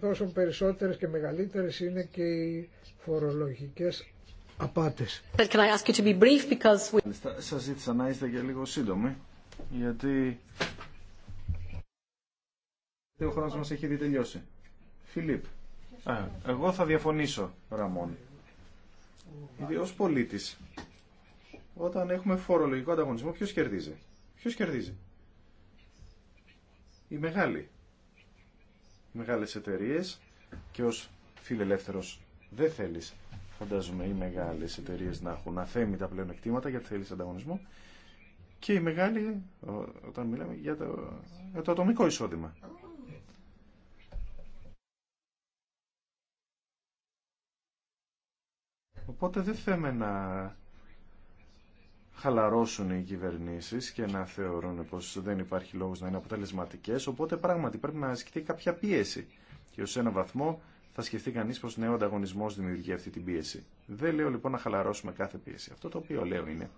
Τόσο ε, περισσότερες και μεγαλύτερες είναι και οι φορολογικές απάτες. Σας ζήτησα να είστε και λίγο σύντομοι, γιατί ο χρόνος μας έχει δει τελειώσει. Φιλίπ, εγώ θα διαφωνήσω, Ραμόν. Γιατί ως πολίτης, όταν έχουμε φορολογικό ανταγωνισμό, ποιος κερδίζει. Ποιος κερδίζει. Οι μεγάλοι μεγάλες εταιρείες και ως φιλελεύθερος δεν θέλεις φαντάζομαι οι μεγάλες εταιρείες να έχουν αθέμητα πλέον εκτήματα γιατί θέλεις ανταγωνισμό και οι μεγάλοι όταν μιλάμε για το, για το ατομικό εισόδημα. Οπότε δεν θέμε να χαλαρώσουν οι κυβερνήσεις και να θεωρούν πως δεν υπάρχει λόγος να είναι αποτελεσματικές, οπότε πράγματι πρέπει να ασκηθεί κάποια πίεση. Και ως ένα βαθμό θα σκεφτεί κανείς πως νέο ανταγωνισμός δημιουργεί αυτή την πίεση. Δεν λέω λοιπόν να χαλαρώσουμε κάθε πίεση. Αυτό το οποίο λέω είναι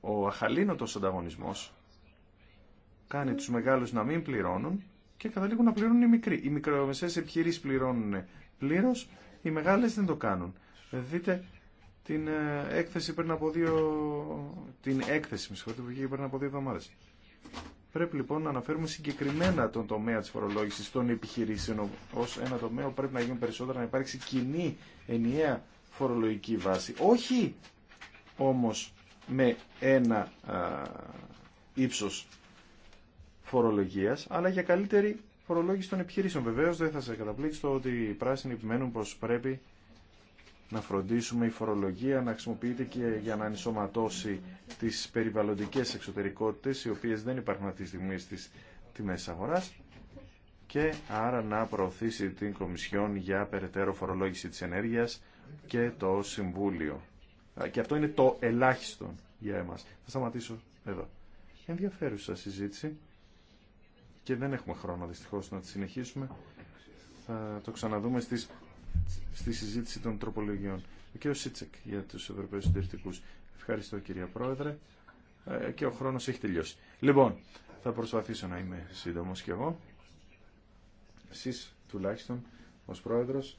ο αχαλήνοτος ανταγωνισμός κάνει τους μεγάλους να μην πληρώνουν και καταλήγουν να πληρώνουν οι μικροί. Οι μικρομεσαίες επιχειρήσει πληρώνουν πλήρω. οι μεγάλες δεν το κάνουν. Δείτε την ε, έκθεση πριν από δύο... την έκθεση, με συγχωρείτε, που πριν από δύο εβδομάδες. Πρέπει λοιπόν να αναφέρουμε συγκεκριμένα τον τομέα της φορολόγησης των επιχειρήσεων ως ένα τομέα που πρέπει να γίνει περισσότερα, να υπάρξει κοινή ενιαία φορολογική βάση. Όχι όμως με ένα ύψο ύψος φορολογίας, αλλά για καλύτερη φορολόγηση των επιχειρήσεων. Βεβαίως δεν θα σε καταπλήξει το ότι οι πράσινοι επιμένουν πως πρέπει να φροντίσουμε η φορολογία να χρησιμοποιείται και για να ενσωματώσει τις περιβαλλοντικές εξωτερικότητες οι οποίες δεν υπάρχουν αυτή τη στιγμή στις τιμές αγοράς και άρα να προωθήσει την Κομισιόν για περαιτέρω φορολόγηση της ενέργειας και το Συμβούλιο. Και αυτό είναι το ελάχιστο για εμάς. Θα σταματήσω εδώ. Ενδιαφέρουσα συζήτηση και δεν έχουμε χρόνο δυστυχώς να τη συνεχίσουμε. Θα το ξαναδούμε στις στη συζήτηση των τροπολογιών. Ο κ. Σίτσεκ για τους Ευρωπαίου Συντηρητικού. Ευχαριστώ κυρία Πρόεδρε ε, και ο χρόνος έχει τελειώσει. Λοιπόν, θα προσπαθήσω να είμαι σύντομος κι εγώ. εσεί τουλάχιστον ως Πρόεδρος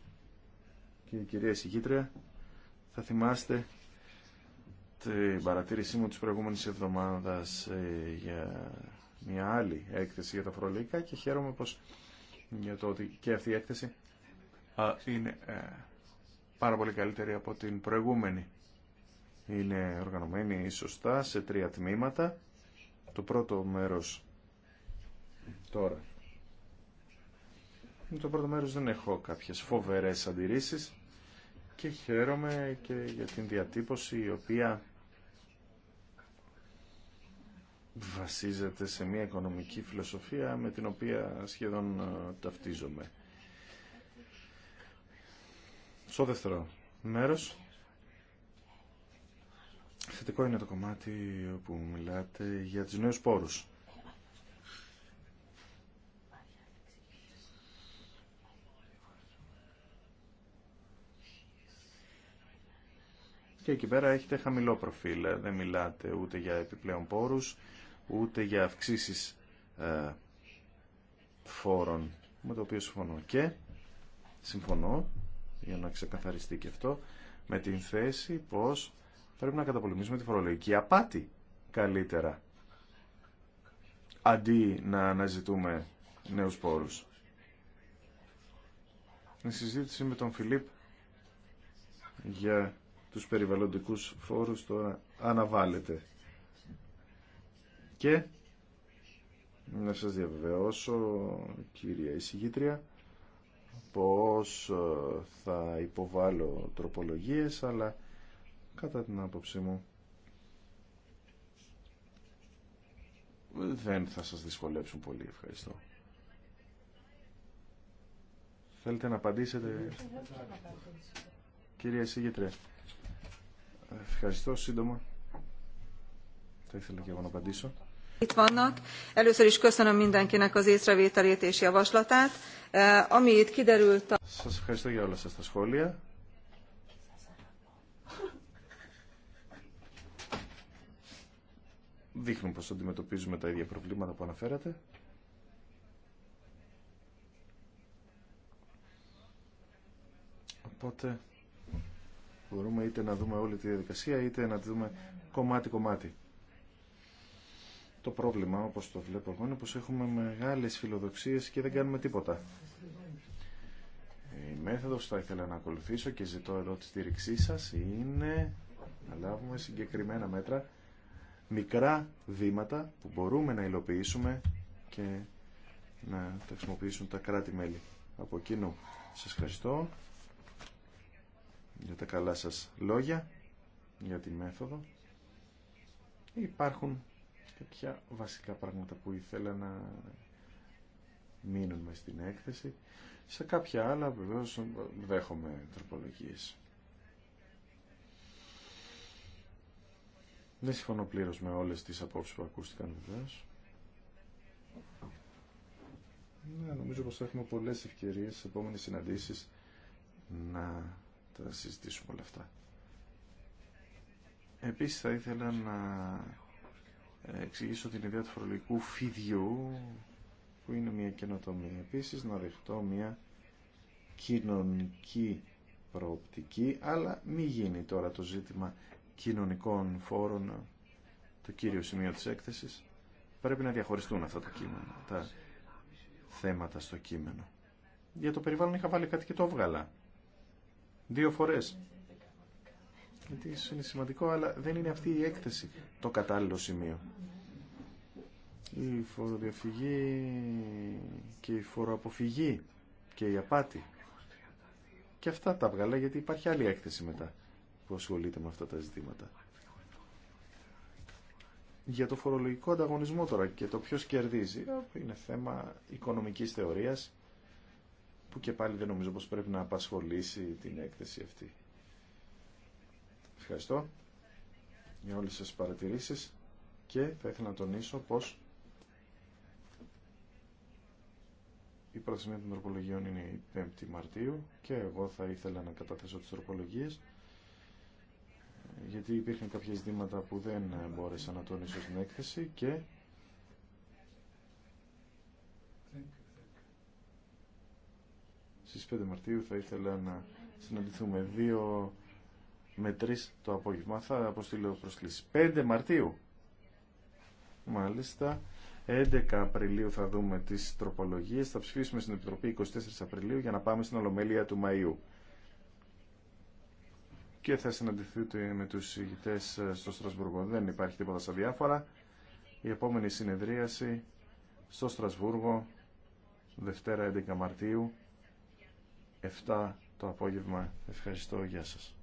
και η κυρία Σιγήτρια θα θυμάστε την παρατήρησή μου της προηγούμενης εβδομάδας ε, για μια άλλη έκθεση για τα φορολογικά και χαίρομαι πως για το ότι και αυτή η έκθεση είναι ε, πάρα πολύ καλύτερη από την προηγούμενη. Είναι οργανωμένη σωστά σε τρία τμήματα. Το πρώτο μέρος τώρα. Το πρώτο μέρος δεν έχω κάποιες φοβερές αντιρρήσεις και χαίρομαι και για την διατύπωση η οποία βασίζεται σε μια οικονομική φιλοσοφία με την οποία σχεδόν ε, ταυτίζομαι. Στο δεύτερο μέρος, θετικό είναι το κομμάτι όπου μιλάτε για τις νέους πόρους. Και εκεί πέρα έχετε χαμηλό προφίλ, δεν μιλάτε ούτε για επιπλέον πόρους, ούτε για αυξήσεις ε, φόρων, με το οποίο συμφωνώ. Και συμφωνώ για να ξεκαθαριστεί και αυτό, με την θέση πως πρέπει να καταπολεμήσουμε τη φορολογική απάτη καλύτερα, αντί να αναζητούμε νέους πόρους. Η συζήτηση με τον Φιλίπ για τους περιβαλλοντικούς φόρους τώρα αναβάλλεται. Και να σας διαβεβαιώσω, κυρία εισηγήτρια, πως ε, θα υποβάλω τροπολογίες αλλά κατά την άποψή μου δεν θα σας δυσκολέψουν πολύ. Ευχαριστώ. Θέλετε να απαντήσετε. Κυρία Σίγητρε, ευχαριστώ σύντομα. Θα ήθελα και εγώ να απαντήσω itt is köszönöm mindenkinek az észrevételét és javaslatát. E, ami ευχαριστώ για όλα σας τα σχόλια. Δείχνουν πως αντιμετωπίζουμε τα ίδια προβλήματα που αναφέρατε. Οπότε μπορούμε είτε να δούμε όλη τη διαδικασία είτε να τη δούμε κομμάτι-κομμάτι. Το πρόβλημα, όπως το βλέπω εγώ, είναι πως έχουμε μεγάλες φιλοδοξίες και δεν κάνουμε τίποτα. Η μέθοδος που θα ήθελα να ακολουθήσω και ζητώ εδώ τη στήριξή σας είναι να λάβουμε συγκεκριμένα μέτρα, μικρά βήματα που μπορούμε να υλοποιήσουμε και να τα χρησιμοποιήσουν τα κράτη-μέλη. Από κοινού σας ευχαριστώ για τα καλά σας λόγια, για τη μέθοδο. Υπάρχουν κάποια βασικά πράγματα που ήθελα να μείνουν στην έκθεση. Σε κάποια άλλα βεβαίως δέχομαι τροπολογίες. Δεν συμφωνώ πλήρω με όλες τις απόψεις που ακούστηκαν βεβαίως. Ναι, νομίζω πως έχουμε πολλές ευκαιρίες σε επόμενες συναντήσεις να τα συζητήσουμε όλα αυτά. Επίσης θα ήθελα να ε, εξηγήσω την ιδέα του φορολογικού φιδιού που είναι μια καινοτομία. Επίσης να δεχτώ μια κοινωνική προοπτική, αλλά μη γίνει τώρα το ζήτημα κοινωνικών φόρων το κύριο σημείο της έκθεσης. Πρέπει να διαχωριστούν αυτά τα κείμενα, τα θέματα στο κείμενο. Για το περιβάλλον είχα βάλει κάτι και το έβγαλα. Δύο φορές γιατί είναι σημαντικό, αλλά δεν είναι αυτή η έκθεση το κατάλληλο σημείο. Η φοροδιαφυγή και η φοροαποφυγή και η απάτη. Και αυτά τα βγάλα γιατί υπάρχει άλλη έκθεση μετά που ασχολείται με αυτά τα ζητήματα. Για το φορολογικό ανταγωνισμό τώρα και το ποιος κερδίζει είναι θέμα οικονομικής θεωρίας που και πάλι δεν νομίζω πως πρέπει να απασχολήσει την έκθεση αυτή. Ευχαριστώ για όλες τις παρατηρήσεις και θα ήθελα να τονίσω πως η προθεσμία των τροπολογιών είναι η 5η Μαρτίου και εγώ θα ήθελα να καταθέσω τις τροπολογίες γιατί υπήρχαν κάποια ζητήματα που δεν μπόρεσα να τονίσω στην έκθεση και στις 5 Μαρτίου θα ήθελα να συναντηθούμε δύο με 3 το απόγευμα θα αποστείλω προσκλήσεις. 5 Μαρτίου, μάλιστα, 11 Απριλίου θα δούμε τις τροπολογίες, θα ψηφίσουμε στην Επιτροπή 24 Απριλίου για να πάμε στην Ολομέλεια του Μαΐου. Και θα συναντηθείτε με τους ηγητέ ε, στο Στρασβούργο. Δεν υπάρχει τίποτα στα διάφορα. Η επόμενη συνεδρίαση στο Στρασβούργο, Δευτέρα 11 Μαρτίου, 7 το απόγευμα. Ευχαριστώ, γεια σας.